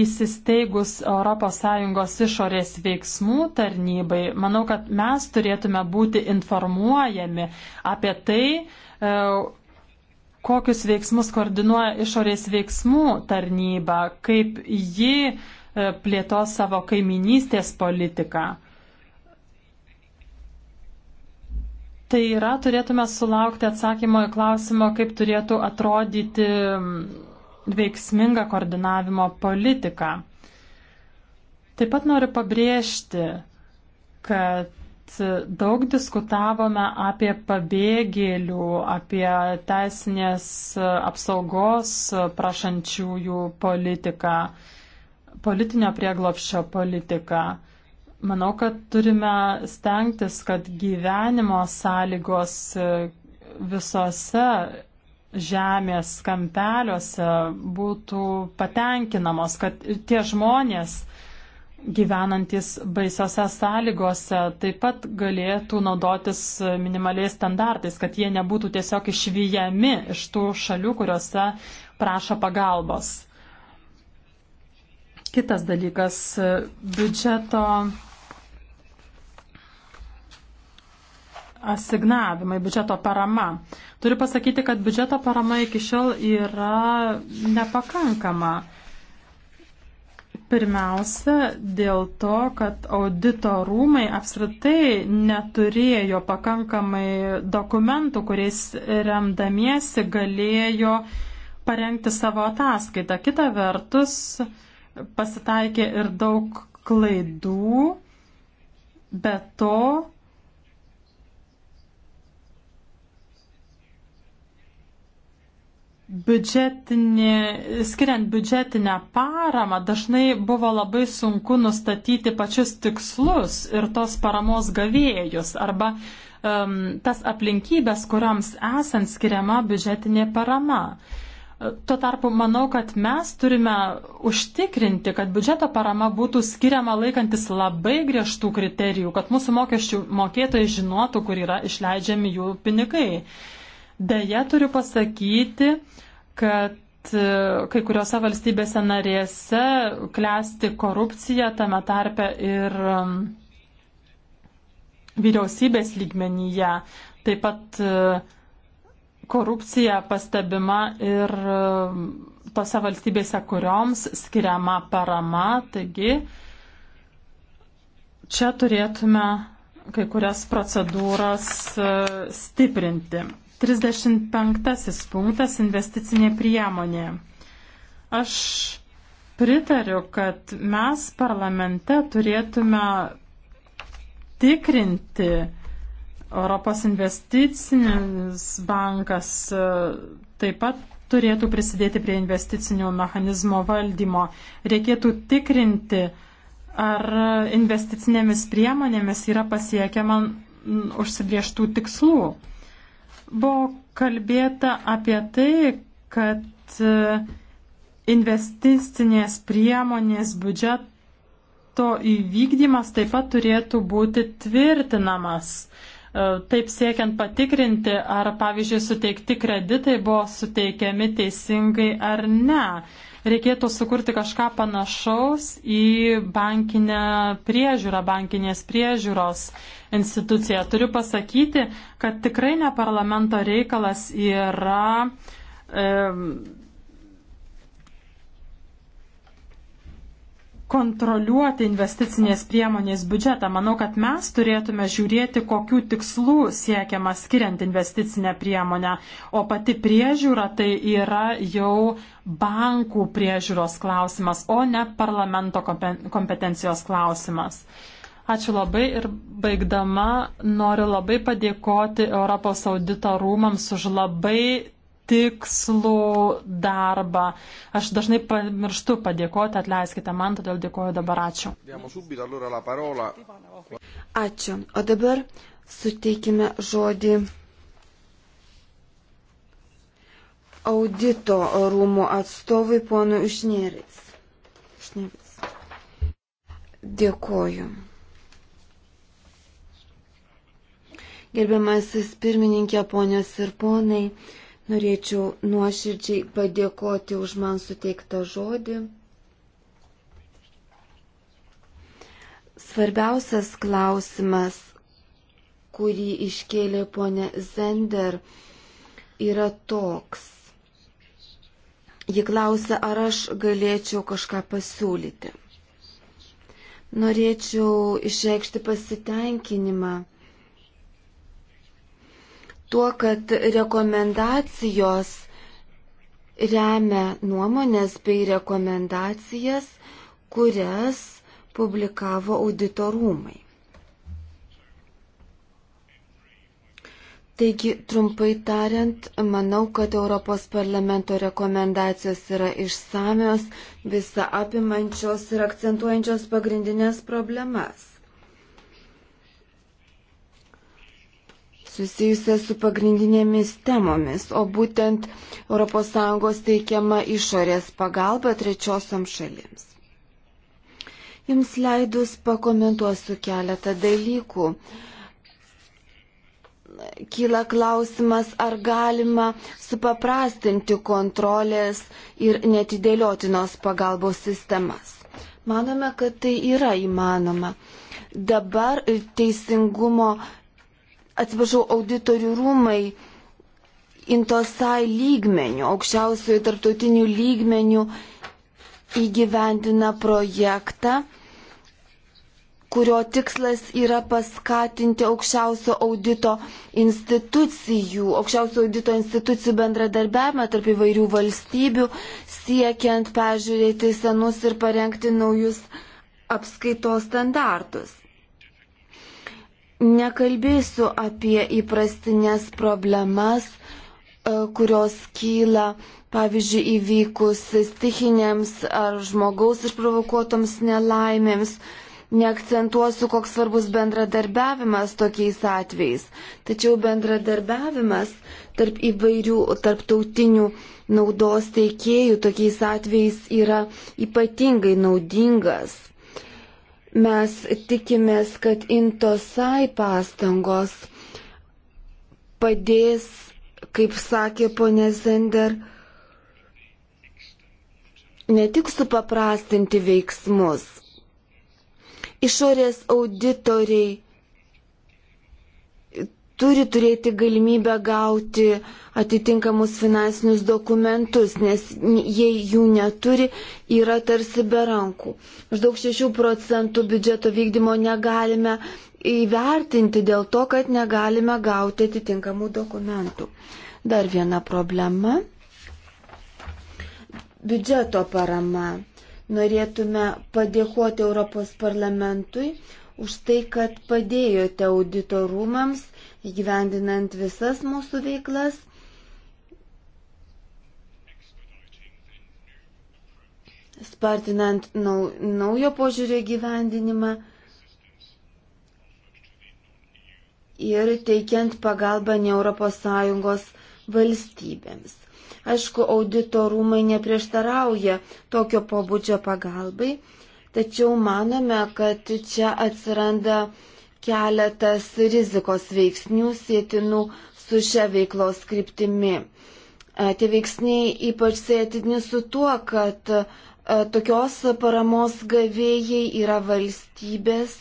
įsisteigus ES išorės veiksmų tarnybai, manau, kad mes turėtume būti informuojami apie tai, e, kokius veiksmus koordinuoja išorės veiksmų tarnyba, kaip ji e, plėtos savo kaiminystės politiką. Tai yra, turėtume sulaukti atsakymo į klausimą, kaip turėtų atrodyti mm, veiksminga koordinavimo politika. Taip pat noriu pabrėžti, kad daug diskutavome apie pabėgėlių, apie teisinės apsaugos prašančiųjų politiką, politinio prieglopščio politiką. Manau, kad turime stengtis, kad gyvenimo sąlygos e, visose žemės kampeliuose būtų patenkinamos, kad tie žmonės gyvenantis baisiose sąlygose taip pat galėtų naudotis minimaliais standartais, kad jie nebūtų tiesiog išvyjami iš tų šalių, kuriuose prašo pagalbos. Kitas dalykas - biudžeto asignavimai, biudžeto parama. Turiu pasakyti, kad biudžeto parama iki šiol yra nepakankama. Pirmiausia, dėl to, kad audito rūmai apskritai neturėjo pakankamai dokumentų, kuriais remdamiesi galėjo parengti savo ataskaitą. Kita vertus, pasitaikė ir daug klaidų, bet to biudžetinį, skiriant biudžetinę paramą, dažnai buvo labai sunku nustatyti pačius tikslus ir tos paramos gavėjus arba um, tas aplinkybės, kuriams esant skiriama biudžetinė parama. Tuo tarpu manau, kad mes turime užtikrinti, kad biudžeto parama būtų skiriama laikantis labai griežtų kriterijų, kad mūsų mokesčių mokėtojai žinotų, kur yra išleidžiami jų pinigai. Uh, Deja, turiu pasakyti, kad e, kai kuriuose valstybėse narėse klesti korupcija, tame tarpe ir vyriausybės lygmenyje. Taip pat e, korupcija pastebima ir tose valstybėse, kurioms skiriama parama. Taigi čia turėtume kai kurias procedūras e, stiprinti. 35 punktas investicinė priemonė. Aš pritariu, kad mes parlamente turėtume tikrinti Europos investicinis bankas taip pat turėtų prisidėti prie investicinio mechanizmo valdymo. Reikėtų tikrinti, ar investicinėmis priemonėmis yra pasiekiama užsibrieštų tikslų. Buvo kalbėta apie tai, kad e, investicinės priemonės biudžeto įvykdymas taip pat turėtų būti tvirtinamas. E, taip siekiant patikrinti, ar pavyzdžiui suteikti kreditai buvo suteikiami teisingai ar ne reikėtų sukurti kažką panašaus į bankinę priežiūrą, bankinės priežiūros instituciją. Turiu pasakyti, kad tikrai ne parlamento reikalas yra e, kontroliuoti investicinės priemonės biudžetą. Manau, kad mes turėtume žiūrėti, kokių tikslų siekiama skiriant investicinę priemonę, o pati priežiūra tai yra jau bankų priežiūros klausimas, o ne parlamento kompetencijos klausimas. Ačiū labai ir baigdama noriu labai padėkoti Europos audito rūmams už labai tikslų darbą. Aš dažnai pamirštu padėkoti, atleiskite man, todėl dėkoju dabar ačiū. Ačiū. O dabar suteikime žodį audito rūmų atstovui ponui Šnėris. Šnėris. Dėkoju. Gerbiamasis pirmininkė, ponios ir ponai, Norėčiau nuoširdžiai padėkoti už man suteiktą žodį. Svarbiausias klausimas, kurį iškėlė ponė Zender, yra toks. Ji klausia, ar aš galėčiau kažką pasiūlyti. Norėčiau išreikšti pasitenkinimą tuo, kad rekomendacijos remia nuomonės bei rekomendacijas, kurias publikavo auditorumai. Taigi, trumpai tariant, manau, kad Europos parlamento rekomendacijos yra išsamios, visa apimančios ir akcentuojančios pagrindinės problemas. susijusią su pagrindinėmis temomis, o būtent ES teikiama išorės pagalba trečiosiam šalims. Jums leidus pakomentuosiu keletą dalykų. Kyla klausimas, ar galima supaprastinti kontrolės ir netidėliotinos pagalbos sistemas. Manome, kad tai yra įmanoma. Dabar teisingumo atsiprašau, auditorių rūmai intosai lygmenių, aukščiausiojų tarptautinių lygmenių įgyvendina projektą, kurio tikslas yra paskatinti aukščiausio audito institucijų, aukščiausio audito institucijų bendradarbiavimą tarp įvairių valstybių, siekiant peržiūrėti senus ir parengti naujus apskaitos standartus. Nekalbėsiu apie įprastinės problemas, e, kurios kyla, pavyzdžiui, įvykus stichinėms ar žmogaus išprovokuotoms nelaimėms. Neakcentuosiu, koks svarbus bendradarbiavimas tokiais atvejais. Tačiau bendradarbiavimas tarp įvairių tarptautinių naudos teikėjų tokiais atvejais yra ypatingai naudingas. Mes tikimės, kad intosai pastangos padės, kaip sakė ponė Zender, ne tik supaprastinti veiksmus. Išorės auditoriai turi turėti galimybę gauti atitinkamus finansinius dokumentus, nes jei jų neturi, yra tarsi be rankų. Maždaug 6 procentų biudžeto vykdymo negalime įvertinti dėl to, kad negalime gauti atitinkamų dokumentų. Dar viena problema. Biudžeto parama. Norėtume padėkoti Europos parlamentui už tai, kad padėjote auditorumams įgyvendinant visas mūsų veiklas. Spartinant nau, naujo požiūrio gyvendinimą ir teikiant pagalbą ne ES valstybėms. Aišku, audito rūmai neprieštarauja tokio pobūdžio pagalbai, tačiau manome, kad čia atsiranda uh, keletas rizikos veiksnių sėtinų su šia veiklos kryptimi. E, tie veiksniai ypač sėtini su tuo, kad e, tokios paramos gavėjai yra valstybės,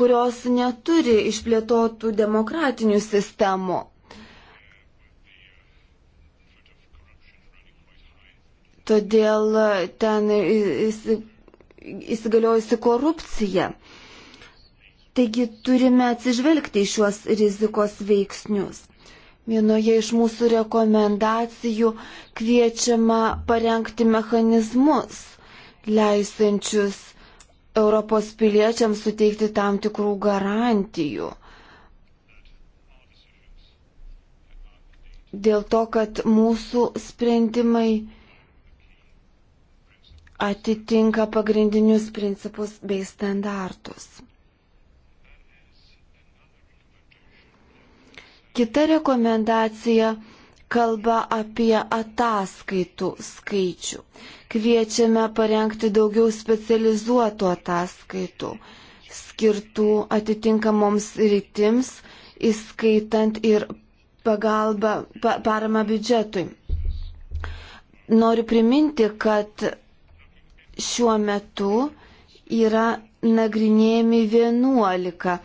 kurios neturi išplėtotų demokratinių sistemų. Todėl ten įsigaliojusi korupcija. Taigi turime atsižvelgti į šiuos rizikos veiksnius. Vienoje iš mūsų rekomendacijų kviečiama parengti mechanizmus, leisančius Europos piliečiams suteikti tam tikrų garantijų. Dėl to, kad mūsų sprendimai atitinka pagrindinius principus bei standartus. Kita rekomendacija kalba apie ataskaitų skaičių. Kviečiame parengti daugiau specializuotų ataskaitų, skirtų atitinkamoms rytims, įskaitant ir pagalbą, pa, paramą biudžetui. Noriu priminti, kad šiuo metu yra nagrinėjami 11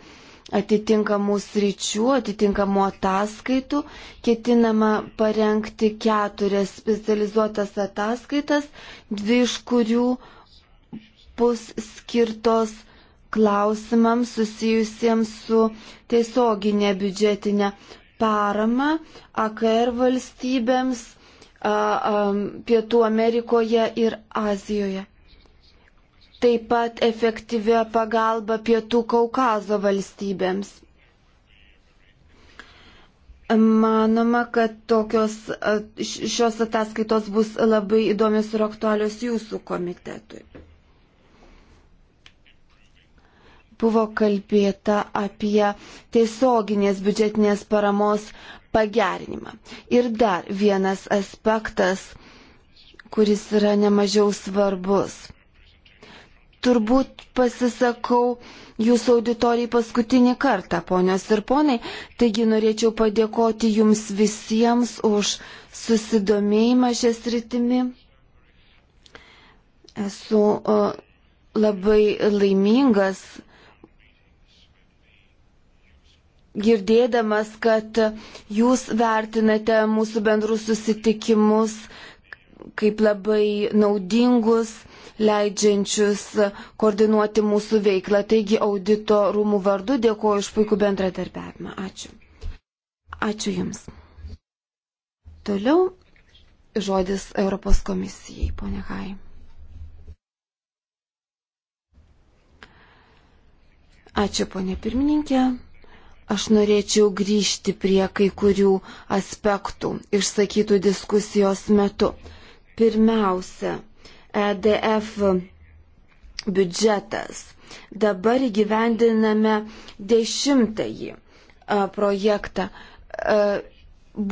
atitinkamų sričių, atitinkamų ataskaitų. Ketinama parengti keturias specializuotas ataskaitas, dvi iš kurių bus skirtos klausimams susijusiems su tiesioginė biudžetinė parama AKR valstybėms a, a, Pietų Amerikoje ir Azijoje taip pat efektyvi pagalba Pietų Kaukazo valstybėms. Manoma, kad tokios, šios ataskaitos bus labai įdomios ir aktualios jūsų komitetui. Buvo kalbėta apie tiesioginės biudžetinės paramos pagerinimą. Ir dar vienas aspektas, kuris yra nemažiau svarbus – turbūt pasisakau jūsų auditorijai paskutinį kartą, ponios ir ponai. Taigi norėčiau padėkoti jums visiems už susidomėjimą šią sritimi. Esu uh, labai laimingas girdėdamas, kad jūs vertinate mūsų bendrus susitikimus kaip labai naudingus leidžiančius koordinuoti mūsų veiklą. Taigi audito rūmų vardu dėkoju iš puikų bendradarbiavimą. Ačiū. Ačiū Jums. Toliau žodis Europos komisijai, ponia Hai. Ačiū, ponė pirmininkė. Aš norėčiau grįžti prie kai kurių aspektų išsakytų diskusijos metu. Pirmiausia, EDF biudžetas. Dabar įgyvendiname dešimtąjį e, projektą. E,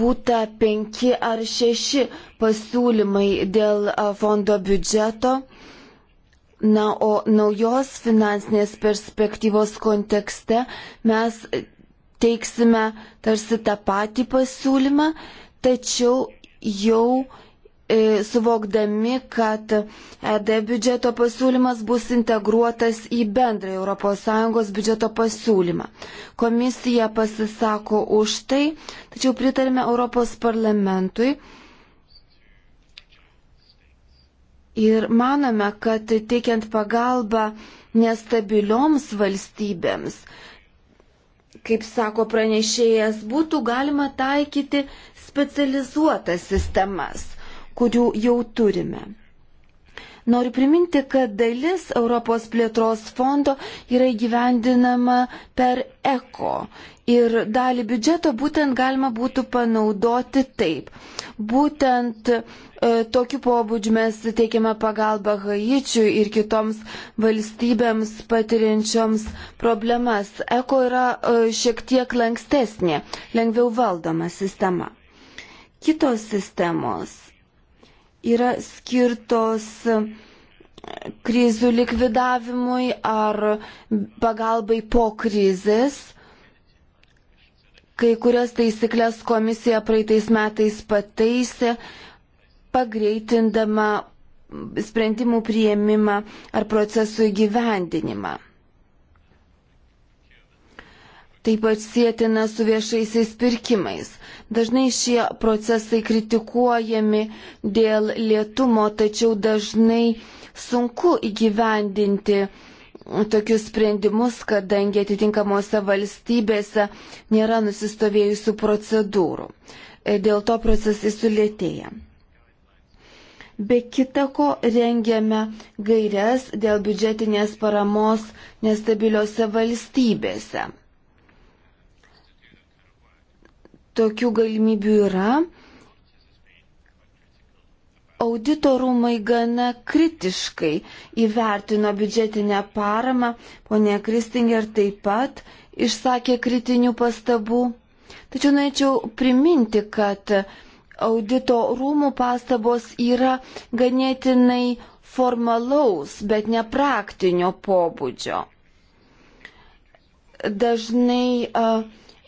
būta penki ar šeši pasiūlymai dėl e, fondo biudžeto. Na, o naujos finansinės perspektyvos kontekste mes teiksime tarsi tą patį pasiūlymą, tačiau jau E, suvokdami, kad ED biudžeto pasiūlymas bus integruotas į bendrą ES biudžeto pasiūlymą. Komisija pasisako už tai, tačiau pritarime Europos parlamentui ir manome, kad teikiant pagalbą nestabilioms valstybėms, kaip sako pranešėjas, būtų galima taikyti specializuotas sistemas kurių jau turime. Noriu priminti, kad dalis Europos plėtros fondo yra įgyvendinama per ECO ir dalį biudžeto būtent galima būtų panaudoti taip. Būtent e, tokiu pobūdžiu mes teikiame pagalbą Haičiui ir kitoms valstybėms patiriančioms problemas. ECO yra e, šiek tiek lankstesnė, lengviau valdoma sistema. Kitos sistemos yra skirtos krizių likvidavimui ar pagalbai po krizės. Kai kurias taisyklės komisija praeitais metais pataisė, pagreitindama sprendimų prieimimą ar procesų įgyvendinimą. Taip pat sėtina su viešaisiais pirkimais. Dažnai šie procesai kritikuojami dėl lėtumo, tačiau dažnai sunku įgyvendinti tokius sprendimus, kadangi atitinkamuose valstybėse nėra nusistovėjusių procedūrų. E, dėl to procesai sulėtėja. Be kitako rengiame gairias dėl biudžetinės paramos nestabiliuose valstybėse. Tokių galimybių yra. Auditorumai gana kritiškai įvertino biudžetinę paramą, ponė Kristinger taip pat išsakė kritinių pastabų. Tačiau norėčiau priminti, kad audito rūmų pastabos yra ganėtinai formalaus, bet nepraktinio pobūdžio. Dažnai uh,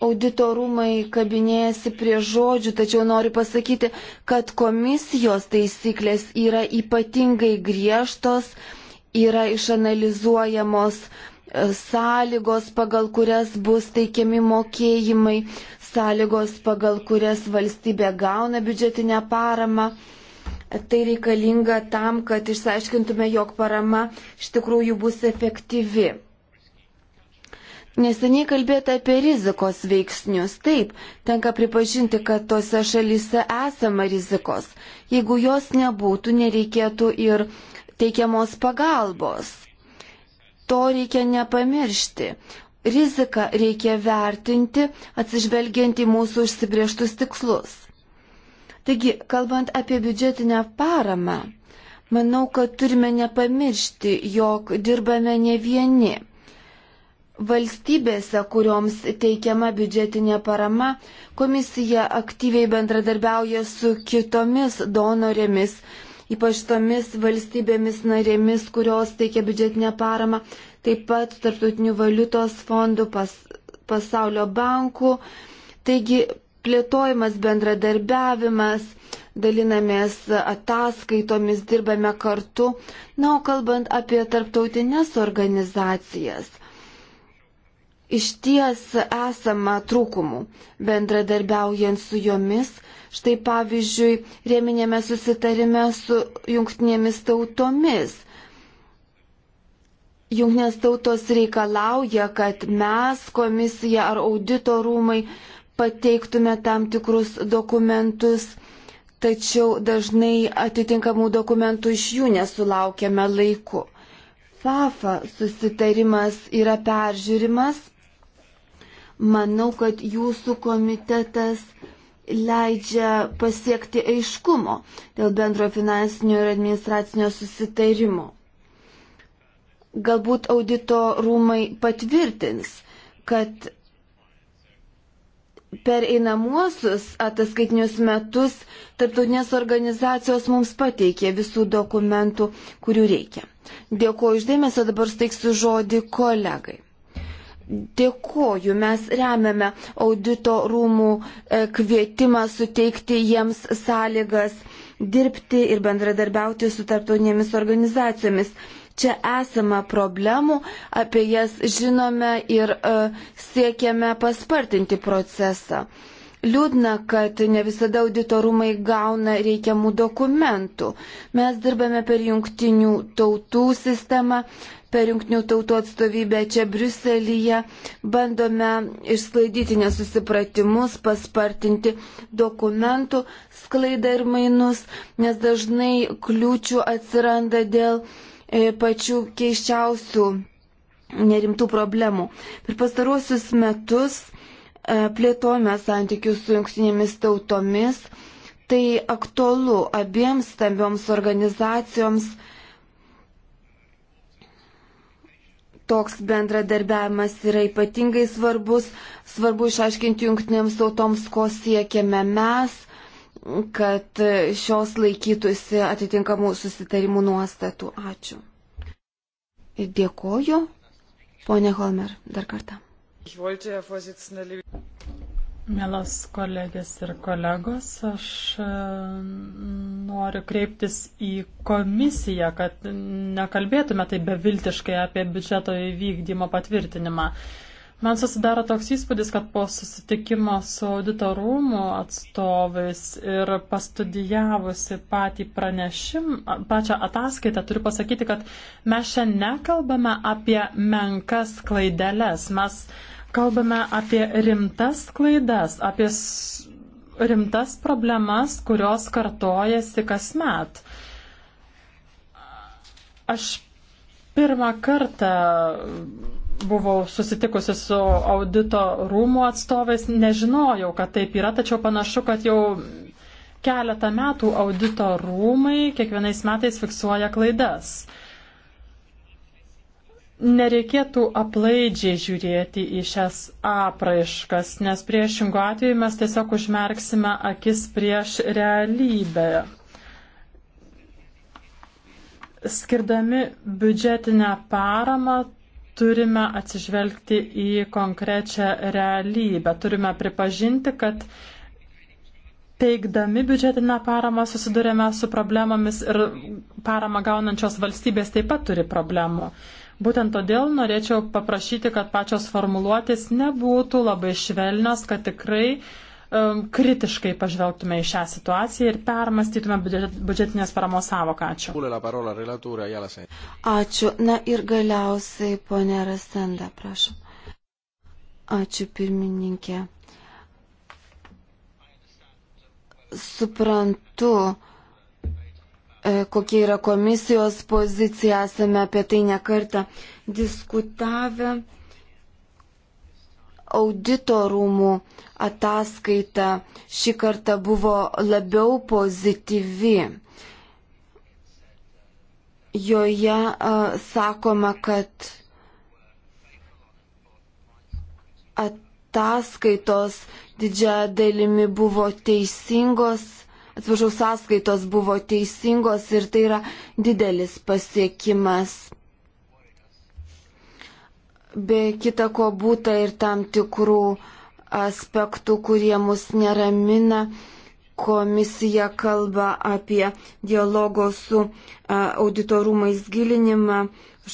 auditorumai kabinėjasi prie žodžių, tačiau noriu pasakyti, kad komisijos taisyklės yra ypatingai griežtos, yra išanalizuojamos e, sąlygos, pagal kurias bus teikiami mokėjimai, sąlygos, pagal kurias valstybė gauna biudžetinę paramą. Tai reikalinga tam, kad išsiaiškintume, jog parama iš tikrųjų bus efektyvi. Neseniai kalbėta apie rizikos veiksnius. Taip, tenka pripažinti, kad tose šalyse esama rizikos. Jeigu jos nebūtų, nereikėtų ir teikiamos pagalbos. To reikia nepamiršti. Riziką reikia vertinti, atsižvelgiant į mūsų užsibrieštus tikslus. Taigi, kalbant apie biudžetinę paramą, manau, kad turime nepamiršti, jog dirbame ne vieni Valstybėse, kurioms teikiama biudžetinė parama, komisija aktyviai bendradarbiauja su kitomis donorėmis, ypač tomis valstybėmis narėmis, kurios teikia biudžetinę paramą, taip pat tarptautinių valiutos fondų pas, pasaulio bankų. Taigi plėtojimas, bendradarbiavimas, dalinamės ataskaitomis, dirbame kartu. Na, o kalbant apie tarptautinės organizacijas Iš ties esama trūkumų bendradarbiaujant su jomis. Štai pavyzdžiui, rėminėme susitarime su jungtinėmis tautomis. Jungtinės tautos reikalauja, kad mes, komisija ar audito rūmai, pateiktume tam tikrus dokumentus, tačiau dažnai atitinkamų dokumentų iš jų nesulaukiame laiku. FAFA susitarimas yra peržiūrimas Manau, kad jūsų komitetas leidžia pasiekti aiškumo dėl bendro finansinio ir administracinio susitarimo. Galbūt audito rūmai patvirtins, kad per einamuosius ataskaitinius metus tarptautinės organizacijos mums pateikė visų dokumentų, kurių reikia. Dėkuoju uždėmesio, dabar steiksiu žodį kolegai. Dėkoju, mes remiame audito rūmų e, kvietimą suteikti jiems sąlygas dirbti ir bendradarbiauti su tarptautinėmis organizacijomis. Čia esama problemų, apie jas žinome ir uh, siekiame paspartinti procesą. Uh, Liūdna, kad ne visada auditorumai gauna reikiamų dokumentų. Mes dirbame per jungtinių tautų sistemą, per jungtinių tautų atstovybę čia Briuselyje, bandome išsklaidyti nesusipratimus, paspartinti dokumentų sklaidą ir mainus, nes dažnai kliūčių atsiranda dėl e, pačių keiščiausių nerimtų problemų. Per pastaruosius metus E, plėtojame santykius su jungtinėmis tautomis. Tai aktualu abiems stambioms organizacijoms. Toks bendradarbiavimas yra ypatingai svarbus. Svarbu išaiškinti jungtinėms tautoms, ko siekiame mes, kad šios laikytųsi atitinkamų susitarimų nuostatų. Ačiū. Dėkoju. Pone Holmer, dar kartą. Mielas kolegės ir kolegos, aš e, noriu kreiptis į komisiją, kad nekalbėtume taip beviltiškai apie biudžeto įvykdymo patvirtinimą. Man susidaro toks įspūdis, kad po susitikimo su auditorumų atstovais ir pastudijavusi patį pranešim, pačią ataskaitą, turiu pasakyti, kad mes čia nekalbame apie menkas klaideles. Mes uh, Kalbame apie rimtas klaidas, apie rimtas problemas, kurios kartojasi kasmet. Aš pirmą kartą buvau susitikusi su audito rūmų atstovais, nežinojau, kad taip yra, tačiau panašu, kad jau keletą metų audito rūmai kiekvienais metais fiksuoja klaidas nereikėtų aplaidžiai žiūrėti į šias apraiškas, nes priešingų atveju mes tiesiog užmerksime akis prieš realybę. Skirdami biudžetinę paramą turime atsižvelgti į konkrečią realybę. Turime pripažinti, kad teikdami biudžetinę paramą susidurėme su problemomis ir paramą gaunančios valstybės taip pat turi problemų. Būtent todėl norėčiau paprašyti, kad pačios formuluotės nebūtų labai švelnios, kad tikrai um, kritiškai pažvelgtume į šią situaciją ir permastytume biudžetinės paramos savoką. Ačiū. Ačiū. Na ir galiausiai, ponė Rasenda, prašom. Ačiū pirmininkė. Suprantu, E, kokia yra komisijos pozicija, esame apie tai nekartą diskutavę. Auditorumų ataskaita šį kartą buvo labiau pozityvi. Joje a, e, sakoma, kad ataskaitos didžiąją dalimi buvo teisingos atsiprašau, sąskaitos buvo teisingos ir tai yra didelis pasiekimas. Be kita ko būta ir tam tikrų aspektų, kurie mus neramina. Komisija kalba apie dialogo su auditorumais gilinimą.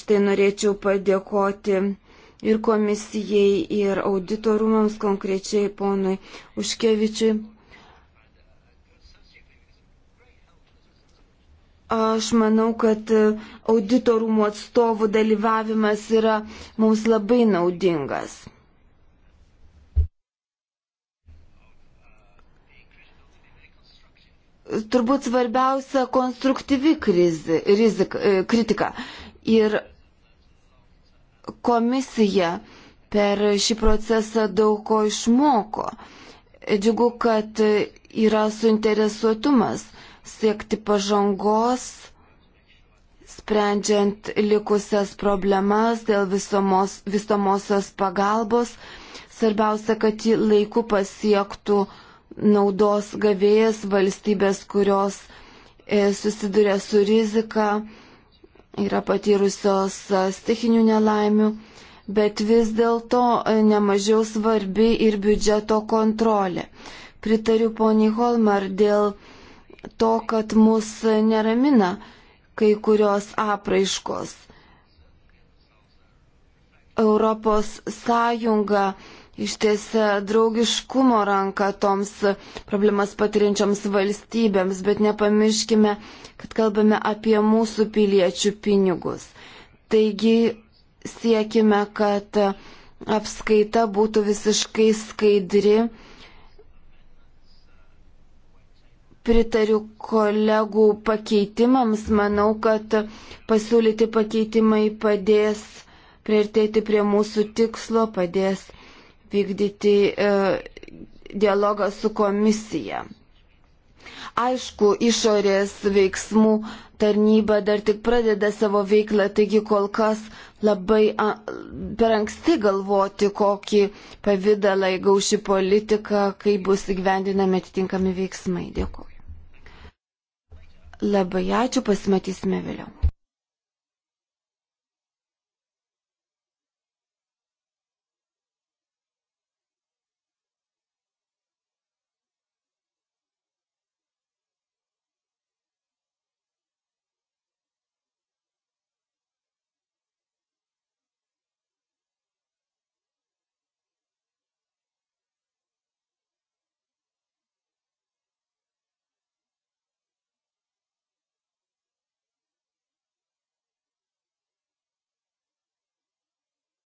Štai norėčiau padėkoti ir komisijai, ir auditorumams, konkrečiai ponui Užkevičiui. Aš manau, kad auditorumų atstovų dalyvavimas yra mums labai naudingas. Turbūt svarbiausia konstruktyvi krizi, rizik, e, kritika. Ir komisija per šį procesą daug ko išmoko. Džiugu, kad yra suinteresuotumas siekti pažangos, sprendžiant likusias problemas dėl visomos, visomosios pagalbos. Svarbiausia, kad ji laiku pasiektų naudos gavėjas valstybės, kurios e, susiduria su rizika, yra patyrusios e, stichinių nelaimių, bet vis dėlto e, nemažiau svarbi ir biudžeto kontrolė. Pritariu poniai Holmar dėl to, kad mus neramina kai kurios apraiškos. Europos Sąjunga ištiesia draugiškumo ranką toms problemas patiriančioms valstybėms, bet nepamirškime, kad kalbame apie mūsų piliečių pinigus. Taigi siekime, kad apskaita būtų visiškai skaidri pritariu kolegų pakeitimams, manau, kad pasiūlyti pakeitimai padės prieartėti prie mūsų tikslo, padės vykdyti e, dialogą su komisija. Aišku, išorės veiksmų tarnyba dar tik pradeda savo veiklą, taigi kol kas labai a, per anksti galvoti, kokį pavydalą įgauši politiką, kai bus įgyvendinami atitinkami veiksmai. Dėkuoju. Labai ačiū, pasimatysime vėliau.